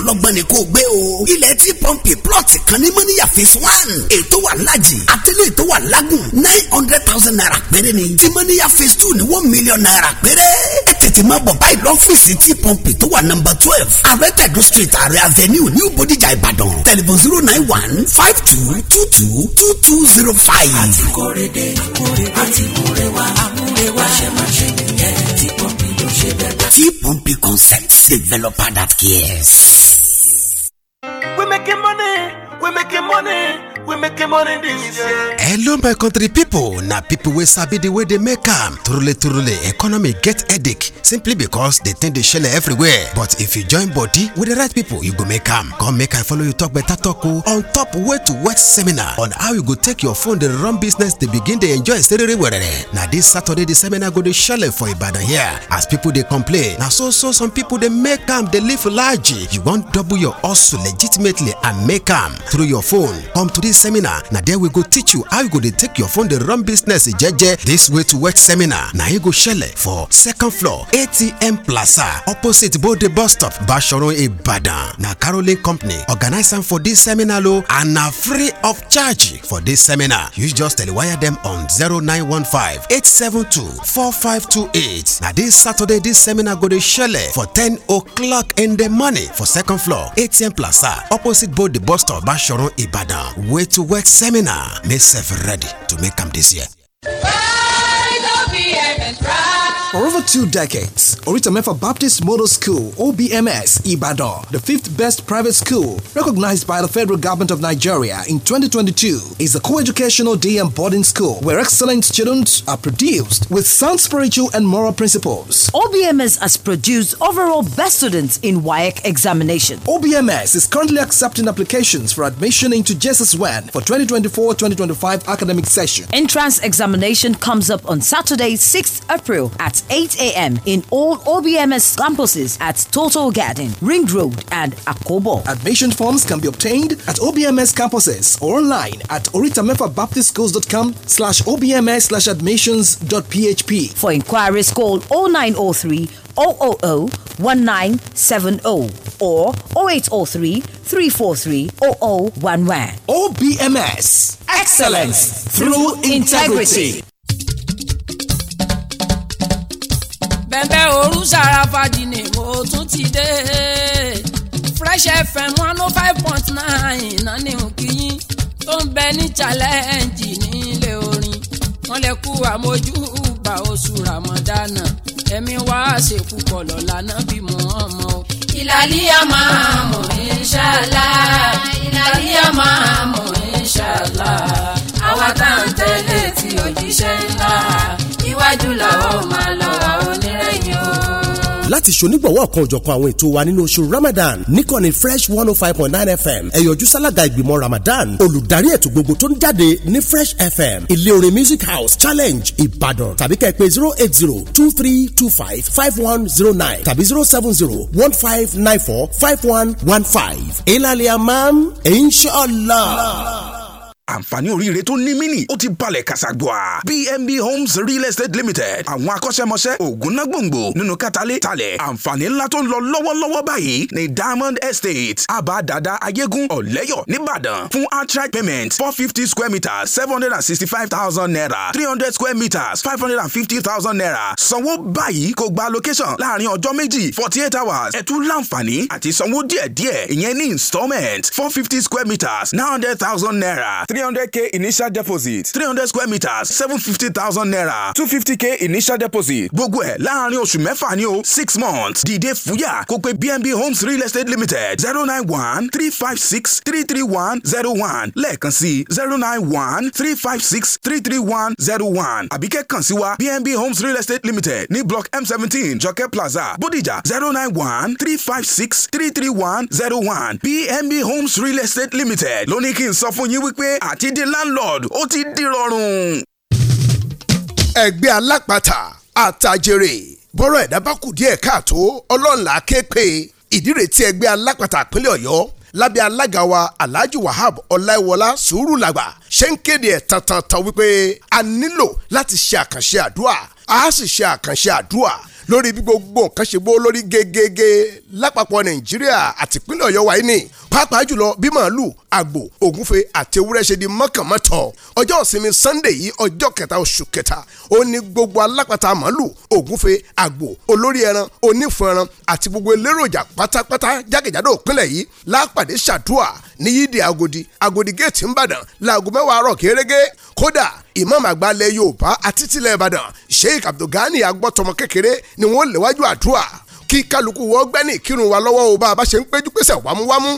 ọlọ́gbọ́n ni kò gbé o. ilẹ̀ tí pọ́ǹpì plọ̀tì kan ní mọ́níyà phase one ètò wà lájì àtẹlẹ́ ètò wà lágùn nine hundred thousand naira péré ni tí mọ́níyà phase two ní one million naira péré. ẹ tètè máa bọ̀ báyìí lọ́fíìsì tí pọ́ǹpì tó wà nọ́mbà twelve ààrẹ tẹ̀dú street ààrẹ avenue new bodijà ìbàdàn Telephone zero nine one five two two two two two zero five. àti kórede àti kórewa àmúrewa ṣe máa ṣe nìyẹn tí pọ́ǹpì. Keep on being concepts, developer that cares. hello my country people, na people wey sabi the way they make am truly truly economy get headache simply because the thing dey shele everywhere but if you join body with the right people, you go make am come make i follow you talk better talk o oh, on top way to wet seminar on how you go take your phone dey run business dey begin dey enjoy serere werere na this saturday the seminar go dey shele for ibadan here as people dey complain na so so some people dey make am dey live large you wan double your hustle legitimately and make am through your phone come to this seminar seminar na there we go teach you how you go dey take your phone dey run business jeje this way to work seminar na e go shele for second floor atm plaza opposite bode bus stop basoro ibadan na caroline company organize am for this seminar o and na free of charge for this seminar you just telewire dem on zero nine one five eight seven two four five two eight. na this saturday this seminar go dey shele for ten o'clock in the morning for second floor atm plaza opposite bode bus stop basoro ibadan wey to to Work seminar. Make yourself ready to make camp this year. For over two decades, Oritamefa Baptist Model School, OBMS, Ibadan, the fifth best private school recognized by the federal government of Nigeria in 2022, is a co-educational day and boarding school where excellent students are produced with sound spiritual and moral principles. OBMS has produced overall best students in WAEC examination. OBMS is currently accepting applications for admission into Jesus Wan for 2024-2025 academic session. Entrance examination comes up on Saturday, 6th April at 8 a.m. in all OBMS campuses at Total Garden, Ring Road, and Akobo. Admission forms can be obtained at OBMS campuses or online at oritamefabaptistschools.com slash OBMS slash admissions.php. For inquiries, call 0903 000 1970 or 0803 343 0011. OBMS. Excellence, Excellence. through integrity. bẹ́ẹ̀ òru sára fàájì ni mo tún ti dé Fresh FM one oh five point nine nání òkìyín tó ń bẹ ní challenge nílé orin wọn lè kú àmójú bá oṣù ramadana ẹ̀mí wá ṣèkú pọ̀ lọ́la náà bí mo hàn mọ́. ìlàlíyà máa mọ̀ inshallah ìlàlíyà máa mọ̀ inshallah àwa tá à ń tẹ̀lé tí òjíṣẹ́ ńlá iwájú làwọn máa lọ láti ṣonígbọ̀wọ́ ọ̀kan òjọ̀kan àwọn ètò wa nínú oṣù Ramadan níkànnì Fresh one oh five point nine FM ẹ̀yọ̀jú sálága ìgbìmọ̀ Ramadan olùdarí ètò gbogbo tó ń jáde ní Fresh FM ilé orin music house challenge Ìbàdàn tàbí kẹ́ zero eight zero two three two five five one zero nine tàbí zero seven zero one five nine four five one one five ìlàlẹ̀ àmàm inshallah àǹfààní oríire tó ní mínì ó ti balẹ̀ kàṣàgbọ́à bnb homes real estate limited àwọn akọ́ṣẹ́mọṣẹ́ ògúnná gbòǹgbò nínú kátálé talẹ̀ àǹfààní ńlá tó ń lọ lọ́wọ́lọ́wọ́ báyìí ní diamond estate abadada ayégún ọ̀lẹ́yọ̀ nìbàdàn fún outright payment four fifty square meters seven hundred and sixty five thousand naira three hundred square meters five hundred and fifty thousand naira sanwó báyìí kò gba location láàrin ọjọ́ méjì forty eight hours ẹ̀tún láǹfààní àti sanwó díẹ̀díẹ̀ ìyẹn ní installment four fifty square meters nine hundred thousand naira three 300 k initial deposit 300 square meters 750,000 naira 250 k initial deposit gbogbo ẹ̀ láàárín oṣù mẹ́fà ni o six months dìde fúyà kó pe bnb homes real estate limited zero nine one three five lẹ́ẹ̀kan sí zero nine one three five sí wa bnb homes real estate limited ní block m 17 jọkẹ́ plaza bódìjà zero nine one bnb homes real estate limited ló ní kí n sọ fún yín wípé à àti di landlord ó ti di rọrùn. ẹgbẹ́ alápatà àtàjèrè bọ́rọ̀ ẹ̀dá bá kù díẹ̀ káàtó ọlọ́ọ̀lá kéèpé ìdírè tí ẹgbẹ́ alápatà ìpínlẹ̀ ọ̀yọ́ lábẹ́ alága wa alhaji wahab ọláìwọlá sùúrù làgbà ṣe ń kéde ẹ̀ tantantan wípé a nílò láti ṣe àkànṣe àdúrà a sì ṣe àkànṣe àdúrà lórí bí gbogbo nǹkan ṣe bó lórí gegege lápapọ̀ nàìjíríà àtìpínlẹ̀ ọ̀yọ́ wáyé ni pàápàá jùlọ bí màálù àgbò ògúnfe àti ewúrẹ́ ṣe di mọ́kànmọ́tọ̀ ọjọ́ ìsinmi sunday yìí ọjọ́ kẹta oṣù kẹta ó ní gbogbo alápatà màálù ògúnfe àgbò olórí ẹran onífun ẹran àti gbogbo eléròjà pátápátá jákèjádò òpinlẹ̀ yìí lápàdé ṣàdúà ní yídì agodi agodi géètì ńbàdàn láago mẹ́wàá àárọ̀ kérégé kódà imam àgbà ilẹ̀ yorùbá àti tilẹ̀ ìbàdàn sheikh abdulgani agbọ́tọmọ kékeré ni wọ́n léwájú àdúà kí kálukú wọ́n gbẹ́ni kírun wa lọ́wọ́ o bá a bá ṣe ń péjú pèsè wámúwámú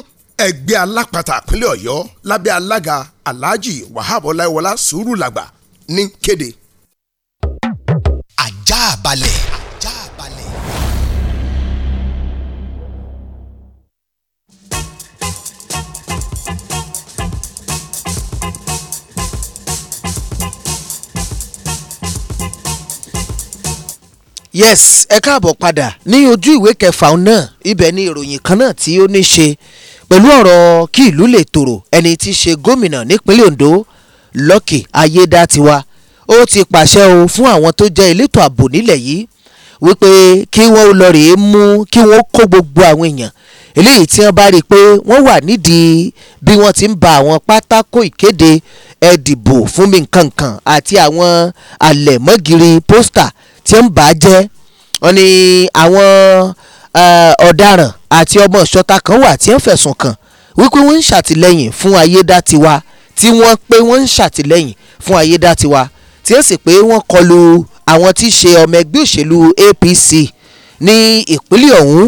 ẹgbẹ́ alápatà ìpínlẹ̀ ọ̀yọ́ lábẹ́ alága alhaji wahab ọláyíwọlá sùúrù làgbà ní kéde. ajá balẹ̀. yes ẹ káàbọ̀ padà ní ojú ìwé kẹfà náà ibẹ̀ ni ìròyìn kan náà tí ó ní ṣe pẹ̀lú ọ̀rọ̀ kí ìlú lè tòrò ẹni tí í ṣe gómìnà nípínlẹ̀ Ondo Lucky Ayédátiwa ó ti pàṣẹ o fún àwọn tó jẹ́ elétò ààbò nílẹ̀ yìí wípé kí wọ́n lọ rèé mú kí wọ́n kó gbogbo àwọn èèyàn eléyìí tí wọ́n bá rí i pé wọ́n wà nídìí bí wọ́n ti ń ba àwọn pátákó ìkéde ẹ̀dìbò fún mi nkankan àti àwọn àlẹ̀mọ́gìrì pósítà tí wọ́n bá jẹ́ wọ́n ní àwọn Eh, ọ̀daràn àti ọmọ ìṣọ́ta kan wà tí ń fẹ̀sùn kàn wípé wọ́n ń ṣàtìlẹ́yìn fún ayédátiwa tí wọ́n pé wọ́n ń ṣàtìlẹ́yìn fún ayédátiwa tí ó sì pé wọ́n kọlu àwọn tí í ṣe ọmọ ẹgbẹ́ òṣèlú APC ní ìpínlẹ̀ ọ̀hún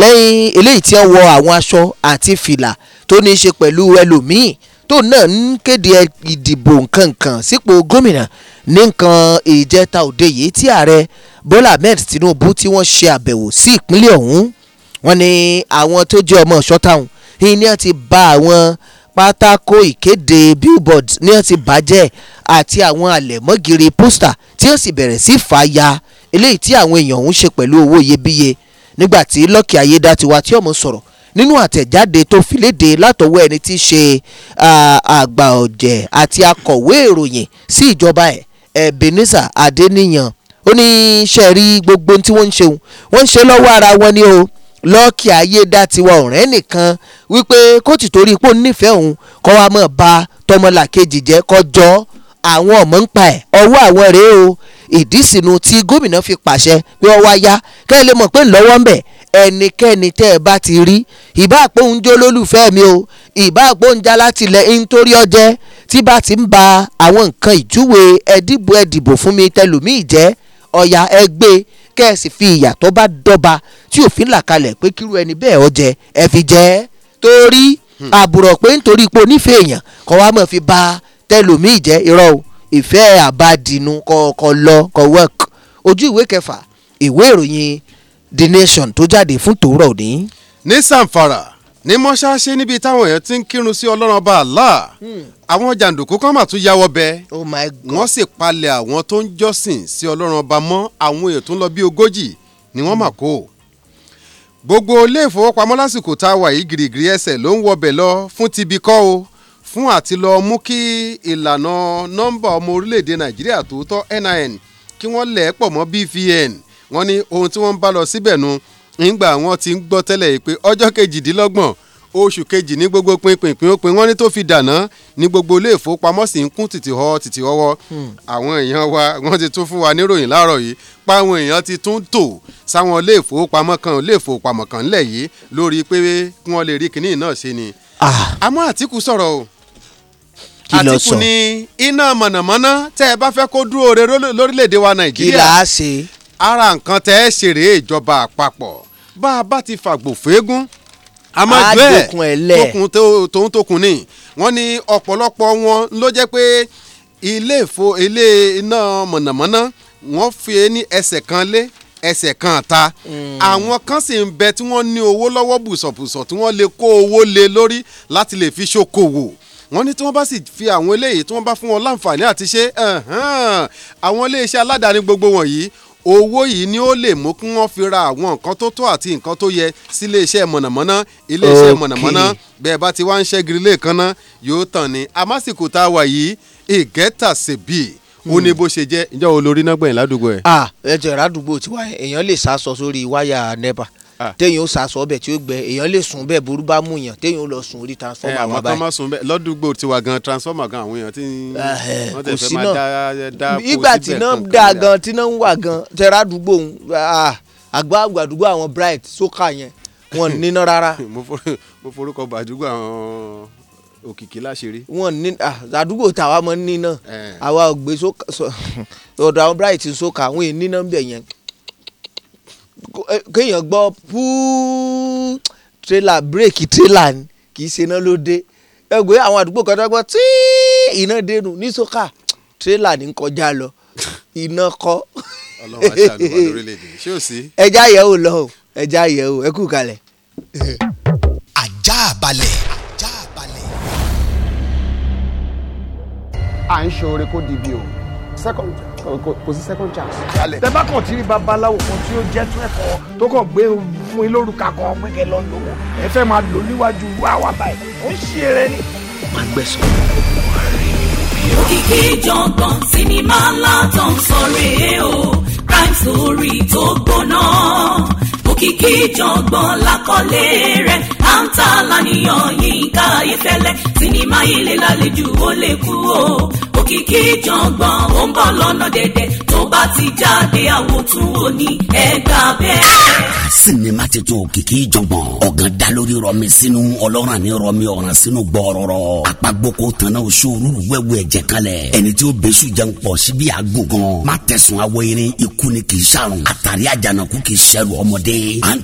lẹ́yìn eléyìí tí wọ́n wọ àwọn aṣọ àti fìlà tó ní í ṣe pẹ̀lú ẹlòmíì tóun náà ń kéde ìdìbò nkankan sípò gómìnà ní nǹkan ìjẹta òde yìí tí ààrẹ Bọ́lá Ahmed Tinubu tí wọ́n ṣe àbẹ̀wò sí ìpínlẹ̀ ọ̀hún wọ́n ní àwọn tó jẹ́ ọmọ ṣọ́tàun ìní àti bá àwọn pátákó ìkéde billboard ní wọ́n ti bàjẹ́ àti àwọn àlẹ̀mọ́gìrì pósítà tí wọ́n sì bẹ̀rẹ̀ sí fàáya eléyìí tí àwọn èèyàn ọ̀hún ṣe pẹ̀lú owó iyebíye nígbàtí Lucky Ayédatiwa tí ọmọ sọ̀rọ̀ nínú àtẹ̀jáde tó fi léde látọwọ́ ẹni tí í ṣe àgbà ọ̀jẹ̀ àti akọ̀wé ìròyìn sí ìjọba ẹ̀ Ebenezer Adeniyan ó ní ṣe rí gbogbo tí wọ́n ń ṣe wọ́n ń ṣe lọ́wọ́ ara wọn ni o lọ́ọ̀kì ayé tiwa ọ̀rẹ́ nìkan wípé kó ti torí pò nífẹ̀ẹ́ òun kọ́ wa mọ̀ ba tọmọlàkejì jẹ́ kọjọ́ àwọn ọmọ ń pa ẹ̀ ọwọ́ àwọn rèé o ìdí sínú tí gómìnà fi pàṣẹ pé ọwọ́ aya kẹ́ ẹ lè mọ̀ pé ńlọ́wọ́ ń bẹ̀ ẹnikẹ́ni tẹ́ ẹ bá ti rí ìbá àpòhùn jẹ́ olólùfẹ́ mi o ìbá àpòhùn já láti ilẹ̀ nítorí ọjẹ́ tí bá ti ń ba àwọn nǹkan ìjúwe ẹdìbò ẹdìbò fún mi tẹlòmíì jẹ́ ọ̀yà ẹgbẹ́ kẹ́ fi ìyà tó bá dọ́ba tí òfin là kalẹ̀ pé kírú ẹni bẹ́ẹ̀ ọjẹ́ ẹ fi jẹ́ torí àbùrọ̀ pé nítorí ipò nífẹ̀ẹ́ èèyàn kọ́ wa mọ̀ fi ba tẹlòmíì jẹ́ irọ́ o ìfẹ́ àbádìnnú kọ̀ọ̀kan lọ kọ̀ work ojú ìwé kẹfà ìwé ìròyìn the nation tó jáde fún tòwúrọ̀ òní. ní sàǹfàrà ní mọ́ṣáláṣí níbi táwọn èèyàn ti ń kírun sí ọlọ́run ọba Allah hmm. àwọn jàǹdùkú kan mà tún yáwọ́ bẹ́ẹ̀ oh wọ́n sì palẹ̀ àwọn tó ń jọ́sìn sí ọlọ́run ọba mọ́ àwọn èèyàn tó ń lọ bí ogójì ni wọ́n mà kó gbogbo ilé ìfowópamọ́ lásìkò tá a wà yìí gìrìgìrì ẹsẹ̀ ló ń wọbẹ̀ lọ fún tibi kọ́ o fún àti lọ mú kí ìlànà nọ́mbà ọmọ orílẹ̀-èdè Nàìjíríà tòótọ́ NIN kí wọ́n lẹ̀ pọ̀ mọ́ BVN wọ́n ní ohun tí wọ́n ń bá lọ síbẹ̀ nu ńgbà wọ́n ti ń gbọ́ tẹ́lẹ̀ yìí pé ọjọ́ kejìdínlọ́gbọ̀n oṣù kejì ní gbogbo pinpin wọ́n ní tó fi dàná ní gbogbo ilé ìfowópamọ́sí ń kún títì họ títì ọwọ́ hmm. àwọn èèyàn wa wọ́n ti tún fún wa níròyìn láàárọ̀ yìí pa àwọn èèyàn ti tún tò sáwọn ilé ìfowópamọ́ kan ilé ìfowópamọ́ kan ńlẹ̀ yìí lórí pé wọ́n lè rí kinní náà ṣe ni. àmọ́ Àtìkù sọ̀rọ̀ o Àtìkù ni iná mọ̀nàmọ́ná tẹ́ ẹ bá fẹ́ kó dúró lórílẹ̀‐èdè wa Nàìjíríà ara nǹkan tẹ́ ẹ ṣeré ìjọba àpapọ̀ bá a bá ti fàgbò fẹ́gún àmọ́jú ẹ̀ tókun tóun tókun ni wọ́n ní ọ̀pọ̀lọpọ̀ wọn ló jẹ́ pé ilé ìfo ilé iná mọ̀nàmọ́ná wọ́n fi é ní ẹsẹ̀ kan lé ẹsẹ̀ kan ta hmm. àwọn kan sì ń bẹ tí wọ́n ní owó lọ́wọ́ bùsọ̀bùsọ̀ tí wọ́n lè kó owó lé lórí láti lè fi ṣòkòwò wọ́n ní tí wọ́n bá sì fi àwọn eléyìí tí wọ́n bá fún wọn láǹfààní àti ṣe àwọn iléeṣẹ́ aládàáni gbogbo wọ̀nyí owó yìí ni ó lè mú kí wọ́n fi ra àwọn nǹkan tó tọ́ àti nǹkan tó yẹ sí iléeṣẹ́ mọ̀nàmọ́ná iléeṣẹ́ mọ̀nàmọ́ná bẹ́ẹ̀ bá ti wá ń ṣẹ́giri lẹ́ẹ̀kan náà yóò tàn ní amásìkò tá a wà yìí ìgẹ́tàsíbì ó ní hmm. bó ṣe jẹ́ ìjọ olórí náà gbẹ̀yìn ládùúgbò ẹ̀. ẹ jẹ́ ládùúgbò tiwa èèyàn lè sá sọ sórí wáyà nẹ́bà Ah. téèyàn ó sasọ ọbẹ̀ tí ó gbẹ èèyàn lè sùn bẹ́ẹ̀ burú bá mú yàn téèyàn ó lọ sùn orí transformer eh, wọn báyìí. àwọn kan máa sùn bẹ́ẹ̀ lọ́dúngbò tiwa gan transformer gan àwọn èèyàn tí wọ́n tẹ̀ fẹ́ máa dá kó síbẹ̀ kankan. ìgbà tí náà dá gan tí náà ń wà gan tẹ̀rá àdúgbò ah, àgbà àgbàdúgbò àwọn bright sókà yẹn wọn níná rárá. mo forúkọ bàdúgbò àwọn òkìkí láṣeré. wọn ní ah, àdúgbò tàwa mọ níná eh. àwa ògbé sókà ọ̀dọ̀ àwọn bright sókà àwọn èèyàn níná ń bẹ̀ yẹn Eh, kéèyàn gbọ́ púú tírélà bírèkì tírélà ni kì í ṣe iná ló dé ẹgbẹ́ àwọn àdúgbò kan tó gbọ́ tí iná dénú ní sókà tírélà ní kọjá lọ iná kọ́. ọlọ́run àti àdúgbò lórílẹ̀‐èdè ṣé ò ẹja yẹ̀ wò ẹ kú kalẹ̀. ajá balẹ̀. ajá balẹ̀. à ń ṣe oore kó dibi o second uh, kò sí second chance. tẹ bá kàn tí rí babaláwo kan tí ó jẹ́ tún ẹ̀kọ́ tó kàn gbé fún yín lórúkà kan pé kẹ́ lọ lò wọ́n ẹ fẹ́ máa lò níwájú wá wa báyìí ó ń ṣe eré ni. má gbẹ̀sọ̀ sinimá ńlá sọ̀rẹ́ o crime story tó gbóná òkìkí jọ̀ǹgbọ̀n lakọ́lé rẹ̀ àǹtà lànìyàn yìí ká ayéfẹ́lẹ́ sinimá ilé lálejò ó lè kú o òkìkí jọ̀ngbọ̀n ó ń bọ̀ lọ́nà dẹ̀dẹ̀ tó bá ti jáde àwo tún wò ní ẹ̀gbà bẹ́ẹ̀. sinimá ti tún òkìkí jọ̀ngbọ̀n ọ̀gán dá lórí rọmi sínú ọlọ́run ní rọmi ọ̀ràn sínú gbọ́rọ̀rọ̀ apagboko tanná oṣù olúru wẹ́wẹ́ ẹ̀jẹ̀ kalẹ̀ ẹni tí ó bẹ́sù jẹun pọ̀ síbi àgùngàn má tẹ̀sùn awọ irin ikú ni kì í sàrùn àtàrí àjànàkú kì í ṣẹrù ọmọdé à ń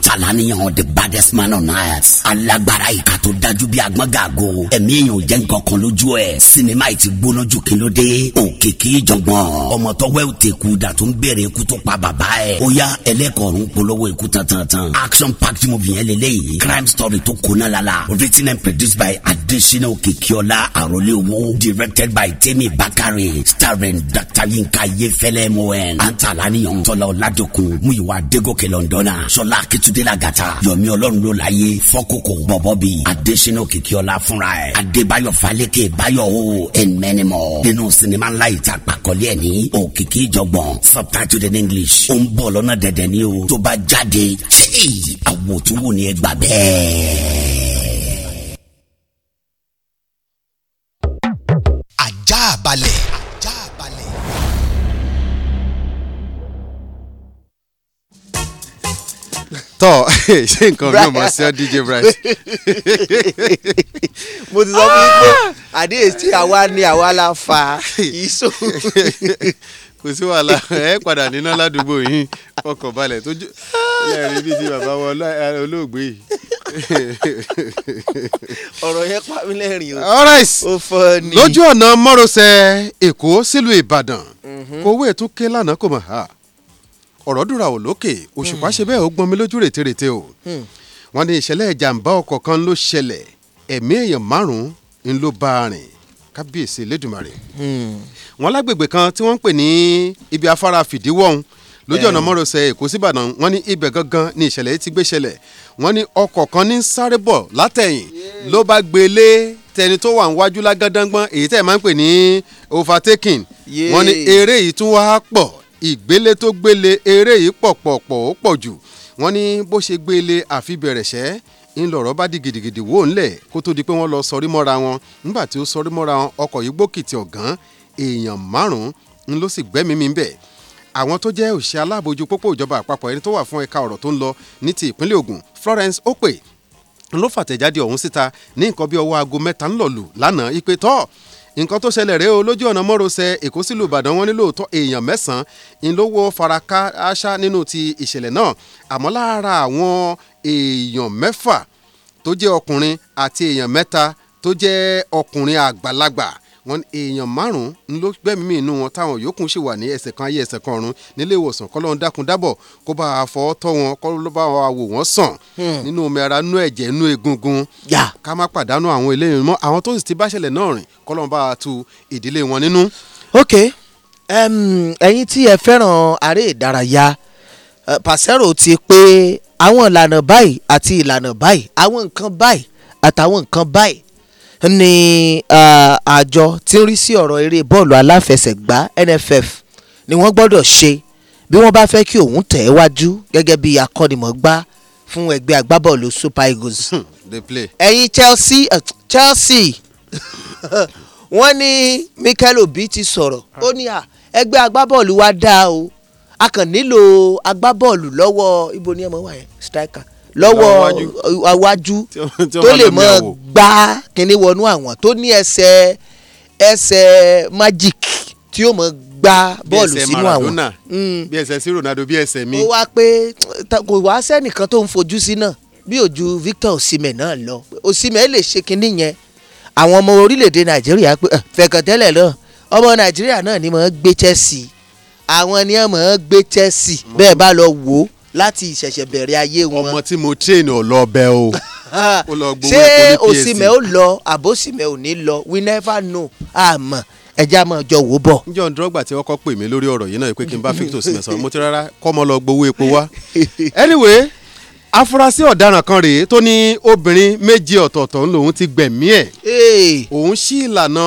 the baddest man on earth alágbára ìkàtó dájú bí agbọ́ngàgo ẹ̀mí èèyàn ò jẹ́ nǹkan kan lójú ẹ̀ sinimá yìí ti gbóná jù kí ló dé dé òkè kí jọgbọ́n ọmọ tọwẹ́ tẹ kú dàtú ń bẹ̀rẹ̀ ikú tó pa bàbá ẹ̀ ó yá ẹlẹ́kọ̀ọ́rùn polówó ikú tantan action packed movie yẹn lélẹ́yìí crime story tó kóná lala written and produced by adesina okikiola arolẹ́wọ́ directed by temi bakare starring dr yinka yefẹlẹ mohan antalaniyan tọ́lá ọ̀làdọ̀kun muyiwa adegoke lọ́ndọ́nà sọlá akitunde lagata yomi ọlọ́run ló láyé fọ́kòkò bọ̀bọ̀ bíi adesina okikiola fúnra ẹ̀ adébáyọ̀ falẹ́kẹ̀ báyọ̀ o and many more nínú sinimá ńlá yìí tá a pa kọ́lé ẹ̀ ní òkìkí ìjọgbọ̀n subtitled in English ó ń bọ̀ lọ́nà dẹ̀dẹ̀ ni o tó bá jáde ṣe àwọn òtún wò ní bẹ́ẹ̀. tọ ṣé nǹkan mi ò mọ sí ọ dj bryce. mo ti sọ fún yín ah! pé àdéhùn àwa ni àwa la fa iṣu. kò sí wàhálà ẹ padà níná ládùúgbò yín ọkàn balẹ̀ tó jù lẹ́rìí bíi ti bàbá wọn olóògbé yìí. ọ̀rọ̀ yẹn pa mí lẹ́rìn o. alright ó fọ́ ni. lójú ọ̀nà mọ́rọ̀sẹ̀ èkó sílùú ìbàdàn mhm. kówó ètò ké lánàá kò mọ̀ ha. Ah ọ̀rọ̀ dùra ò lókè òṣùpá hmm. ṣe bẹ́ẹ̀ ó gbọ́n mi lójú rètérètè o hmm. wọ́n ní ìṣẹ̀lẹ̀ ìjàmbá ọkọ̀ kan ló ṣẹlẹ̀ ẹ̀mí èèyàn márùn-ún ń ló bá a rìn kábíyèsí lẹ́dùnmarè. Hmm. wọ́n lágbègbè kan tí wọ́n ń pè ní ibi afárá fìdíwọ́hún lójú ọ̀nà mọ́rọ̀sẹ̀ èkó síbàdàn wọ́n ní ibẹ̀ gangan ni ìṣẹ̀lẹ̀ ti gbé ṣẹlẹ̀ wọ́n ní ọkọ̀ kan ní sáré bọ̀ látẹ̀yìn ló bá gbé lé tẹni tó wà níwájú lágádángbọ́n èyí tẹ̀ máa ń pè ní overtaking wọ́n ní eré yìí tún wá pọ̀ ìgbélé tó gbélé eré yìí pọ̀pọ̀pọ̀ ó pọ̀ jù wọ́n ní bó ṣe gbélé àfi bẹ̀rẹ̀ ṣẹ́ ńlọrọ̀ bá di gidigidi wò ńlẹ̀ kó tó di pé wọ́n lọ sọrí mọ́ra wọn nígbà tí ó sọrí mọ́ra wọn ọkọ̀ yìí gbókìtì ọ̀gán èèyàn márùn-ún ń ló sì gbẹ́mìí mi bẹ̀ àwọn tó jẹ́ òṣìṣẹ́ aláàbòjú pópó ìjọba àpapọ̀ ẹni tó wà fún ẹ̀ka ọ̀rọ̀ tó ń lọ ní ti ìpínlẹ̀ Ògùn Florence Okpe ló fàtẹ̀jáde ọ̀hún síta ní nǹkan bí ọwọ́ aago mẹ́ta ńlọ̀lù lánàá ipe nǹkan tó ṣẹlẹ̀ rèé o lójú ọ̀nà mọ́rọ̀sẹ̀ èkó sílùú ìbàdàn wọn ní lóòótọ́ èèyàn mẹ́sàn-án ńlọ́wọ́ faraka aṣá nínú ti ìṣẹ̀lẹ̀ náà àmọ́ lára àwọn èèyàn mẹ́fà tó jẹ́ ọkùnrin àti èèyàn mẹ́ta tó jẹ́ ọkùnrin àgbàlagbà wọn èèyàn márùn-ún ló gbẹ̀mí mi inú wọn táwọn yòókù sì wà ní ẹsẹ̀ kan ayé ẹsẹ̀ kan ọ̀run nílé ìwòsàn kọ́lọ́n dákun dábọ̀ kó bá a fọ́ tọ́ wọn kó ló bá wa wò wọ́n sàn hmm. nínú omi ara nú ẹ̀jẹ̀ nú egungun ká má pàdánù àwọn eléyìí mọ́ àwọn tó sì ti bá ṣẹlẹ̀ náà rìn kọ́lọ́n bá a tu ìdílé wọn nínú. ok ẹ̀yin tí ẹ fẹ́ràn aré ìdárayá eh, pàṣẹ́rò ti pé àwọn ìlànà báyìí àti ìlànà báyìí àwọn nǹkan báyìí àtàwọn nǹkan báyìí ní àjọ tí ń rí sí ọ̀rọ̀ eré bọ́ọ̀lù aláfẹsẹ̀gbá NFF ni wọ́n gbọ́dọ̀ ṣe bí wọ́n bá fẹ́ kí òun tẹ̀ wájú gẹ́gẹ́ bí akọ́nimọ̀gbá fún ẹgbẹ́ agbábọ́ọ̀lù Super Eagles. Hmm, ẹ̀yin Chelsea eh, Chelsea wọ́n ní Michael Obi ti sọ̀rọ̀ ó ní à ẹgbẹ́ agbábọ́ọ̀lù wa dáa o a kàn nílò agbábọ́ọ̀lù lọ́wọ́ ibo ni ẹ mọ̀ wá striker lọ́wọ́ iwájú tó lè mọ gbá kínní wọnú àwọn tó ní ẹsẹ̀ ẹsẹ̀ magic tí yóò mọ gbá bọ́ọ̀lù sínú àwọn. Mm. bí ẹsẹ̀ sí Ronaldo bí ẹsẹ̀ mi. ó wá pé kò wá sẹ́nìkan tó ń fojú sí náà bí ojú Victor Osimhen náà lọ Osimhen lè ṣe kínní yẹn àwọn ọmọ orílẹ̀-èdè Nàìjíríà pé fẹ̀kàntẹ́lẹ̀ náà ọmọ Nàìjíríà náà ni mò ń gbé Chelsea àwọn ni wọ́n mò ń gbé Chelsea bẹ́ẹ̀ bá lọ wò ó láti ìṣẹ̀ṣẹ̀ bẹ̀rẹ̀ ayé wọn. ọmọ tí mo train ò lọ bẹ o. ṣé òsìmẹ̀ ó lọ àbòsìmẹ̀ ò ní lọ we never know àmọ́ ẹja máa jọ wò bọ̀. John Drogba tí wọ́n kọ́ pè mí lórí ọ̀rọ̀ yìí náà pé kí n bá Victor Osimhen sọ̀rọ̀ mo ti rárá kọ́ mọ́ lọ gbowó epo wá. anyway afurasí ọ̀daràn kan rèé tó ní obìnrin méjì ọ̀tọ̀ọ̀tọ̀ ń lòun ti gbẹ̀mí ẹ̀ òun ṣí ìlànà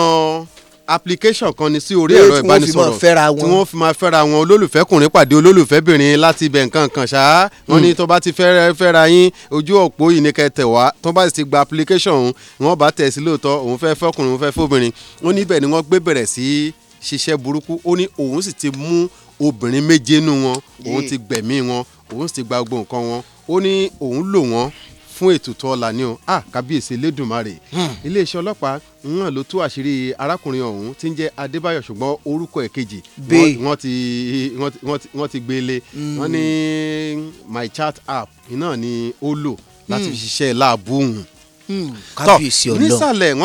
application kan ni sí orí ẹ̀rọ ìbánisọ̀rọ̀ tí wọ́n fi máa fẹ́ra wọn olólùfẹ́kùnrin pàdé olólùfẹ́bìnrin láti ibẹ̀ nǹkan kan ṣá wọ́n ní hmm. tó bá ti fẹ́ra fẹ́ra yín ojú òpó yìí ni kẹ́ tẹ̀ wá tó bá ti gba application òun wọ́n bá tẹ̀ sí lóòótọ́ òun fẹ́ fọ́kùnrin òun fẹ́ fóbìnrin ó ní ibẹ̀ ni wọ́n gbé bẹ̀rẹ̀ sí ṣiṣẹ́ burúkú ó ní òun sì ti mú obìnrin méje nú wọn òun ti gbẹ̀mí wọn òun sì ti gba gbogbo nǹkan wọn ó ní òun lò wọn fún ètùtù ọ̀la ni o ah kábíyèsí elédùnmarè hmm. iléeṣẹ́ ọlọ́pàá náà ló tú àṣírí arákùnrin ọ̀hún tí ń jẹ́ adébáyọ̀ ṣùgbọ́n orúkọ ẹ̀ kejì wọ́n ti wọ́n ti gbélé hmm. wọ́n ní my chat app náà ni ó lò láti hmm. fi ṣiṣẹ́ láàbù òun. kábíyèsí ọlọ́run nísàlẹ̀ wọ́n